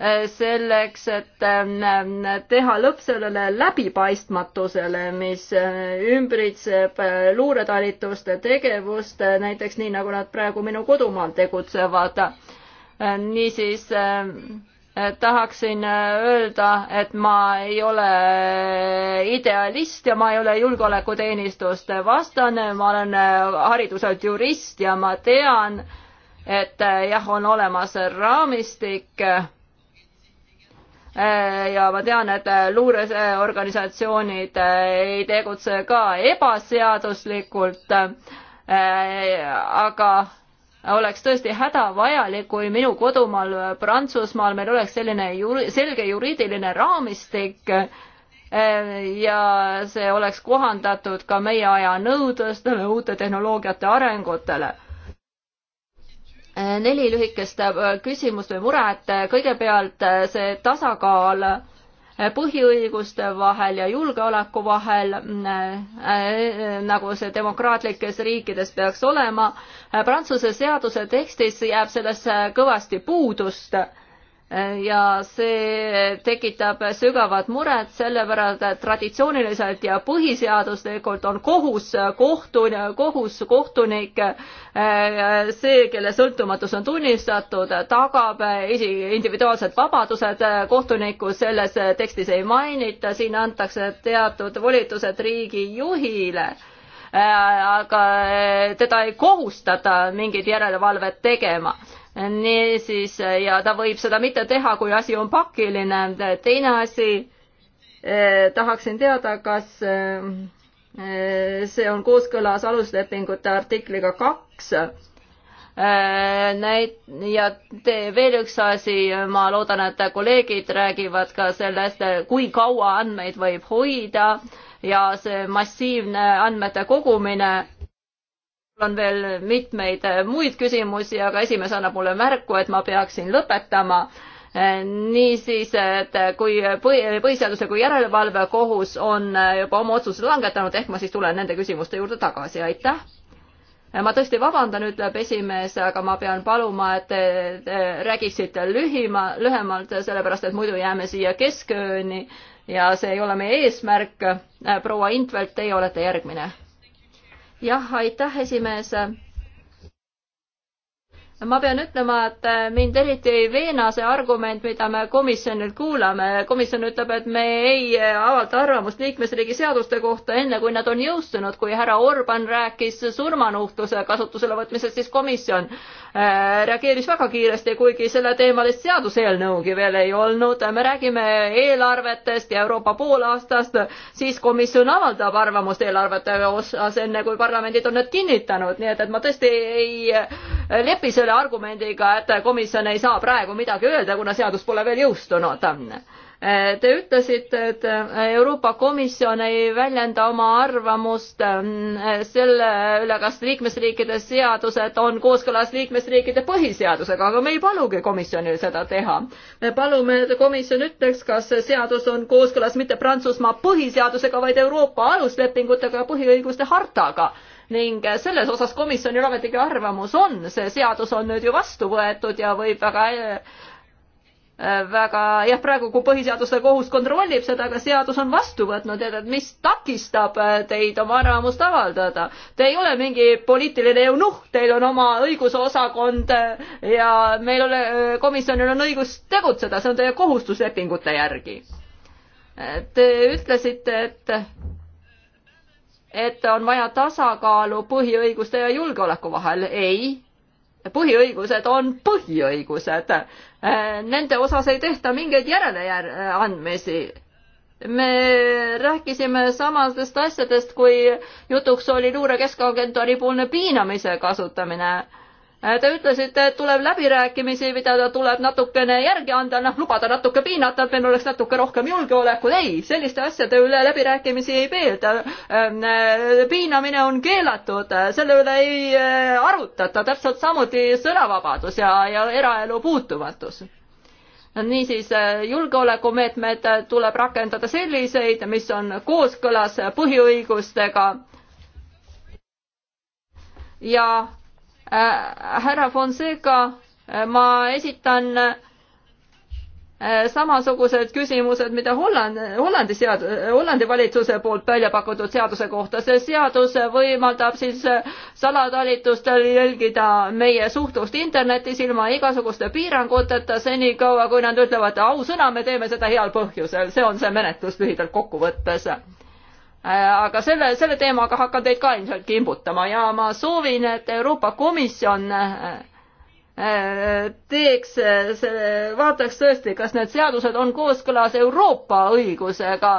Äh, selleks, et ähm, teha lõpp sellele läbipaistmatusele, mis äh, ümbritseb äh, luuretalituste tegevust, näiteks nii, nagu nad praegu minu kodumaal tegutsevad. niisiis tahaksin öelda, et ma ei ole idealist ja ma ei ole julgeolekuteenistuste vastane, ma olen hariduselt jurist ja ma tean, et jah, on olemas raamistik Äh, ja ma tean, et äh, luureorganisatsioonid äh, ei tegutse ka ebaseaduslikult. aga oleks tõesti hädavajalik, kui minu kodumaal Prantsusmaal meil oleks selline juri, selge juriidiline raamistik ja see oleks kohandatud ka meie aja nõudlustele, uute tehnoloogiate arengutele Eh, neli lühikest eh, küsimust või muret. Eh, kõigepealt see tasakaal põhiõiguste vahel ja julgeoleku vahel, mm, nagu see demokraatlikes riikides peaks olema. Prantsuse seaduse tekstis jääb sellest kõvasti puudust ja see tekitab sügavat muret, sellepärast et traditsiooniliselt ja põhiseaduslikult on kohus kohtun-, kohus kohtunik, äh, see, kelle sõltumatus on tunnistatud, tagab isi-, individuaalsed vabadused, kohtunikku selles tekstis ei mainita, siin antakse teatud volitused riigijuhile äh, aga äh, teda ei kohustata mingit järelevalvet tegema niisiis, ja ta võib seda mitte teha, kui asi on pakiline. teine asi eh,, tahaksin teada, kas eh, see on kooskõlas aluslepingute artikliga kaks eh, näit- ja te, veel üks asi, ma loodan, et kolleegid räägivad ka sellest, kui kaua andmeid võib hoida ja see massiivne andmete kogumine on veel mitmeid äh, muid küsimusi, aga esimees annab mulle märku, et ma peaksin lõpetama. Äh, niisiis, et kui põhiseaduse kui järelevalvekohus on äh, juba oma otsuse langetanud, ehk ma siis tulen nende küsimuste juurde tagasi, aitäh. ma tõesti vabandan, ütleb esimees, aga ma pean paluma, et te, te räägiksite lühima, lühemalt, sellepärast et muidu jääme siia keskööni ja see ei ole meie eesmärk. proua Intvelt, teie olete järgmine jah, aitäh, esimees. ma pean ütlema, et mind eriti ei veena see argument, mida me komisjonilt kuulame. komisjon ütleb, et me ei avalda arvamust liikmesriigi seaduste kohta enne, kui nad on jõustunud. kui härra Orban rääkis surmanuhtluse kasutusele võtmisest, siis komisjon Äh, reageeris väga kiiresti, kuigi selleteemalist seaduseelnõugi veel ei olnud. me räägime eelarvetest ja Euroopa poolaastast, siis komisjon avaldab arvamust eelarvete osas, enne kui parlamendid on need kinnitanud, nii et, et ma tõesti ei lepi selle argumendiga, et komisjon ei saa praegu midagi öelda, kuna seadus pole veel jõustunud Te ütlesite, et äh, Euroopa Komisjon ei väljenda oma arvamust ähm, selle üle, kas liikmesriikide seadused on kooskõlas liikmesriikide põhiseadusega, aga me ei palugi komisjonil seda teha. me palume, et komisjon ütleks, kas see seadus on kooskõlas mitte Prantsusmaa põhiseadusega, vaid Euroopa aluslepingutega ja põhiõiguste hartaga ning selles osas komisjonil ometigi arvamus on, see seadus on nüüd ju vastu võetud ja võib väga äh, Äh, väga jah, praegu kui põhiseaduse kohus kontrollib seda, aga seadus on vastu võtnud, et mis takistab äh, teid oma arvamust avaldada. Te ei ole mingi poliitiline eunuhh, teil on oma õigusosakond äh, ja meil ole, komisjonil on õigus tegutseda, see on teie kohustus lepingute järgi. Te ütlesite, et et on vaja tasakaalu põhiõiguste ja julgeoleku vahel. ei põhiõigused on põhiõigused. Äh, nende osas ei tehta mingeid järeleandmisi äh, me rääkisime samadest asjadest, kui jutuks oli luure keskagentuuri poolne piinamise kasutamine Äh, te ütlesite, et tuleb läbirääkimisi pidada, tuleb natukene järgi anda, noh, lubada natuke piinata, et meil oleks natuke rohkem julgeolekut. ei, selliste asjade üle läbirääkimisi ei peelda. Ähm, äh, piinamine on keelatud, selle üle ei äh, arutata, täpselt samuti sõnavabadus ja, ja eraelu puutumatus niisiis julgeolekumeetmed tuleb rakendada selliseid, mis on kooskõlas põhiõigustega ja Äh, härra Fonseca, äh, ma esitan äh, samasugused küsimused, mida Holland, Hollandi sead-, Hollandi valitsuse poolt välja pakutud seaduse kohta. see seadus võimaldab siis salatalitustel jälgida meie suhtlust internetis ilma igasuguste piiranguteta senikaua, kui nad ütlevad ausõna, me teeme seda heal põhjusel. see on see menetlus lühidalt kokkuvõttes Äh, aga selle, selle teemaga hakkan teid ka ilmselt kimbutama ja ma soovin, et Euroopa Komisjon äh, äh, teeks, vaataks tõesti, kas need seadused on kooskõlas Euroopa õigusega,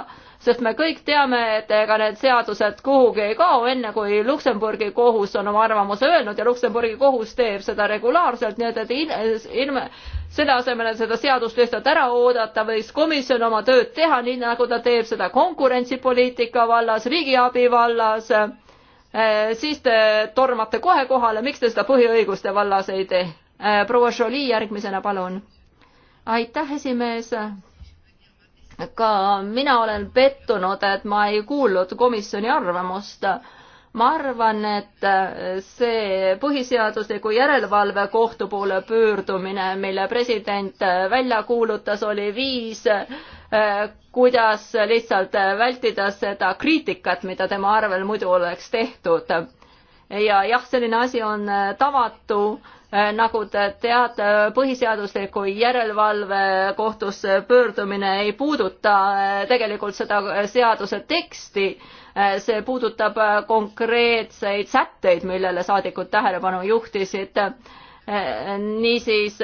sest me kõik teame, et ega need seadused kuhugi ei kao, enne kui Luksemburgi kohus on oma arvamuse öelnud ja Luksemburgi kohus teeb seda regulaarselt, nii et, et ilme, selle asemel, et seda seadust lihtsalt ära oodata, võiks komisjon oma tööd teha, nii nagu ta teeb seda konkurentsipoliitika vallas, riigiabi vallas, äh, siis te tormate kohe kohale, miks te seda põhiõiguste vallas ei tee? Äh, proua Jolie järgmisena, palun. aitäh, esimees. ka mina olen pettunud, et ma ei kuulnud komisjoni arvamust ma arvan, et äh, see põhiseadusliku järelevalve kohtu poole pöördumine, mille president äh, välja kuulutas, oli viis, äh, kuidas lihtsalt vältida seda kriitikat, mida tema arvel muidu oleks tehtud. ja jah, selline asi on tavatu nagu te teate, põhiseadusliku järelevalve kohtusse pöördumine ei puuduta tegelikult seda seaduse teksti Eh, see puudutab eh, konkreetseid sätteid, millele saadikud tähelepanu juhtisid. Eh, niisiis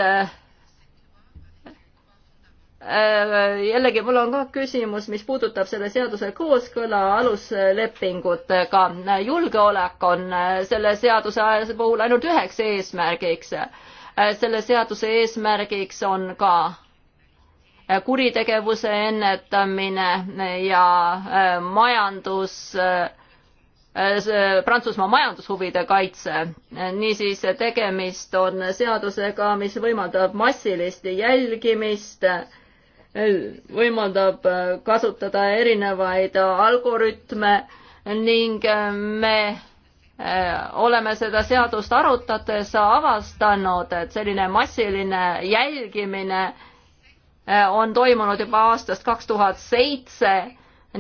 jällegi mul on ka küsimus, mis puudutab selle seaduse kooskõla aluslepingutega. julgeolek on selle seaduse puhul ainult üheks eesmärgiks. selle seaduse eesmärgiks on ka kuritegevuse ennetamine ja äh, majandus, äh, Prantsusmaa majandushuvide kaitse. niisiis, tegemist on seadusega, mis võimaldab massilist jälgimist, võimaldab äh, kasutada erinevaid algoritme ning me oleme seda seadust arutades avastanud, et selline massiline jälgimine Äh, on toimunud juba aastast kaks tuhat seitse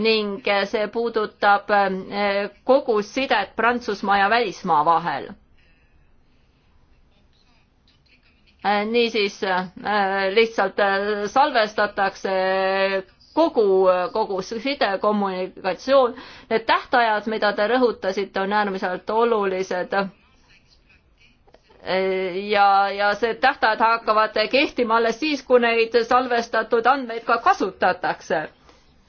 ning äh, see puudutab äh, kogu sidet Prantsusmaa ja välismaa vahel. niisiis lihtsalt salvestatakse kogu, kogu side, kommunikatsioon, need tähtajad, mida te rõhutasite, on äärmiselt olulised ja, ja see tähtajad hakkavad kehtima alles siis, kui neid salvestatud andmeid ka kasutatakse.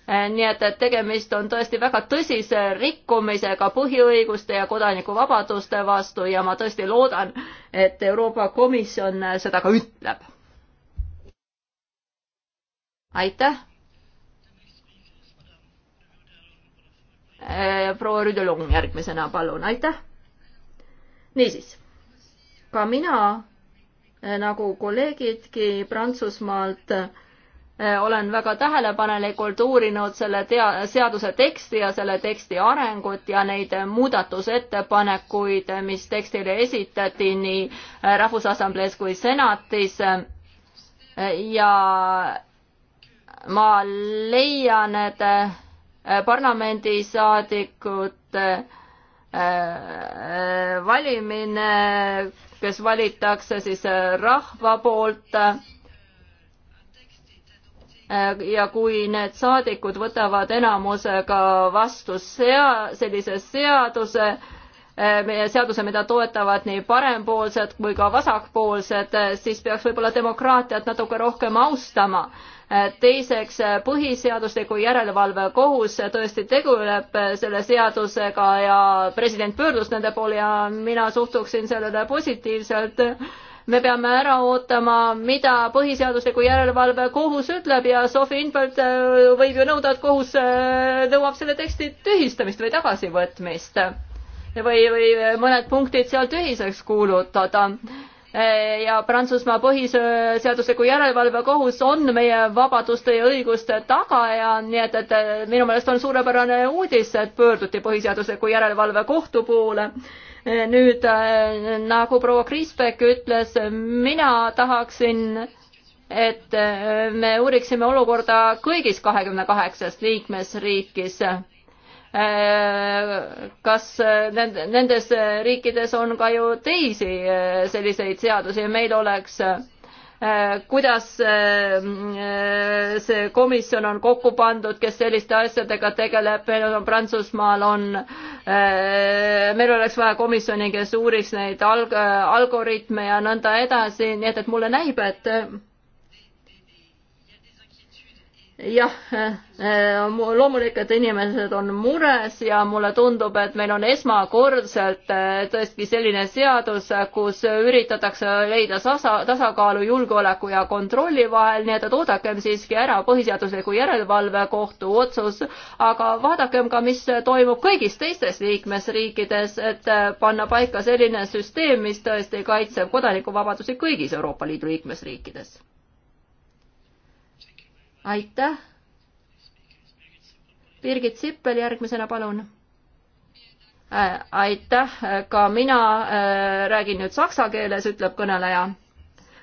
Äh, nii et, et tegemist on tõesti väga tõsise rikkumisega põhiõiguste ja kodanikuvabaduste vastu ja ma tõesti loodan, et Euroopa Komisjon seda ka ütleb. aitäh. Äh, proua Rüdelung järgmisena, palun, aitäh. niisiis ka mina eh, nagu kolleegidki Prantsusmaalt eh, olen väga tähelepanelikult uurinud selle tea-, seaduse teksti ja selle teksti arengut ja neid muudatusettepanekuid, mis tekstile esitati nii eh, Rahvusassamblees kui Senatis. ja ma leian, et parlamendisaadikute valimine kes valitakse siis äh, rahva poolt. Äh, ja kui need saadikud võtavad enamusega vastu sea-, sellise seaduse, Äh, seaduse, mida toetavad nii parempoolsed kui ka vasakpoolsed, äh, siis peaks võib-olla demokraatiat natuke rohkem austama. Äh, teiseks, põhiseadusliku järelevalve kohus tõesti tegeleb selle seadusega ja president pöördus nende poole ja mina suhtuksin sellele positiivselt me peame ära ootama, mida põhiseadusliku järelevalve kohus ütleb ja Sofi Infeld võib ju nõuda, et kohus nõuab selle teksti tühistamist või tagasivõtmist või, või mõned punktid seal tühiseks kuulutada ja Prantsusmaa põhiseadusliku järelevalve kohus on meie vabaduste ja õiguste tagaja, nii et, et minu meelest on suurepärane uudis, et pöörduti põhiseadusliku järelevalve kohtu poole. nüüd nagu proua Kriisbeck ütles, mina tahaksin et me uuriksime olukorda kõigis kahekümne kaheksas liikmesriigis Äh, kas äh, nendes äh, riikides on ka ju teisi selliseid seadusi ja meil oleks kuidas see komisjon on kokku pandud, kes selliste asjadega tegeleb, meil on Prantsusmaal on, meil oleks vaja komisjoni, kes uuriks neid alg-, algoritme ja nõnda edasi, nii et, et mulle näib, et jah, eh, eh, loomulikult inimesed on mures ja mulle tundub, et meil on esmakordselt eh, tõesti selline seadus, kus üritatakse leida tasa, tasakaalu julgeoleku ja kontrolli vahel, nii et, et oodakem siiski ära põhiseadusliku järelevalve kohtu otsus, aga vaadakem ka, mis toimub kõigis teistes liikmesriikides, et panna paika selline süsteem, mis tõesti kaitseb kodanikuvabadusi kõigis Euroopa Liidu liikmesriikides aitäh. Birgit Sippel järgmisena, palun. Äh, aitäh, ka mina äh, räägin nüüd saksa keeles, ütleb kõneleja.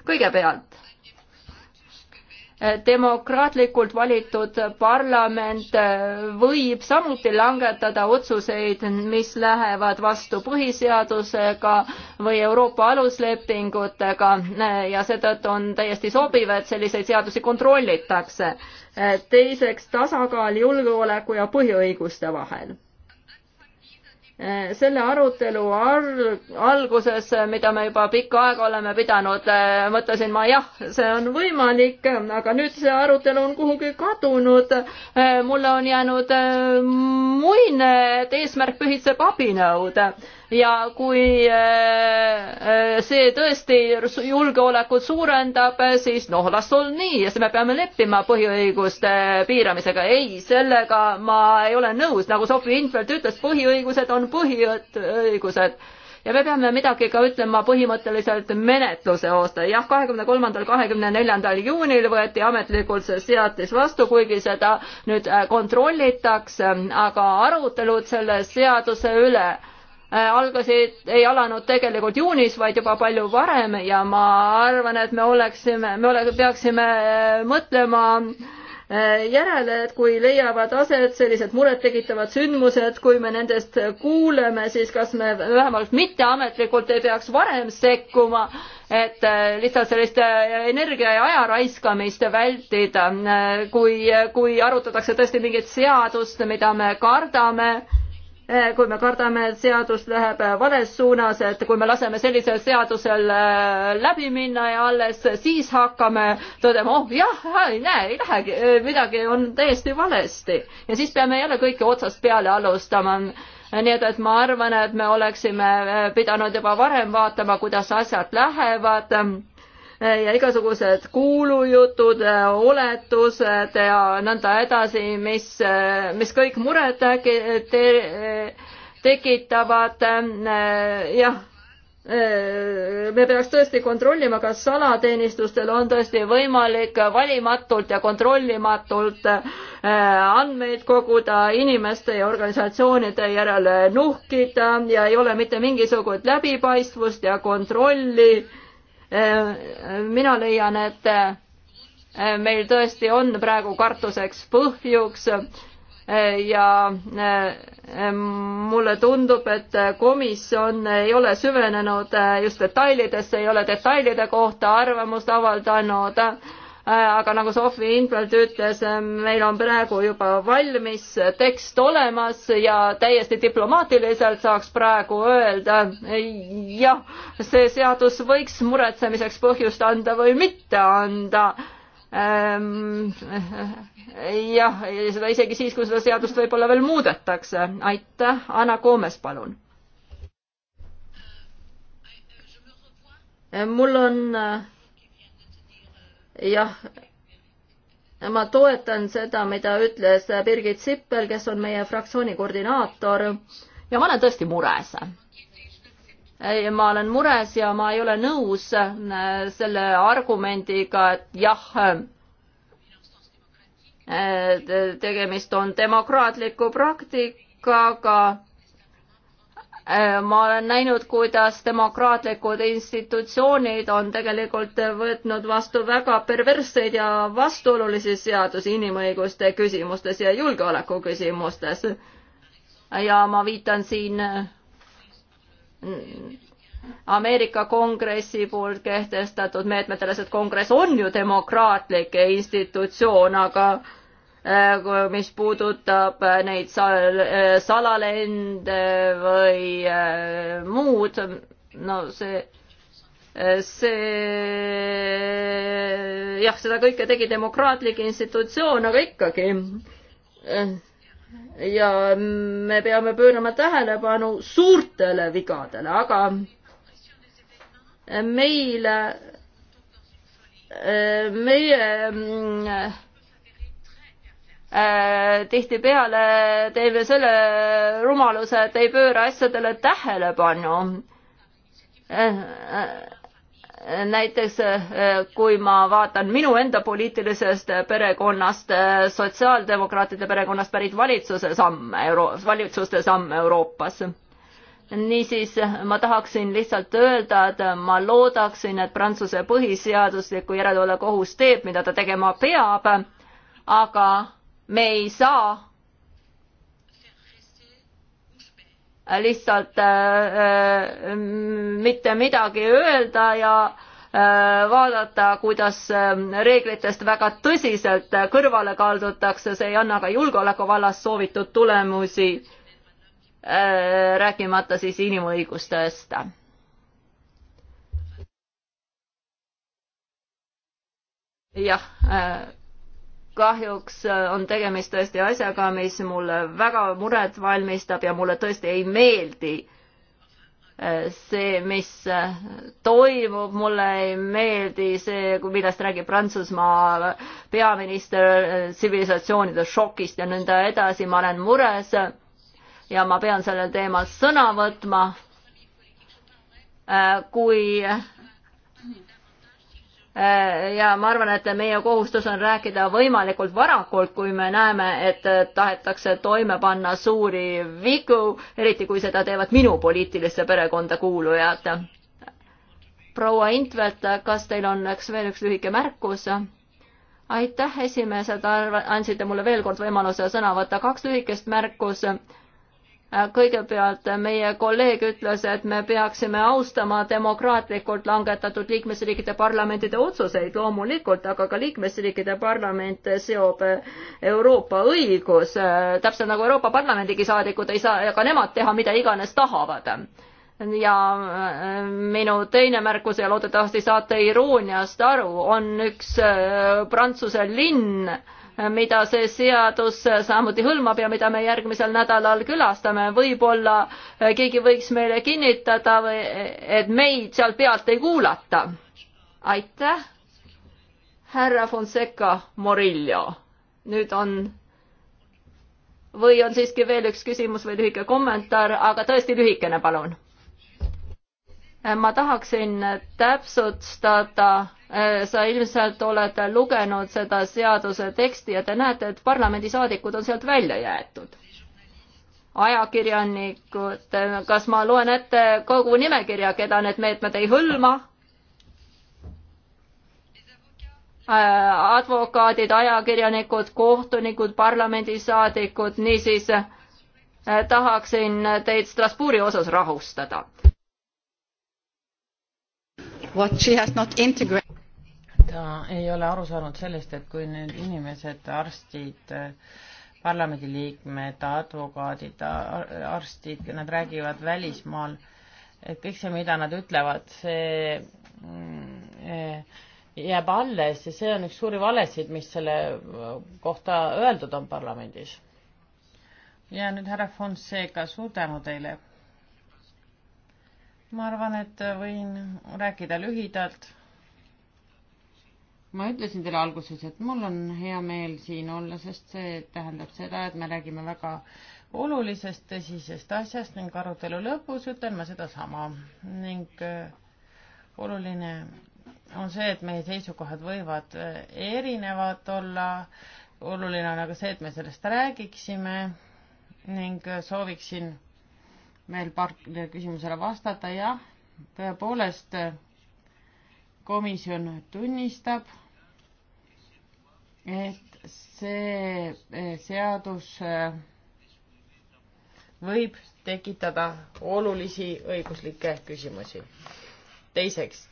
kõigepealt demokraatlikult valitud parlament äh, võib samuti langetada otsuseid, mis lähevad vastu põhiseadusega või Euroopa aluslepingutega äh, ja seetõttu on täiesti sobiv, et selliseid seadusi kontrollitakse. Äh, teiseks tasakaal julgeoleku ja põhiõiguste vahel Eh, selle arutelu ar-, alguses, eh, mida me juba pikka aega oleme pidanud, eh, mõtlesin ma jah, see on võimalik, aga nüüd see arutelu on kuhugi kadunud. mulle on jäänud muine, et eesmärk pühitseb abinõud ja kui äh, äh, see tõesti julgeolekut suurendab, äh, siis noh, las on nii ja siis me peame leppima põhiõiguste piiramisega. ei, sellega ma ei ole nõus, nagu Sofi Infeld ütles, põhiõigused on põhiõigused ja me peame midagi ka ütlema põhimõtteliselt menetluse osta. jah, kahekümne kolmandal, kahekümne neljandal juunil võeti ametlikult see seadis vastu, kuigi seda nüüd kontrollitakse, aga arutelud selle seaduse üle Äh, algasid, ei alanud tegelikult juunis, vaid juba palju varem ja ma arvan, et me oleksime, me ole, peaksime äh, mõtlema äh, järele, et kui leiavad aset sellised murettekitavad sündmused, kui me nendest kuuleme, siis kas me vähemalt mitteametlikult ei peaks varem sekkuma, et lihtsalt sellist energia ja aja raiskamist vältida, kui, kui arutatakse tõesti mingit seadust, mida me kardame Eh, kui me kardame, et seadus läheb eh, vales suunas, et kui me laseme sellisel seadusel eh, läbi minna ja alles siis hakkame tõdema, oh jah, ei näe, ei lähegi, midagi on täiesti valesti. ja siis peame jälle kõike otsast peale alustama. nii et, et ma arvan, et me oleksime pidanud juba varem vaatama, kuidas asjad lähevad Eh, ja igasugused kuulujutud, eh, oletused ja nõnda edasi, mis, eh, mis kõik muret te, tekitavad. jah, me peaks tõesti kontrollima, kas salateenistustel on tõesti võimalik valimatult ja kontrollimatult andmeid koguda, inimeste ja organisatsioonide järele nuhkida ja ei ole mitte mingisugust läbipaistvust ja kontrolli mina leian, et äh, meil tõesti on praegu kartuseks põhjuks äh, ja äh, mulle tundub, et komisjon ei ole süvenenud just detailidesse, ei ole detailide kohta arvamust avaldanud Äh, aga nagu Sofi Infeld ütles, äh, meil on praegu juba valmis tekst olemas ja täiesti diplomaatiliselt saaks praegu öelda, äh, jah, see seadus võiks muretsemiseks põhjust anda või mitte anda ähm, jah, seda isegi siis, kui seda seadust võib-olla veel muudetakse. aitäh, Anna Koomes, palun. mul on jah, ma toetan seda, mida ütles Birgit Sippel, kes on meie fraktsiooni koordinaator ja ma olen tõesti mures. ma olen mures ja ma ei ole nõus äh, selle argumendiga, et jah, äh, tegemist on demokraatliku praktikaga Äh, ma olen näinud, kuidas demokraatlikud institutsioonid on tegelikult võtnud vastu väga perversseid ja vastuolulisi seadusi inimõiguste küsimustes ja julgeoleku küsimustes. ja ma viitan siin mm, Ameerika Kongressi poolt kehtestatud meetmetele, sest kongress on ju demokraatlik institutsioon, aga Äh, mis puudutab neid äh, salalende või äh, muud, no see, see, jah, seda kõike tegi demokraatlik institutsioon, aga ikkagi. ja me peame pöörama tähelepanu suurtele vigadele, aga meil, meie mm, Äh, tihtipeale teeme selle rumaluse, et ei pööra asjadele tähelepanu. Äh, äh, näiteks kui ma vaatan minu enda poliitilisest perekonnast, sotsiaaldemokraatide perekonnast pärit valitsuse samme Euro-, valitsuste samme Euroopas niisiis ma tahaksin lihtsalt öelda, et ma loodaksin, et Prantsuse põhiseadusliku järelevalve kohus teeb, mida ta tegema peab, aga me ei saa lihtsalt äh, äh, mitte midagi öelda ja äh, vaadata, kuidas äh, reeglitest väga tõsiselt kõrvale kaldutakse, see ei anna ka julgeoleku vallas soovitud tulemusi äh,, rääkimata siis inimõigustest. jah äh, kahjuks äh, on tegemist tõesti asjaga, mis mulle väga muret valmistab ja mulle tõesti ei meeldi äh, see, mis äh, toimub, mulle ei meeldi see, millest räägib Prantsusmaa peaminister tsivilisatsioonide šokist ja nõnda edasi, ma olen mures ja ma pean sellel teemal sõna võtma. kui Äh, ja ma arvan, et meie kohustus on rääkida võimalikult varakult, kui me näeme, et äh, tahetakse toime panna suuri vigu, eriti kui seda teevad minu poliitilisse perekonda kuulujad. proua Intvelt, kas teil on üks veel üks lühike märkus? aitäh, esimees, et andsite mulle veel kord võimaluse sõna võtta. kaks lühikest märkus kõigepealt meie kolleeg ütles, et me peaksime austama demokraatlikult langetatud liikmesriikide parlamentide otsuseid loomulikult, aga ka liikmesriikide parlament seob Euroopa õigus, täpselt nagu Euroopa Parlamendigi saadikud ei saa, ka nemad teha mida iganes tahavad ja minu teine märkus ja loodetavasti saate irooniast aru, on üks Prantsuse linn, mida see seadus samuti hõlmab ja mida me järgmisel nädalal külastame. võib-olla äh, keegi võiks meile kinnitada või et meid sealt pealt ei kuulata. aitäh, härra Fonseca Morillo. nüüd on või on siiski veel üks küsimus või lühike kommentaar, aga tõesti lühikene, palun. Äh, ma tahaksin täpsustada Äh, sa ilmselt oled lugenud seda seaduse teksti ja te näete, et parlamendisaadikud on sealt välja jäetud. ajakirjanikud, äh, kas ma loen ette kogu nimekirja, keda need meetmed ei hõlma? Äh, advokaadid, ajakirjanikud, kohtunikud, parlamendisaadikud, niisiis tahaksin teid Strasbourgi osas rahustada. What she has not integrated ta ei ole aru saanud sellest, et kui need inimesed, arstid, parlamendiliikmed, advokaadid, arstid, nad räägivad välismaal, et kõik see, mida nad ütlevad, see mm, jääb alles ja see on üks suuri valesid, mis selle kohta öeldud on parlamendis. ja nüüd härra Fonseca, suur tänu teile. ma arvan, et võin rääkida lühidalt ma ütlesin teile alguses, et mul on hea meel siin olla, sest see tähendab seda, et me räägime väga olulisest tõsisest asjast ning arutelu lõpus ütlen ma sedasama ning äh, oluline on see, et meie seisukohad võivad äh, erinevad olla, oluline on aga see, et me sellest räägiksime ning äh, sooviksin veel paarile küsimusele vastata, jah, tõepoolest komisjon tunnistab et see eh, seadus eh, võib tekitada olulisi õiguslikke küsimusi. teiseks,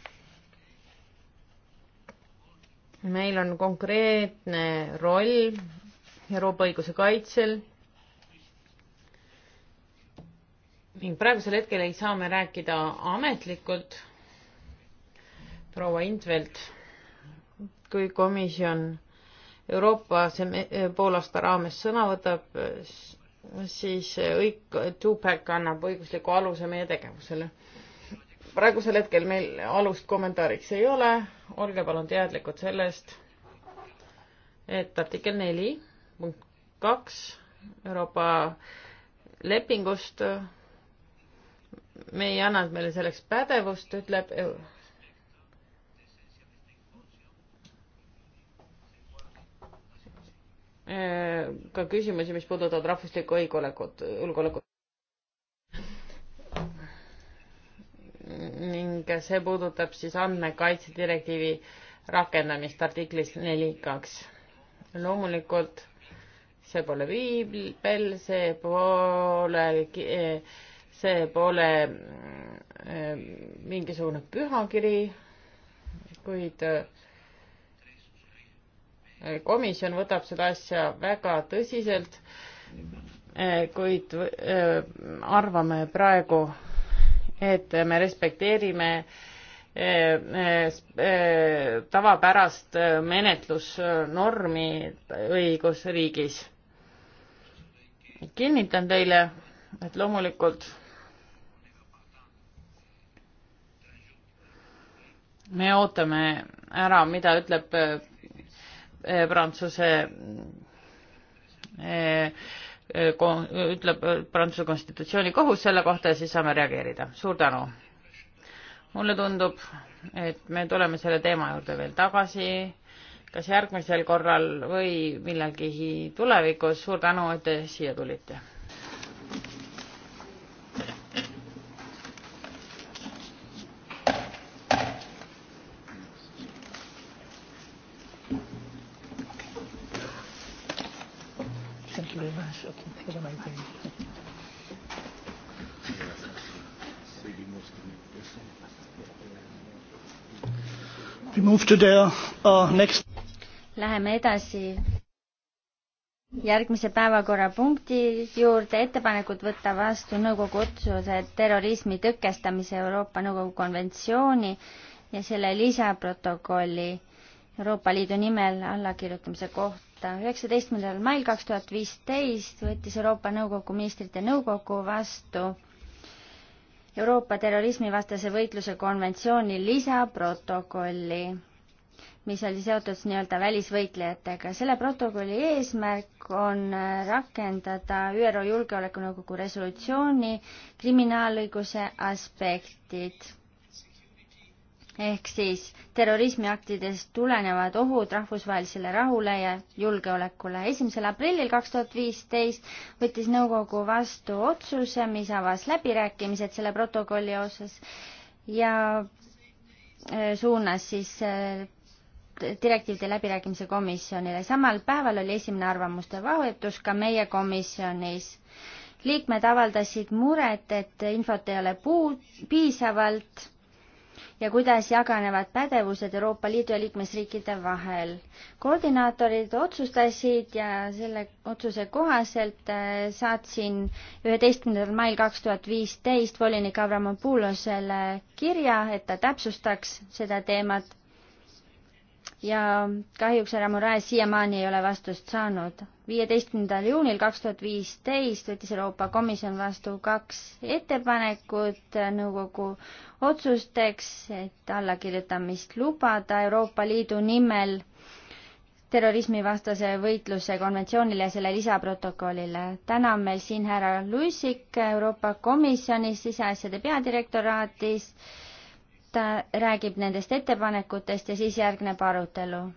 meil on konkreetne roll Euroopa õiguse kaitsel ning praegusel hetkel ei saa me rääkida ametlikult. proua Intvelt, kui komisjon Euroopa see poolaasta raames sõna võtab, siis õig-, Tupac annab õigusliku aluse meie tegevusele. praegusel hetkel meil alust kommentaariks ei ole, olge palun teadlikud sellest, et artikkel neli punkt kaks Euroopa lepingust me ei anna meile selleks pädevust, ütleb Äh, ka küsimusi, mis puudutavad rahvuslikku õigolekut, julgeolekut. ning see puudutab siis andmekaitse direktiivi rakendamist artiklis neli kaks. loomulikult see pole viibel, see pole, see pole äh, mingisugune pühakiri, kuid äh, komisjon võtab seda asja väga tõsiselt, e, kuid e, arvame praegu, et me respekteerime e, tavapärast menetlusnormi õigusriigis. kinnitan teile, et loomulikult me ootame ära, mida ütleb Eh, Prantsuse eh, eh, ütleb Prantsuse konstitutsiooni kohus selle kohta ja siis saame reageerida. suur tänu. mulle tundub, et me tuleme selle teema juurde veel tagasi, kas järgmisel korral või millalgi tulevikus. suur tänu, et te siia tulite The, uh, Läheme edasi järgmise päevakorrapunkti juurde ettepanekud võtta vastu nõukogu otsused terrorismi tõkestamise Euroopa Nõukogu konventsiooni ja selle lisaprotokolli Euroopa Liidu nimel allakirjutamise kohta. üheksateistkümnendal mail kaks tuhat viisteist võttis Euroopa Nõukogu ministrite nõukogu vastu Euroopa terrorismivastase võitluse konventsiooni lisaprotokolli, mis oli seotud nii-öelda välisvõitlejatega. selle protokolli eesmärk on äh, rakendada ÜRO Julgeolekunõukogu resolutsiooni kriminaalõiguse aspektid ehk siis terrorismiaktidest tulenevad ohud rahvusvahelisele rahule ja julgeolekule. esimesel aprillil kaks tuhat viisteist võttis nõukogu vastu otsuse, mis avas läbirääkimised selle protokolli osas ja äh, suunas siis äh, direktiivide läbirääkimise komisjonile. samal päeval oli esimene arvamuste vahetus ka meie komisjonis liikmed avaldasid muret, et infot ei ole puu-, piisavalt ja kuidas jaganevad pädevused Euroopa Liidu ja liikmesriikide vahel. koordinaatorid otsustasid ja selle otsuse kohaselt äh, saatsin üheteistkümnendal mail kaks tuhat viisteist volinik Avramopulosele kirja, et ta täpsustaks seda teemat ja kahjuks härra Moraes siiamaani ei ole vastust saanud. viieteistkümnendal juunil kaks tuhat viisteist võttis Euroopa Komisjon vastu kaks ettepanekut nõukogu otsusteks, et allakirjutamist lubada Euroopa Liidu nimel terrorismivastase võitluse konventsioonile ja selle lisaprotokollile. täna on meil siin härra Lussik Euroopa Komisjonis siseasjade peadirektoraadist ta äh, räägib nendest ettepanekutest ja siis järgneb arutelu.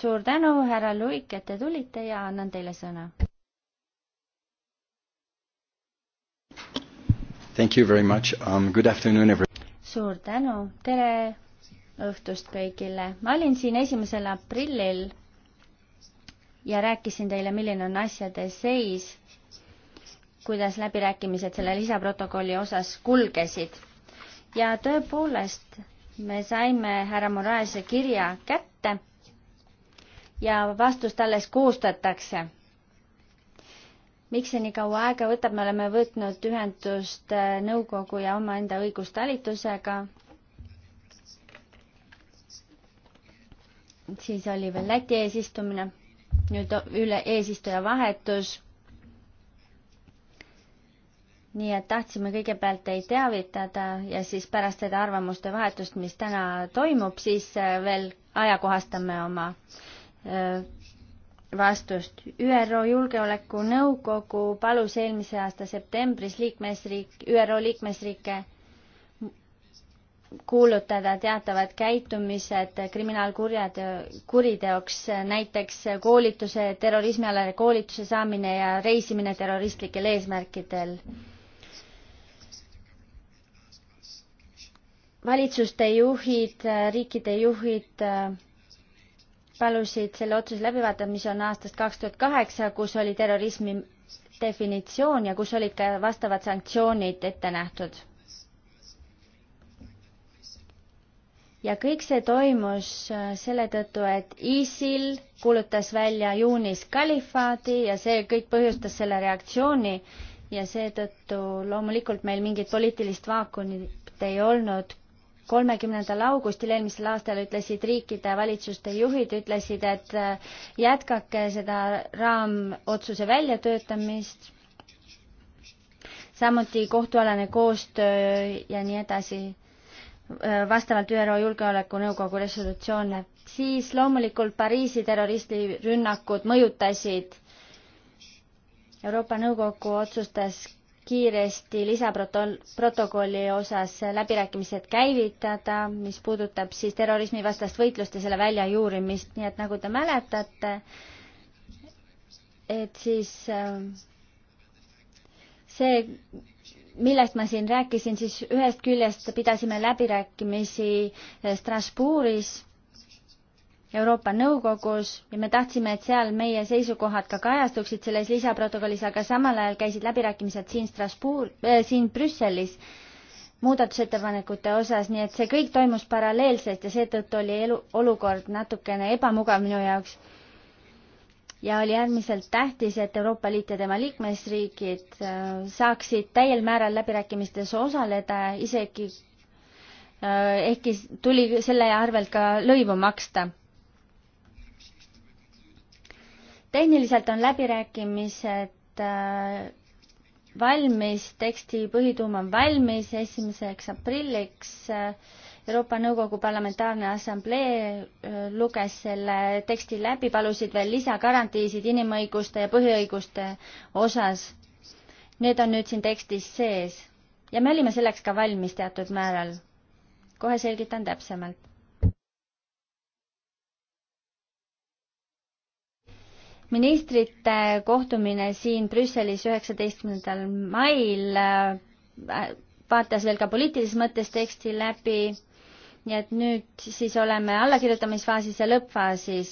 suur tänu, härra Luik, et te tulite ja annan teile sõna. Thank you very much um,, good afternoon everyone. suur tänu, tere õhtust kõigile. ma olin siin esimesel aprillil ja rääkisin teile, milline on asjade seis, kuidas läbirääkimised selle lisaprotokolli osas kulgesid ja tõepoolest, me saime härra Moraese kirja kätte ja vastust alles koostatakse. miks see nii kaua aega võtab, me oleme võtnud ühendust äh, nõukogu ja omaenda õigustalitusega. siis oli veel Läti eesistumine, nüüd üle eesistuja vahetus nii et tahtsime kõigepealt teid teavitada ja siis pärast seda arvamuste vahetust, mis täna toimub, siis äh, veel ajakohastame oma äh, vastust. ÜRO Julgeolekunõukogu palus eelmise aasta septembris liikmesriik, ÜRO liikmesriike kuulutada teatavad käitumised kriminaalkurjade, kuriteoks, näiteks koolituse, terrorismialane koolituse saamine ja reisimine terroristlikel eesmärkidel mm valitsuste juhid, riikide juhid äh, palusid selle otsuse läbivaatamist, mis on aastast kaks tuhat kaheksa, kus oli terrorismi definitsioon ja kus olid ka vastavad sanktsioonid ette nähtud. ja kõik see toimus äh, selle tõttu, et ISIL kuulutas välja juunis kalifaadi ja see kõik põhjustas selle reaktsiooni ja seetõttu loomulikult meil mingit poliitilist vaakumit ei olnud, kolmekümnendal augustil eelmisel aastal ütlesid riikide valitsuste juhid, ütlesid, et äh, jätkake seda raamotsuse väljatöötamist, samuti kohtualane koostöö ja nii edasi, äh, vastavalt ÜRO Julgeolekunõukogu resolutsioonile. siis loomulikult Pariisi terroristirünnakud mõjutasid Euroopa Nõukogu otsustas kiiresti lisaprotokolli osas läbirääkimised käivitada, mis puudutab siis terrorismivastast võitlust ja selle väljajuurimist, nii et nagu te mäletate, et siis äh, see, millest ma siin rääkisin, siis ühest küljest pidasime läbirääkimisi äh, Strasbourgis Euroopa Nõukogus ja me tahtsime, et seal meie seisukohad ka kajastuksid selles lisaprotokollis, aga samal ajal käisid läbirääkimised siin Strasbourg äh,, siin Brüsselis muudatusettepanekute osas, nii et see kõik toimus paralleelselt ja seetõttu oli elu, olukord natukene ebamugav minu jaoks. ja oli äärmiselt tähtis, et Euroopa Liit ja tema liikmesriigid äh, saaksid täiel määral läbirääkimistes osaleda, isegi äh, ehkki tuli selle arvelt ka lõivu maksta tehniliselt on läbirääkimised äh, valmis, teksti põhituum on valmis esimeseks aprilliks. Äh, Euroopa Nõukogu Parlamentaarne Assamblee äh, luges selle teksti läbi, palusid veel lisagarantiisid inimõiguste ja põhiõiguste osas. Need on nüüd siin tekstis sees ja me olime selleks ka valmis teatud määral. kohe selgitan täpsemalt ministrite kohtumine siin Brüsselis üheksateistkümnendal mail äh, vaatas veel ka poliitilises mõttes teksti läbi. nii et nüüd siis oleme allakirjutamisfaasis ja lõppfaasis.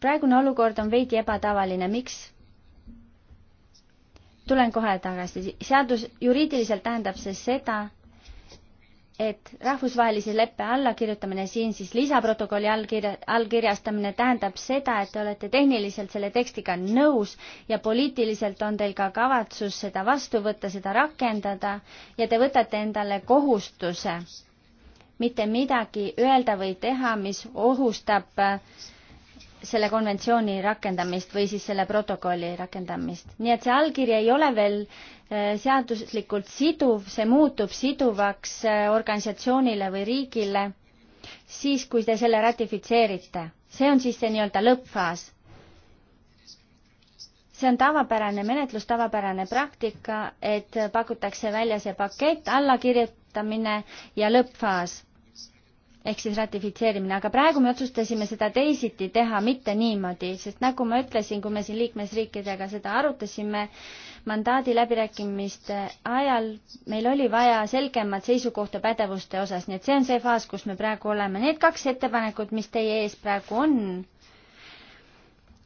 praegune olukord on veidi ebatavaline, miks? tulen kohe tagasi, seadus, juriidiliselt tähendab see seda, et rahvusvahelise leppe allakirjutamine siin siis lisaprotokolli allkirja, allkirjastamine tähendab seda, et te olete tehniliselt selle tekstiga nõus ja poliitiliselt on teil ka kavatsus seda vastu võtta, seda rakendada ja te võtate endale kohustuse mitte midagi öelda või teha, mis ohustab äh, selle konventsiooni rakendamist või siis selle protokolli rakendamist. nii et see allkiri ei ole veel äh, seaduslikult siduv, see muutub siduvaks äh, organisatsioonile või riigile siis, kui te selle ratifitseerite. see on siis see nii-öelda lõppfaas. see on tavapärane menetlus, tavapärane praktika, et pakutakse välja see pakett, allakirjutamine ja lõppfaas ehk siis ratifitseerimine, aga praegu me otsustasime seda teisiti teha, mitte niimoodi, sest nagu ma ütlesin, kui me siin liikmesriikidega seda arutasime, mandaadi läbirääkimiste ajal meil oli vaja selgemat seisukohta pädevuste osas, nii et see on see faas, kus me praegu oleme. Need kaks ettepanekut, mis teie ees praegu on,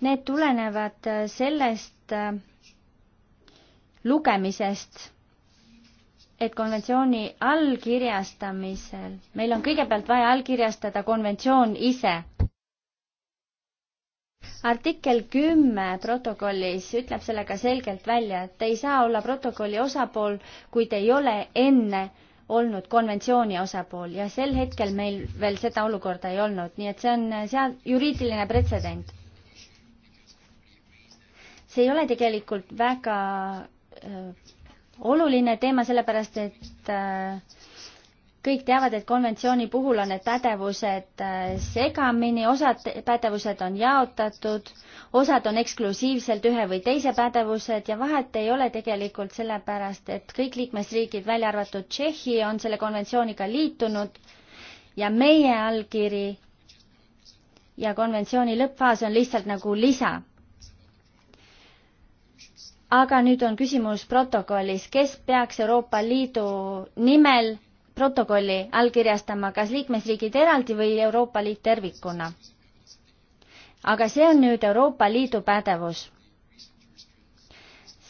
need tulenevad sellest äh, lugemisest et konventsiooni allkirjastamisel meil on kõigepealt vaja allkirjastada konventsioon ise. artikkel kümme protokollis ütleb sellega selgelt välja, et te ei saa olla protokolli osapool, kui te ei ole enne olnud konventsiooni osapool ja sel hetkel meil veel seda olukorda ei olnud, nii et see on äh, seal juriidiline pretsedent. see ei ole tegelikult väga äh, oluline teema, sellepärast et äh, kõik teavad, et konventsiooni puhul on need pädevused äh, segamini, osad pädevused on jaotatud, osad on eksklusiivselt ühe või teise pädevused ja vahet ei ole tegelikult sellepärast, et kõik liikmesriigid, välja arvatud Tšehhi, on selle konventsiooniga liitunud ja meie allkiri ja konventsiooni lõppfaas on lihtsalt nagu lisa aga nüüd on küsimus protokollis, kes peaks Euroopa Liidu nimel protokolli allkirjastama, kas liikmesriigid eraldi või Euroopa Liit tervikuna? aga see on nüüd Euroopa Liidu pädevus.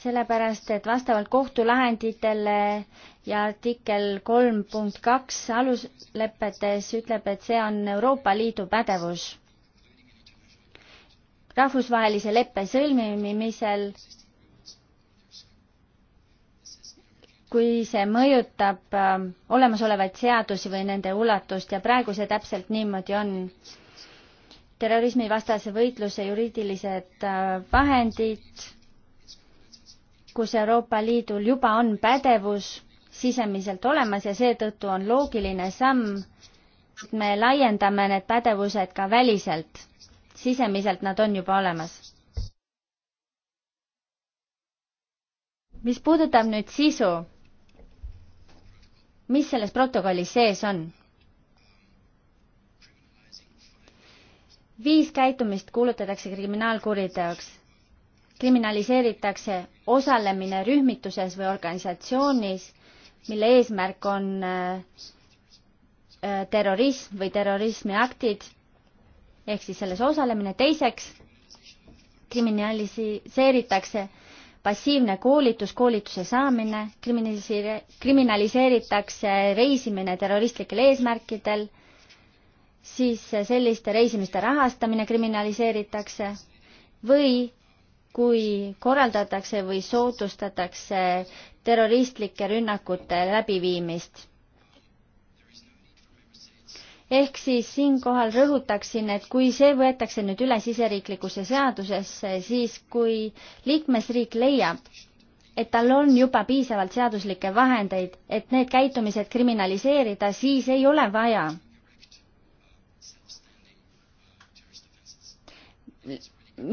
sellepärast, et vastavalt kohtulahenditele ja artikkel kolm punkt kaks aluslepetes ütleb, et see on Euroopa Liidu pädevus. rahvusvahelise leppe sõlmimisel kui see mõjutab äh, olemasolevaid seadusi või nende ulatust ja praegu see täpselt niimoodi on. terrorismivastase võitluse juriidilised äh, vahendid, kus Euroopa Liidul juba on pädevus sisemiselt olemas ja seetõttu on loogiline samm, et me laiendame need pädevused ka väliselt. sisemiselt nad on juba olemas. mis puudutab nüüd sisu mis selles protokollis sees on? viis käitumist kuulutatakse kriminaalkuriteoks. kriminaliseeritakse osalemine rühmituses või organisatsioonis, mille eesmärk on äh, terrorism või terrorismiaktid ehk siis selles osalemine. teiseks kriminaliseeritakse passiivne koolitus, koolituse saamine, kriminaliseeri-, kriminaliseeritakse reisimine terroristlikel eesmärkidel, siis selliste reisimiste rahastamine kriminaliseeritakse või kui korraldatakse või soodustatakse terroristlike rünnakute läbiviimist ehk siis siinkohal rõhutaksin, et kui see võetakse nüüd üle siseriiklikusse seadusesse, siis kui liikmesriik leiab, et tal on juba piisavalt seaduslikke vahendeid, et need käitumised kriminaliseerida, siis ei ole vaja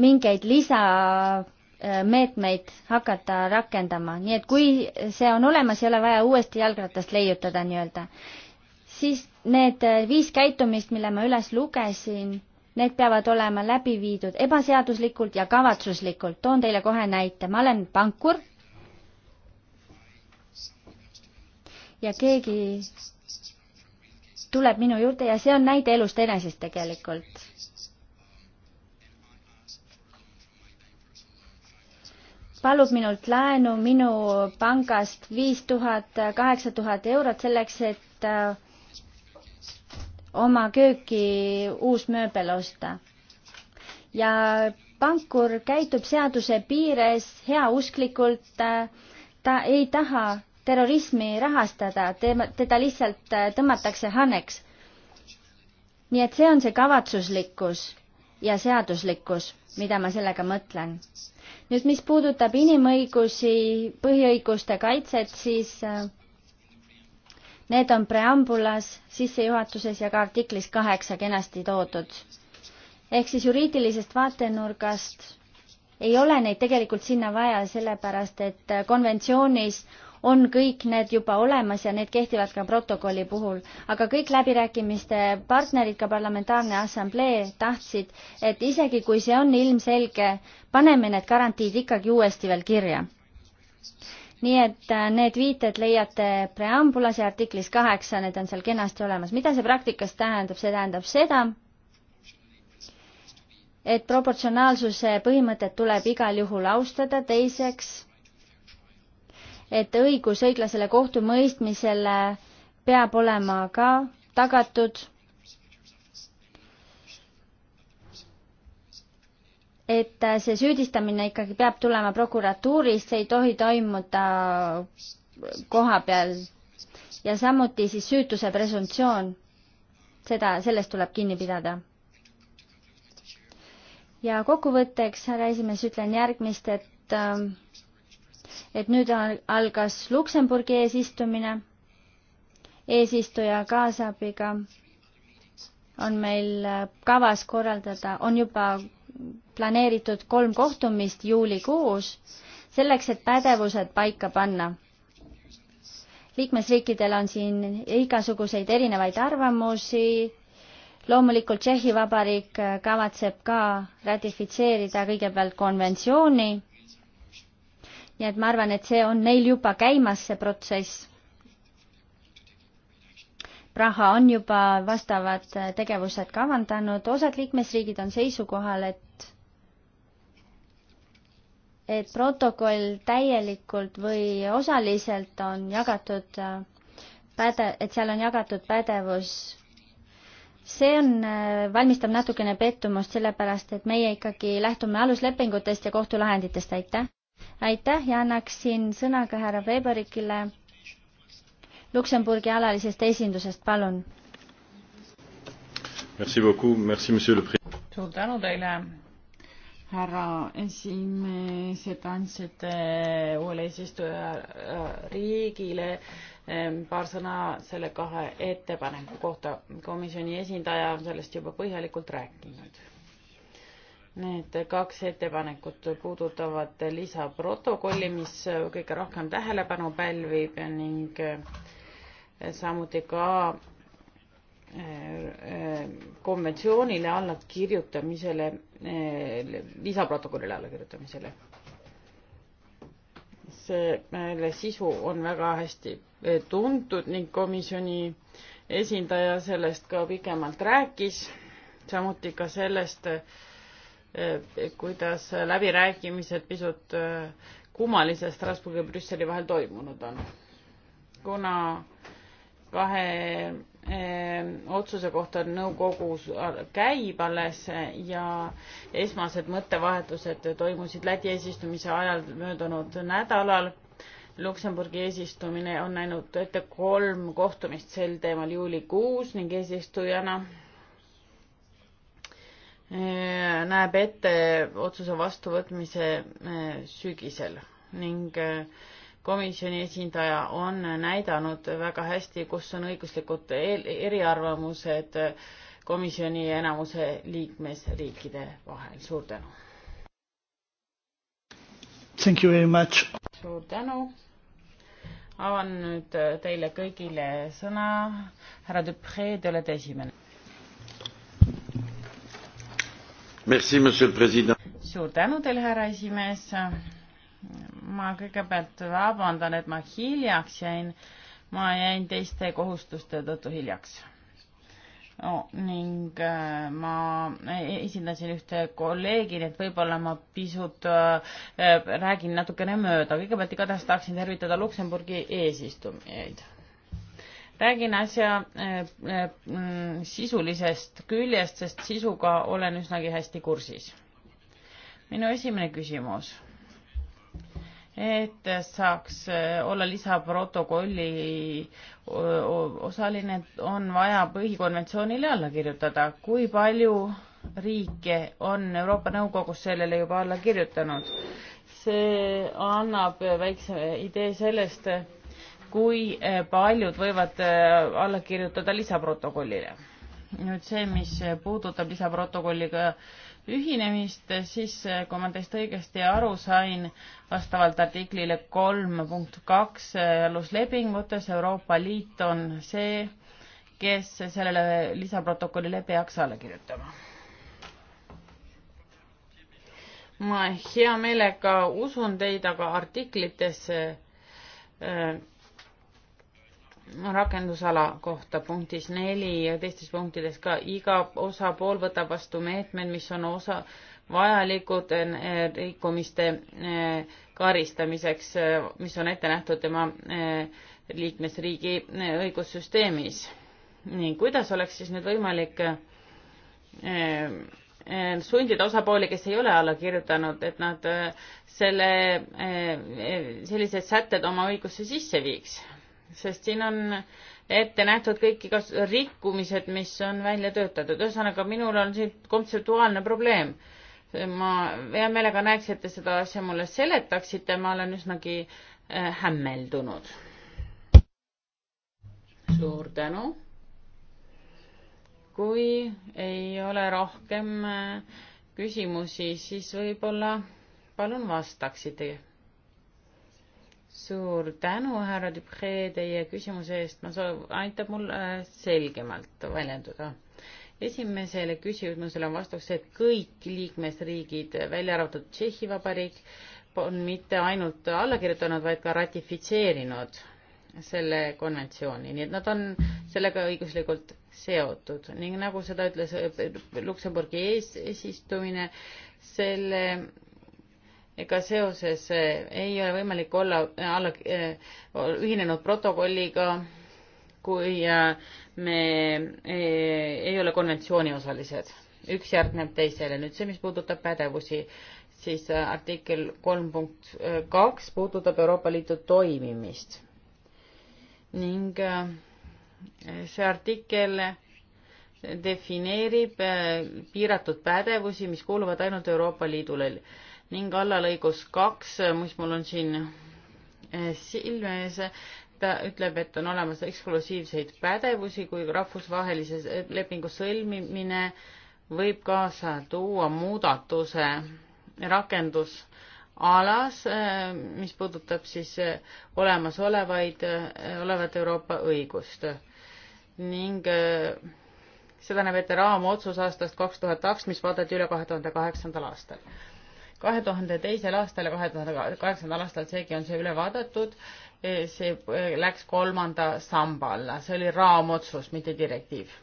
mingeid lisameetmeid hakata rakendama, nii et kui see on olemas, ei ole vaja uuesti jalgratast leiutada nii-öelda. siis need äh, viis käitumist, mille ma üles lugesin, need peavad olema läbi viidud ebaseaduslikult ja kavatsuslikult. toon teile kohe näite, ma olen pankur ja keegi tuleb minu juurde ja see on näide elust enesest tegelikult. palub minult laenu minu pangast viis tuhat, kaheksa tuhat eurot selleks, et äh, oma kööki uus mööbel osta. ja pankur käitub seaduse piires heausklikult, ta ei taha terrorismi rahastada, teda lihtsalt äh, tõmmatakse haneks. nii et see on see kavatsuslikkus ja seaduslikkus, mida ma sellega mõtlen. nüüd, mis puudutab inimõigusi, põhiõiguste kaitset, siis äh, Need on preambulas, sissejuhatuses ja ka artiklis kaheksa kenasti toodud. ehk siis juriidilisest vaatenurgast ei ole neid tegelikult sinna vaja, sellepärast et konventsioonis on kõik need juba olemas ja need kehtivad ka protokolli puhul. aga kõik läbirääkimiste partnerid, ka parlamentaarne assamblee tahtsid, et isegi kui see on ilmselge, paneme need garantiid ikkagi uuesti veel kirja nii et äh, need viited leiate preambulas ja artiklis kaheksa, need on seal kenasti olemas. mida see praktikas tähendab, see tähendab seda, et proportsionaalsuse põhimõtet tuleb igal juhul austada, teiseks, et õigus õiglasele kohtumõistmisele peab olema ka tagatud et äh, see süüdistamine ikkagi peab tulema prokuratuurist, see ei tohi toimuda koha peal. ja samuti siis süütuse presumptsioon. seda, sellest tuleb kinni pidada. ja kokkuvõtteks, härra esimees, ütlen järgmist, et äh, et nüüd algas Luksemburgi eesistumine, eesistuja kaasabiga on meil äh, kavas korraldada, on juba planeeritud kolm kohtumist juulikuus, selleks et pädevused paika panna. liikmesriikidel on siin igasuguseid erinevaid arvamusi, loomulikult Tšehhi Vabariik kavatseb ka ratifitseerida kõigepealt konventsiooni, nii et ma arvan, et see on neil juba käimas, see protsess. Praha on juba vastavad tegevused kavandanud, osad liikmesriigid on seisukohal, et et protokoll täielikult või osaliselt on jagatud äh, päde-, et seal on jagatud pädevus. see on, äh, valmistab natukene pettumust, sellepärast et meie ikkagi lähtume aluslepingutest ja kohtulahenditest, aitäh! aitäh ja annaksin sõna ka härra Veberikile Luksemburgi alalisest esindusest, palun! suur tänu teile, härra esimees, et andsite uuele eesistuja riigile ehm, paar sõna selle kahe ettepaneku kohta. komisjoni esindaja on sellest juba põhjalikult rääkinud. Need kaks ettepanekut puudutavad lisaprotokolli, mis kõige rohkem tähelepanu pälvib ning samuti ka konventsioonile allakirjutamisele, lisaprotokollile allakirjutamisele. selle sisu on väga hästi tuntud ning komisjoni esindaja sellest ka pikemalt rääkis, samuti ka sellest, kuidas läbirääkimised pisut kummalise Strasbourgi ja Brüsseli vahel toimunud on. kuna kahe Ehm, otsuse kohta nõukogus käib alles ja esmased mõttevahetused toimusid Läti eesistumise ajal möödunud nädalal. Luksemburgi eesistumine on näinud ette kolm kohtumist sel teemal juulikuus ning eesistujana ehm, näeb ette otsuse vastuvõtmise ehm, sügisel ning komisjoni esindaja on näidanud väga hästi, kus on õiguslikud eriarvamused komisjoni ja enamuse liikmesriikide vahel. suur tänu. Thank you very much. suur tänu. avan nüüd teile kõigile sõna. härra Dupree, te olete esimene. Merci, monsieur president. suur tänu teile, härra esimees ma kõigepealt vabandan, et ma hiljaks jäin. ma jäin teiste kohustuste tõttu hiljaks no,. ning äh, ma esindasin ühte kolleegi, nii et võib-olla ma pisut äh, räägin natukene mööda. kõigepealt igatahes tahaksin tervitada Luksemburgi eesistujaid räägin asja äh, äh mm, sisulisest küljest, sest sisuga olen üsnagi hästi kursis. minu esimene küsimus et saaks äh, olla lisaprotokolli äh, osaline, on vaja põhikonventsioonile alla kirjutada. kui palju riike on Euroopa Nõukogus sellele juba alla kirjutanud? see annab äh, väikse idee sellest, kui paljud võivad alla kirjutada lisaprotokollile. nüüd see, mis puudutab lisaprotokolliga ühinemist, siis kui ma teist õigesti aru sain, vastavalt artiklile kolm punkt kaks aluslepingutes Euroopa Liit on see, kes sellele lisaprotokollile peaks alla kirjutama. ma hea meelega usun teid, aga artiklites äh, rakendusala kohta punktis neli ja teistes punktides ka iga osapool võtab vastu meetmed, mis on osa vajalikud eh, rikkumiste eh, karistamiseks, eh, mis on ette nähtud tema liikmesriigi õigussüsteemis. nii, kuidas oleks siis nüüd võimalik sundida osapooli, kes ei ole alla kirjutanud, et nad selle, sellised sätted oma õigusse sisse viiks? sest siin on ette nähtud kõik igas-, rikkumised, mis on välja töötatud. ühesõnaga, minul on siin kontseptuaalne probleem. ma hea meelega näeks, et te seda asja mulle seletaksite, ma olen üsnagi äh, hämmeldunud. suur tänu. kui ei ole rohkem äh, küsimusi, siis võib-olla palun vastaksite suur tänu, härra Dupree, teie küsimuse eest, ma soov-, aitab mul äh, selgemalt väljenduda. esimesele küsimusele on vastus see, et kõik liikmesriigid, välja arvatud Tšehhi Vabariik, on mitte ainult alla kirjutanud, vaid ka ratifitseerinud selle konventsiooni, nii et nad on sellega õiguslikult seotud ning nagu seda ütles äh, Luksemburgi ees, eesistumine, selle ka seoses eh, ei ole võimalik olla eh, alla eh, ühinenud protokolliga, kui me ei ole konventsiooni osalised. üks järgneb teisele. nüüd see, mis puudutab pädevusi, siis artikkel kolm punkt kaks puudutab Euroopa Liidu toimimist ning see artikkel defineerib piiratud pädevusi, mis kuuluvad ainult Euroopa Liidule ning allalõigus kaks, mis mul on siin eh, silme ees, ta ütleb, et on olemas eksklusiivseid pädevusi, kui rahvusvahelise lepingu sõlmimine võib kaasa tuua muudatuse rakendusalas, eh, mis puudutab siis eh, olemasolevaid, olevat Euroopa õigust ning seda näeb ette raamotsus aastast kaks tuhat kaks, mis vaadati üle kahe tuhande kaheksandal aastal kahe tuhande teisel aastal ja kahe tuhande kaheksandal aastal, seegi on see üle vaadatud, see eh, läks kolmanda samba alla, see oli raamotsus, mitte direktiiv.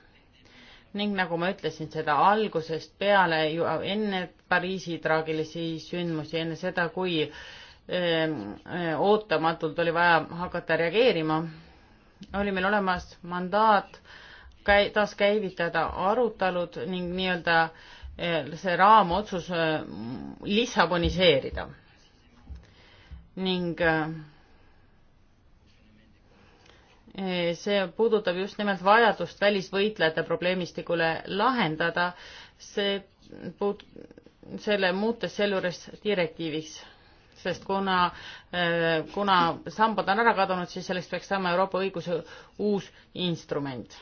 ning nagu ma ütlesin, seda algusest peale ju enne Pariisi traagilisi sündmusi, enne seda, kui eh, eh, ootamatult oli vaja hakata reageerima, oli meil olemas mandaat käi-, taaskäivitada arutelud ning nii-öelda äh, Eh, see raamotsus eh, lissaboniseerida ning eh, see puudutab just nimelt vajadust välisvõitlejate probleemistikule lahendada, see puud-, selle muutes sealjuures direktiiviks, sest kuna, kuna sambad on ära kadunud, siis selleks peaks saama Euroopa õiguse uus instrument.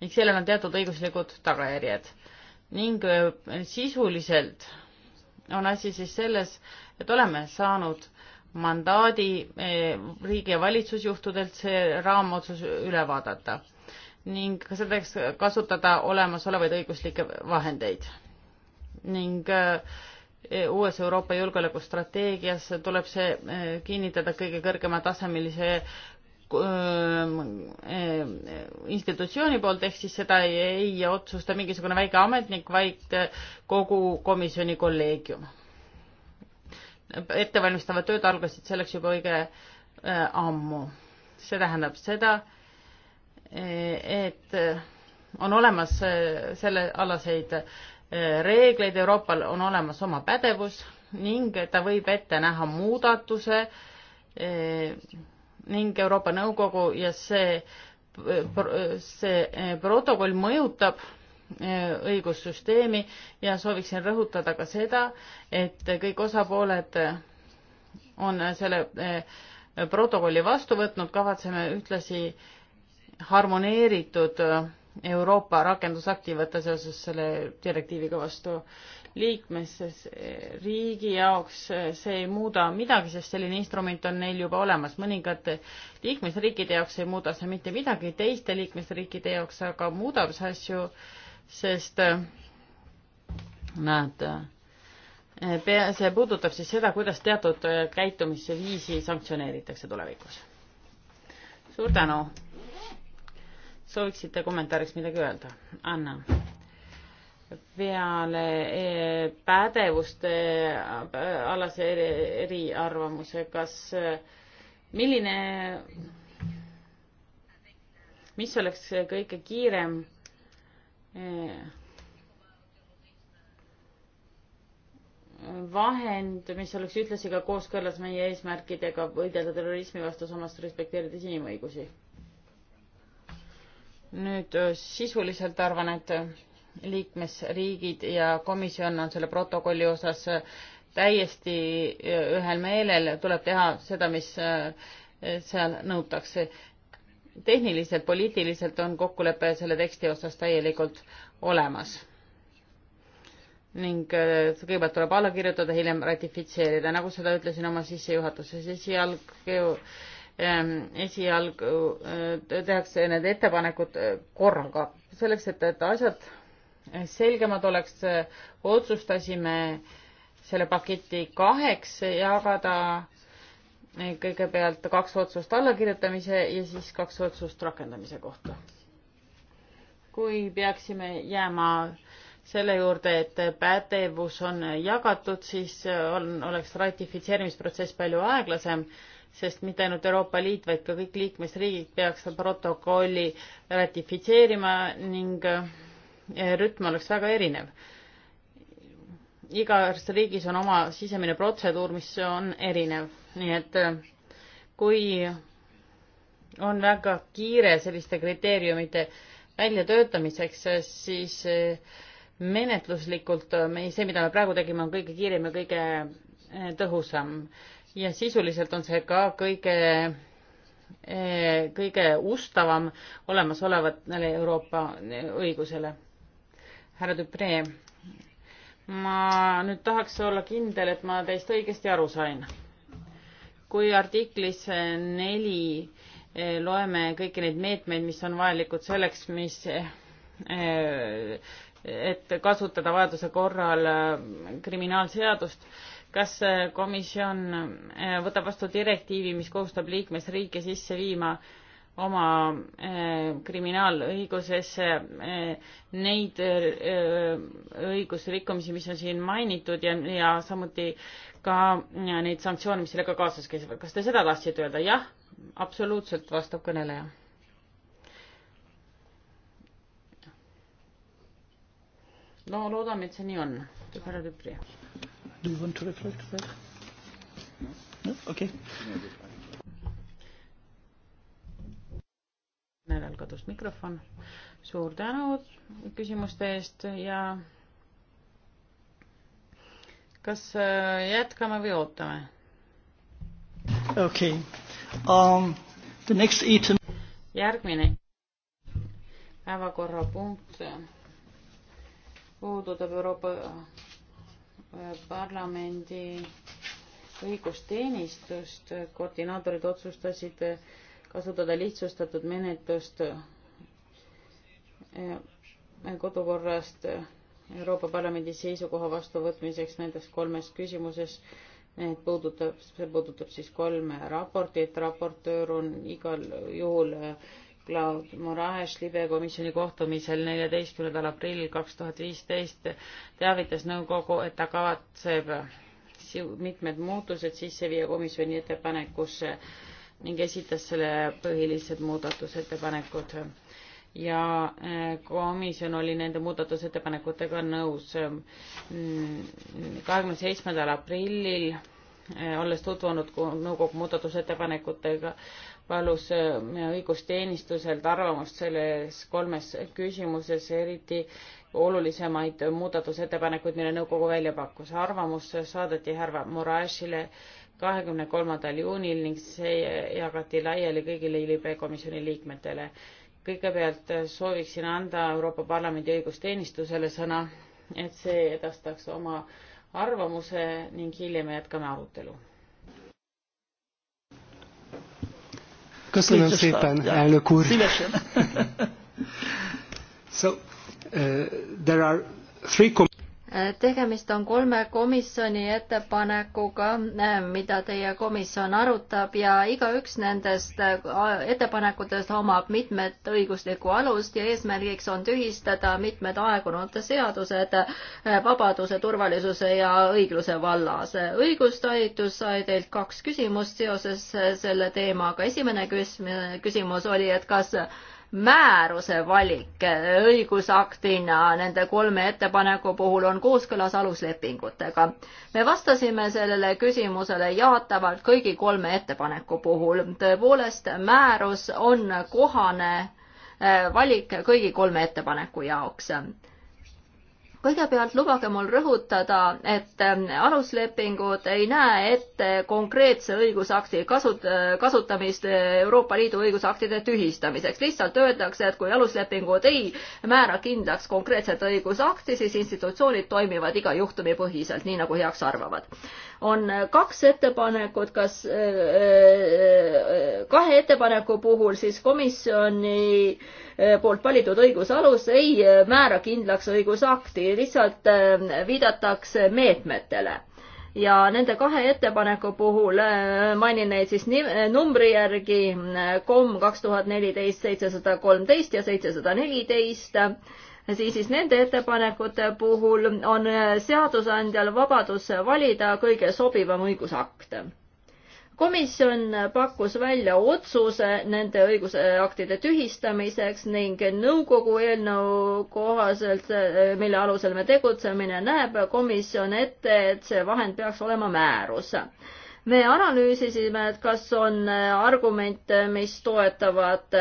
ning sellel on teatud õiguslikud tagajärjed ning äh, sisuliselt on asi siis selles, et oleme saanud mandaadi äh, riigi ja valitsusjuhtudelt see raamotsus üle vaadata ning ka selleks kasutada olemasolevaid õiguslikke vahendeid. ning äh, uues Euroopa julgeolekustrateegias tuleb see kinnitada kõige kõrgema tasemelise institutsiooni poolt, ehk siis seda ei, ei otsusta mingisugune väike ametnik, vaid kogu komisjoni kolleegium. ettevalmistavad tööd algasid selleks juba õige ammu. see tähendab seda, e, et e, on olemas e, sellealaseid reegleid, Euroopal on olemas oma pädevus ning ta võib ette näha muudatuse ning Euroopa Nõukogu ja see, see eh, protokoll mõjutab eh, õigussüsteemi ja sooviksin rõhutada ka seda, et kõik osapooled on selle eh, protokolli vastu võtnud, kavatseme ühtlasi harmoneeritud Euroopa rakendusakti võtta seoses selle direktiiviga vastu liikmesriigi jaoks eh, see ei muuda midagi, sest selline instrument on neil juba olemas. mõningate liikmesriikide jaoks ei muuda see mitte midagi, teiste liikmesriikide jaoks aga muudab see asju, sest eh, nad eh, pea, see puudutab siis seda, kuidas teatud käitumisviisi sanktsioneeritakse tulevikus. suur tänu. sooviksite kommentaariks midagi öelda? Anna peale eh, pädevuste äh, alase eriarvamuse, kas, äh, milline, mis oleks kõige kiirem äh, vahend, mis oleks ühtlasi ka kooskõlas meie eesmärkidega võidelda terrorismi vastu, samas respekteerides inimõigusi. nüüd sisuliselt arvan, et liikmesriigid ja komisjon on selle protokolli osas täiesti ühel meelel, tuleb teha seda, mis eh, seal nõutakse. tehniliselt, poliitiliselt on kokkulepe selle teksti osas täielikult olemas. ning eh, kõigepealt tuleb alla kirjutada, hiljem ratifitseerida, nagu seda ütlesin oma sissejuhatuses, esialgu ehm, esialgu eh, tehakse need ettepanekud korraga, selleks et, et asjad selgemad oleks, otsustasime selle paketi kaheks jagada, kõigepealt kaks otsust allakirjutamise ja siis kaks otsust rakendamise kohta. kui peaksime jääma selle juurde, et pädevus on jagatud, siis on, oleks ratifitseerimisprotsess palju aeglasem, sest mitte ainult Euroopa Liit, vaid ka kõik liikmesriigid peaks protokolli ratifitseerima ning rütm oleks väga erinev. igas riigis on oma sisemine protseduur, mis on erinev, nii et äh, kui on väga kiire selliste kriteeriumite väljatöötamiseks, siis äh, menetluslikult äh, me, see, mida me praegu tegime, on kõige kiirem ja kõige tõhusam ja sisuliselt on see ka kõige kõige ustavam olemasolevatele Euroopa õigusele härra Dupree, ma nüüd tahaks olla kindel, et ma teist õigesti aru sain. kui artiklis neli eh, loeme kõiki neid meetmeid, mis on vajalikud selleks, mis eh, et kasutada vajaduse korral eh, kriminaalseadust, kas komisjon võtab vastu direktiivi, mis kohustab liikmesriike sisse viima äh, oma äh, kriminaalõiguses äh, neid äh, õigusrikkumisi, mis on siin mainitud ja, ja samuti ka neid sanktsioone, mis sellega kaasas käivad. kas te seda tahtsite öelda? jah, absoluutselt, vastab kõneleja. no loodame, et see nii on. härra Tüpri. Do you want to reflect that? No? Okay. nädal kadus mikrofon. suur tänu küsimuste eest ja kas äh, jätkame või ootame? okei okay. um,. The next item. järgmine päevakorrapunkt äh, puudutab Euroopa äh, Parlamendi õigusteenistust. koordinaatorid otsustasid äh, kasutada lihtsustatud menetlust eh, kodukorrast eh, Euroopa Parlamendi seisukoha vastuvõtmiseks nendes kolmes küsimuses. Need puudutab, see puudutab siis kolme raportit, raportöör on igal juhul eh, Claude Moraes libe komisjoni kohtumisel neljateistkümnendal aprillil kaks tuhat viisteist teavitas nõukogu, et ta kavatseb mitmed muutused sisse viia komisjoni ettepanekusse äh, ning esitas selle põhilised muudatusettepanekud ja äh, komisjon oli nende muudatusettepanekutega nõus. Mm, kahekümne seitsmendal aprillil, äh, olles tutvunud nõukogu muudatusettepanekutega, palus äh, õigusteenistuselt arvamust selles kolmes küsimuses, eriti olulisemaid muudatusettepanekuid, mille nõukogu välja pakkus. arvamus saadeti härra Moraesile kahekümne kolmandal juunil ning see jagati laiali kõigile libe komisjoni liikmetele. kõigepealt sooviksin anda Euroopa Parlamendi õigusteenistusele sõna, et see edastaks oma arvamuse ning hiljem jätkame arutelu. köszönöm szépen, elnök úr! so uh, there are three tegemist on kolme komisjoni ettepanekuga, mida teie komisjon arutab ja igaüks nendest äh, ettepanekutest omab mitmet õiguslikku alust ja eesmärgiks on tühistada mitmed aegunud seadused äh, vabaduse, turvalisuse ja õigluse vallas. õigustalitus sai teilt kaks küsimust seoses äh, selle teemaga. esimene küsimus oli, et kas määruse valik õigusaktina nende kolme ettepaneku puhul on kooskõlas aluslepingutega. me vastasime sellele küsimusele jaatavalt kõigi kolme ettepaneku puhul. tõepoolest, määrus on kohane eh, valik kõigi kolme ettepaneku jaoks kõigepealt lubage mul rõhutada, et ähm, aluslepingud ei näe ette konkreetse õigusakti kasut-, kasutamist äh, Euroopa Liidu õigusaktide tühistamiseks. lihtsalt öeldakse, et kui aluslepingud ei määra kindlaks konkreetset õigusakti, siis institutsioonid toimivad iga juhtumi põhiselt, nii nagu heaks arvavad. on äh, kaks ettepanekut, kas äh, kahe ettepaneku puhul siis komisjoni Äh, poolt valitud õigusalus ei äh, määra kindlaks õigusakti, lihtsalt äh, viidatakse meetmetele ja nende kahe ettepaneku puhul mainin neid siis numbri järgi kom kaks tuhat neliteist seitsesada kolmteist ja seitsesada neliteist siis, siis nende ettepanekute puhul on seadusandjal vabadus valida kõige sobivam õigusakt komisjon pakkus välja otsuse nende õigusaktide tühistamiseks ning nõukogu eelnõu kohaselt, mille alusel me tegutsemine, näeb komisjon ette, et see vahend peaks olema määrus. me analüüsisime, et kas on argumente, mis toetavad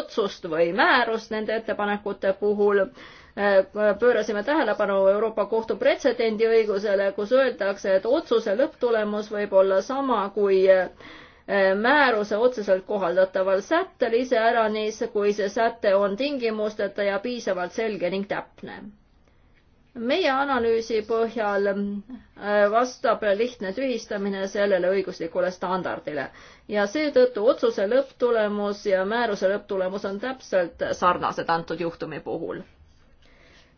otsust või määrust nende ettepanekute puhul Äh, pöörasime tähelepanu Euroopa Kohtu pretsedendiõigusele, kus öeldakse, et otsuse lõpptulemus võib olla sama kui äh, määruse otseselt kohaldataval sättel iseäranis, kui see säte on tingimusteta ja piisavalt selge ning täpne. meie analüüsi põhjal äh, vastab lihtne tühistamine sellele õiguslikule standardile ja seetõttu otsuse lõpptulemus ja määruse lõpptulemus on täpselt sarnased antud juhtumi puhul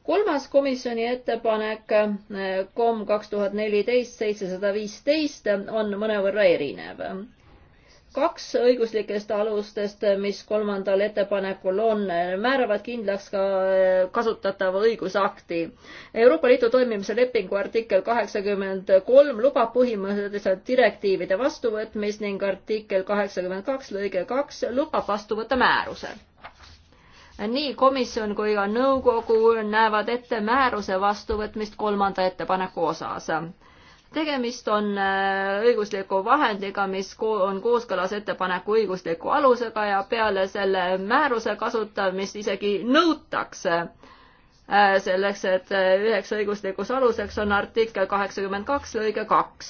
kolmas komisjoni ettepanek, KOM eh, kaks tuhat neliteist seitsesada viisteist on mõnevõrra erinev. kaks õiguslikest alustest, mis kolmandal ettepanekul on, määravad kindlaks ka eh, kasutatava õigusakti. Euroopa Liidu toimimise lepingu artikkel kaheksakümmend kolm lubab põhimõtteliselt direktiivide vastuvõtmist ning artikkel kaheksakümmend kaks lõige kaks lubab vastu võtta määruse nii komisjon kui ka nõukogu näevad ette määruse vastuvõtmist kolmanda ettepaneku osas. tegemist on äh, õigusliku vahendiga, mis on kooskõlas ettepaneku õigusliku alusega ja peale selle määruse kasutamist isegi nõutakse Äh, selleks, et äh, üheks õiguslikuks aluseks on artikkel kaheksakümmend kaks lõige kaks.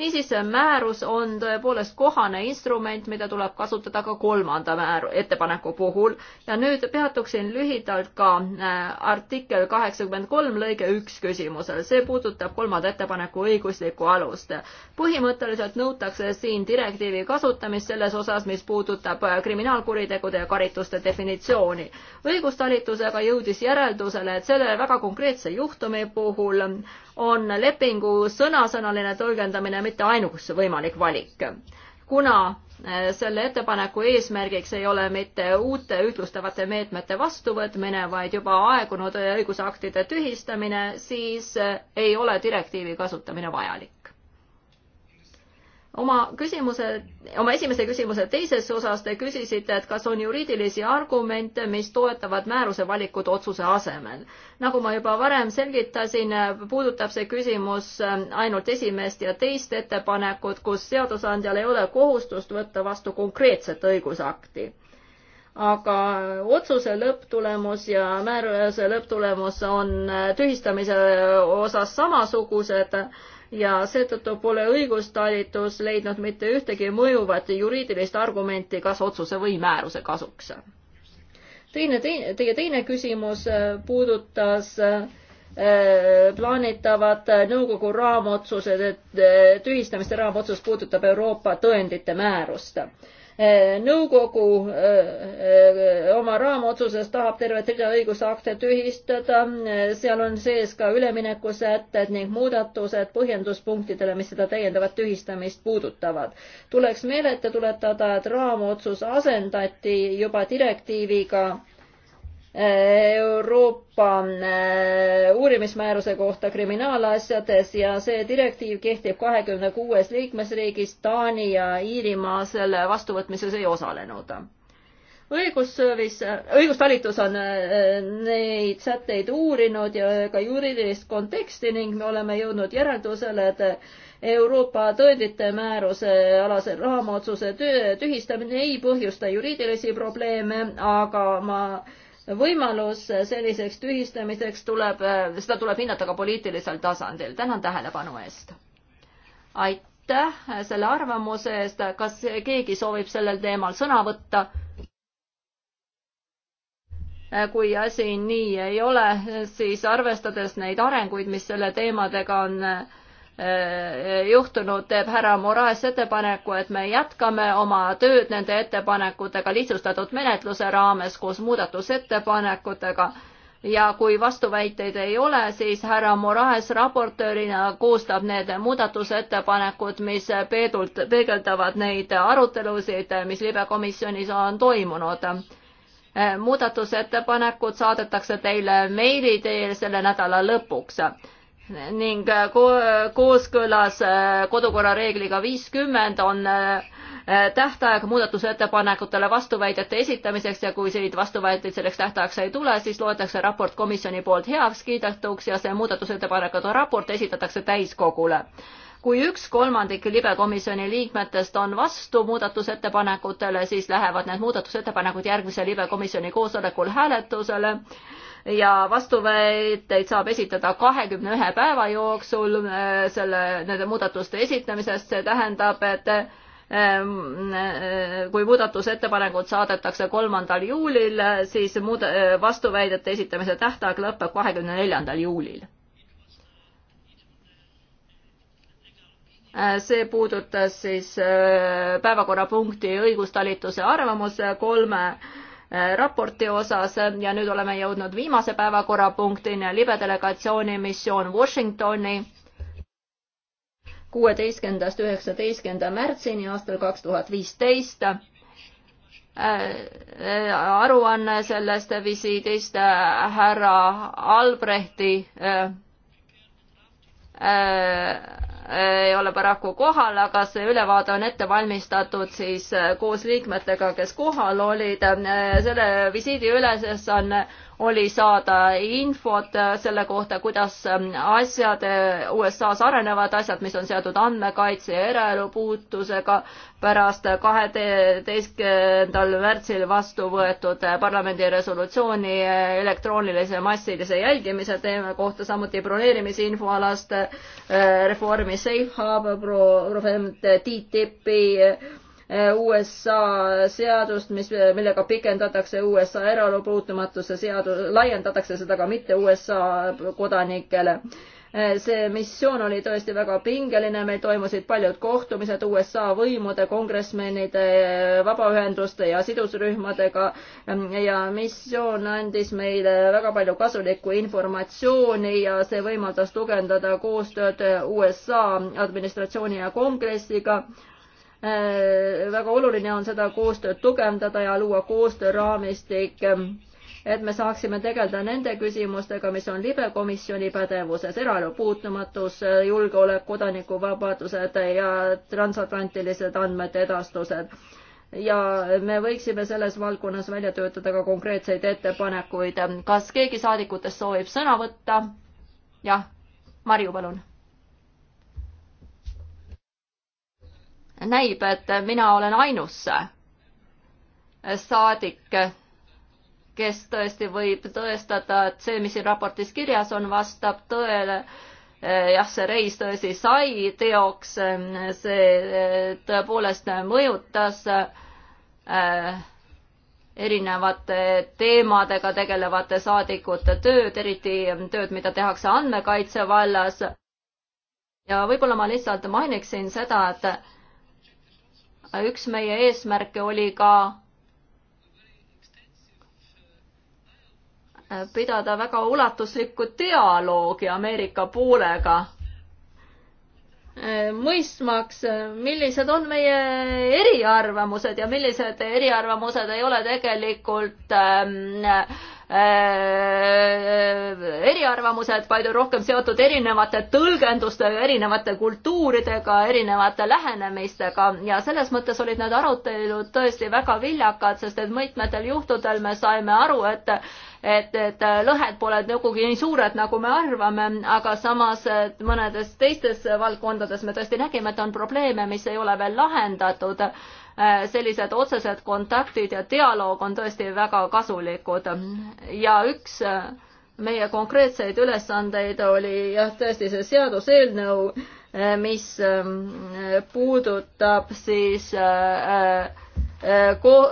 niisiis, see määrus on tõepoolest kohane instrument, mida tuleb kasutada ka kolmanda määru, ettepaneku puhul ja nüüd peatuksin lühidalt ka äh, artikkel kaheksakümmend kolm lõige üks küsimusel, see puudutab kolmanda ettepaneku õiguslikku alust. põhimõtteliselt nõutakse siin direktiivi kasutamist selles osas, mis puudutab kriminaalkuritegude ja karituste definitsiooni. õigustalitusega jõudis järeldusele, et selle väga konkreetse juhtumi puhul on lepingu sõnasõnaline tõlgendamine mitte ainus võimalik valik. kuna eh, selle ettepaneku eesmärgiks ei ole mitte uute ühtlustavate meetmete vastuvõtmine, vaid juba aegunud õigusaktide tühistamine, siis eh, ei ole direktiivi kasutamine vajalik oma küsimuse, oma esimese küsimuse teises osas te küsisite, et kas on juriidilisi argumente, mis toetavad määruse valikut otsuse asemel. nagu ma juba varem selgitasin, puudutab see küsimus ähm, ainult esimest ja teist ettepanekut, kus seadusandjal ei ole kohustust võtta vastu konkreetset õigusakti. aga otsuse lõpptulemus ja määruse lõpptulemus on äh, tühistamise osas samasugused ja seetõttu pole õigustalitus leidnud mitte ühtegi mõjuvat juriidilist argumenti kas otsuse või määruse kasuks. teine, teine, teie teine küsimus äh, puudutas äh, plaanitavat nõukogu raamotsused, et äh, tühistamise raamotsust puudutab Euroopa tõendite määrust Eh, nõukogu eh, eh, oma raamotsuses tahab tervet rida õigusakte tühistada, seal on sees ka üleminekusätted ning muudatused põhjenduspunktidele, mis seda täiendavat tühistamist puudutavad. tuleks meelde tuletada, et raamotsus asendati juba direktiiviga Euroopa äh, uurimismääruse kohta kriminaalasjades ja see direktiiv kehtib kahekümne kuues liikmesriigis, Taani ja Iirimaa selle vastuvõtmises ei osalenud. õigussöövis, õigustalitus on äh, neid sätteid uurinud ja ka juriidilist konteksti ning me oleme jõudnud järeldusele, et Euroopa tõendite määruse alase raamotsuse tühistamine ei põhjusta juriidilisi probleeme, aga ma võimalus selliseks tühistamiseks tuleb, seda tuleb hinnata ka poliitilisel tasandil. tänan tähelepanu eest. aitäh selle arvamuse eest. kas keegi soovib sellel teemal sõna võtta? kui asi nii ei ole, siis arvestades neid arenguid, mis selle teemadega on juhtunud, teeb härra Moraes ettepaneku, et me jätkame oma tööd nende ettepanekutega lihtsustatud menetluse raames koos muudatusettepanekutega ja kui vastuväiteid ei ole, siis härra Moraes raportöörina koostab need muudatusettepanekud, mis peedult, peegeldavad neid arutelusid, mis libekomisjonis on toimunud. muudatusettepanekud saadetakse teile meili teel selle nädala lõpuks ning äh, kooskõlas äh, kodukorra reegliga viiskümmend on äh, tähtaeg muudatusettepanekutele vastuväidete esitamiseks ja kui selliseid vastuväiteid selleks tähtajaks ei tule, siis loetakse raport komisjoni poolt heaks kiidetuks ja see muudatusettepanekute raport esitatakse täiskogule. kui üks kolmandik libekomisjoni liikmetest on vastu muudatusettepanekutele, siis lähevad need muudatusettepanekud järgmise libekomisjoni koosolekul hääletusele ja vastuväiteid saab esitada kahekümne ühe päeva jooksul äh, selle, nende muudatuste esitamisest, see tähendab, et ähm, äh, kui muudatusettepanekud saadetakse kolmandal juulil, siis muud-, äh, vastuväidete esitamise tähtaeg lõpeb kahekümne neljandal juulil. see puudutas siis päevakorrapunkti õigustalituse arvamuse kolme Äh, raporti osas ja nüüd oleme jõudnud viimase päevakorrapunktini, libe delegatsiooni missioon Washingtoni kuueteistkümnendast üheksateistkümnenda märtsini aastal kaks tuhat viisteist. Äh, äh, aruanne sellest visiidist härra Albrechti äh, äh, ei ole paraku kohal, aga see ülevaade on ette valmistatud siis äh, koos liikmetega, kes kohal olid. Äh, selle visiidi ülesanne on oli saada infot äh, selle kohta, kuidas ähm, asjad äh, USA-s arenevad, asjad, mis on seotud andmekaitse ja eraelu puutusega pärast kaheteistkümnendal märtsil vastu võetud äh, parlamendi resolutsiooni elektroonilise massilise jälgimise teema kohta, samuti broneerimise infoalast reformi Safe Harbor, Tiit Tippi USA seadust, mis, millega pikendatakse USA eraelu puutumatuse seadus, laiendatakse seda ka mitte USA kodanikele see missioon oli tõesti väga pingeline, meil toimusid paljud kohtumised USA võimude, kongresmenide, vabaühenduste ja sidusrühmadega ja missioon andis meile väga palju kasulikku informatsiooni ja see võimaldas tugevdada koostööd USA administratsiooni ja kongressiga Äh, väga oluline on seda koostööd tugevdada ja luua koostööraamistik, ähm, et me saaksime tegeleda nende küsimustega, mis on libe komisjoni pädevuses, eraelu puutumatus, äh, julgeolek, kodanikuvabadused ja transatlantilised andmete edastused. ja me võiksime selles valdkonnas välja töötada ka konkreetseid ettepanekuid. kas keegi saadikutest soovib sõna võtta? jah, Marju, palun näib, et mina olen ainus saadik, kes tõesti võib tõestada, et see, mis siin raportis kirjas on, vastab tõele. jah, see reis tõesti sai teoks, see tõepoolest mõjutas äh, erinevate teemadega tegelevate saadikute tööd, eriti tööd, mida tehakse andmekaitse vallas. ja võib-olla ma lihtsalt mainiksin seda, et üks meie eesmärke oli ka äh, pidada väga ulatuslikku dialoogi Ameerika poolega, äh, mõistmaks, äh, millised on meie eriarvamused ja millised eriarvamused ei ole tegelikult ähm, Äh, eriarvamused, vaid on rohkem seotud erinevate tõlgendustega, erinevate kultuuridega, erinevate lähenemistega ja selles mõttes olid need arutelud tõesti väga viljakad, sest et mitmetel juhtudel me saime aru, et et, et lõhed pole niisugune nii suured, nagu me arvame, aga samas mõnedes teistes valdkondades me tõesti nägime, et on probleeme, mis ei ole veel lahendatud Äh, sellised otsesed kontaktid ja dialoog on tõesti väga kasulikud ja üks äh, meie konkreetseid ülesandeid oli jah, tõesti see seaduseelnõu, äh, mis ähm, puudutab siis ko-,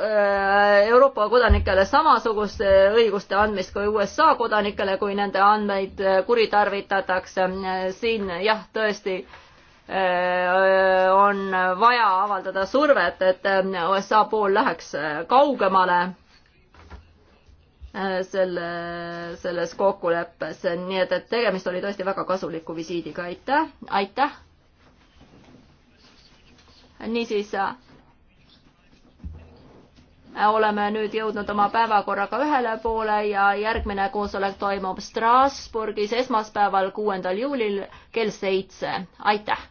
Euroopa kodanikele samasuguste õiguste andmist kui USA kodanikele, kui nende andmeid kuritarvitatakse. siin jah, tõesti Äh, on vaja avaldada survet, et äh, USA pool läheks äh, kaugemale selle, selles kokkuleppes, nii et, et tegemist oli tõesti väga kasuliku visiidiga, aitäh, aitäh. niisiis oleme nüüd jõudnud oma päevakorraga ühele poole ja järgmine koosolek toimub Strasbourgis esmaspäeval, kuuendal juulil kell seitse. aitäh!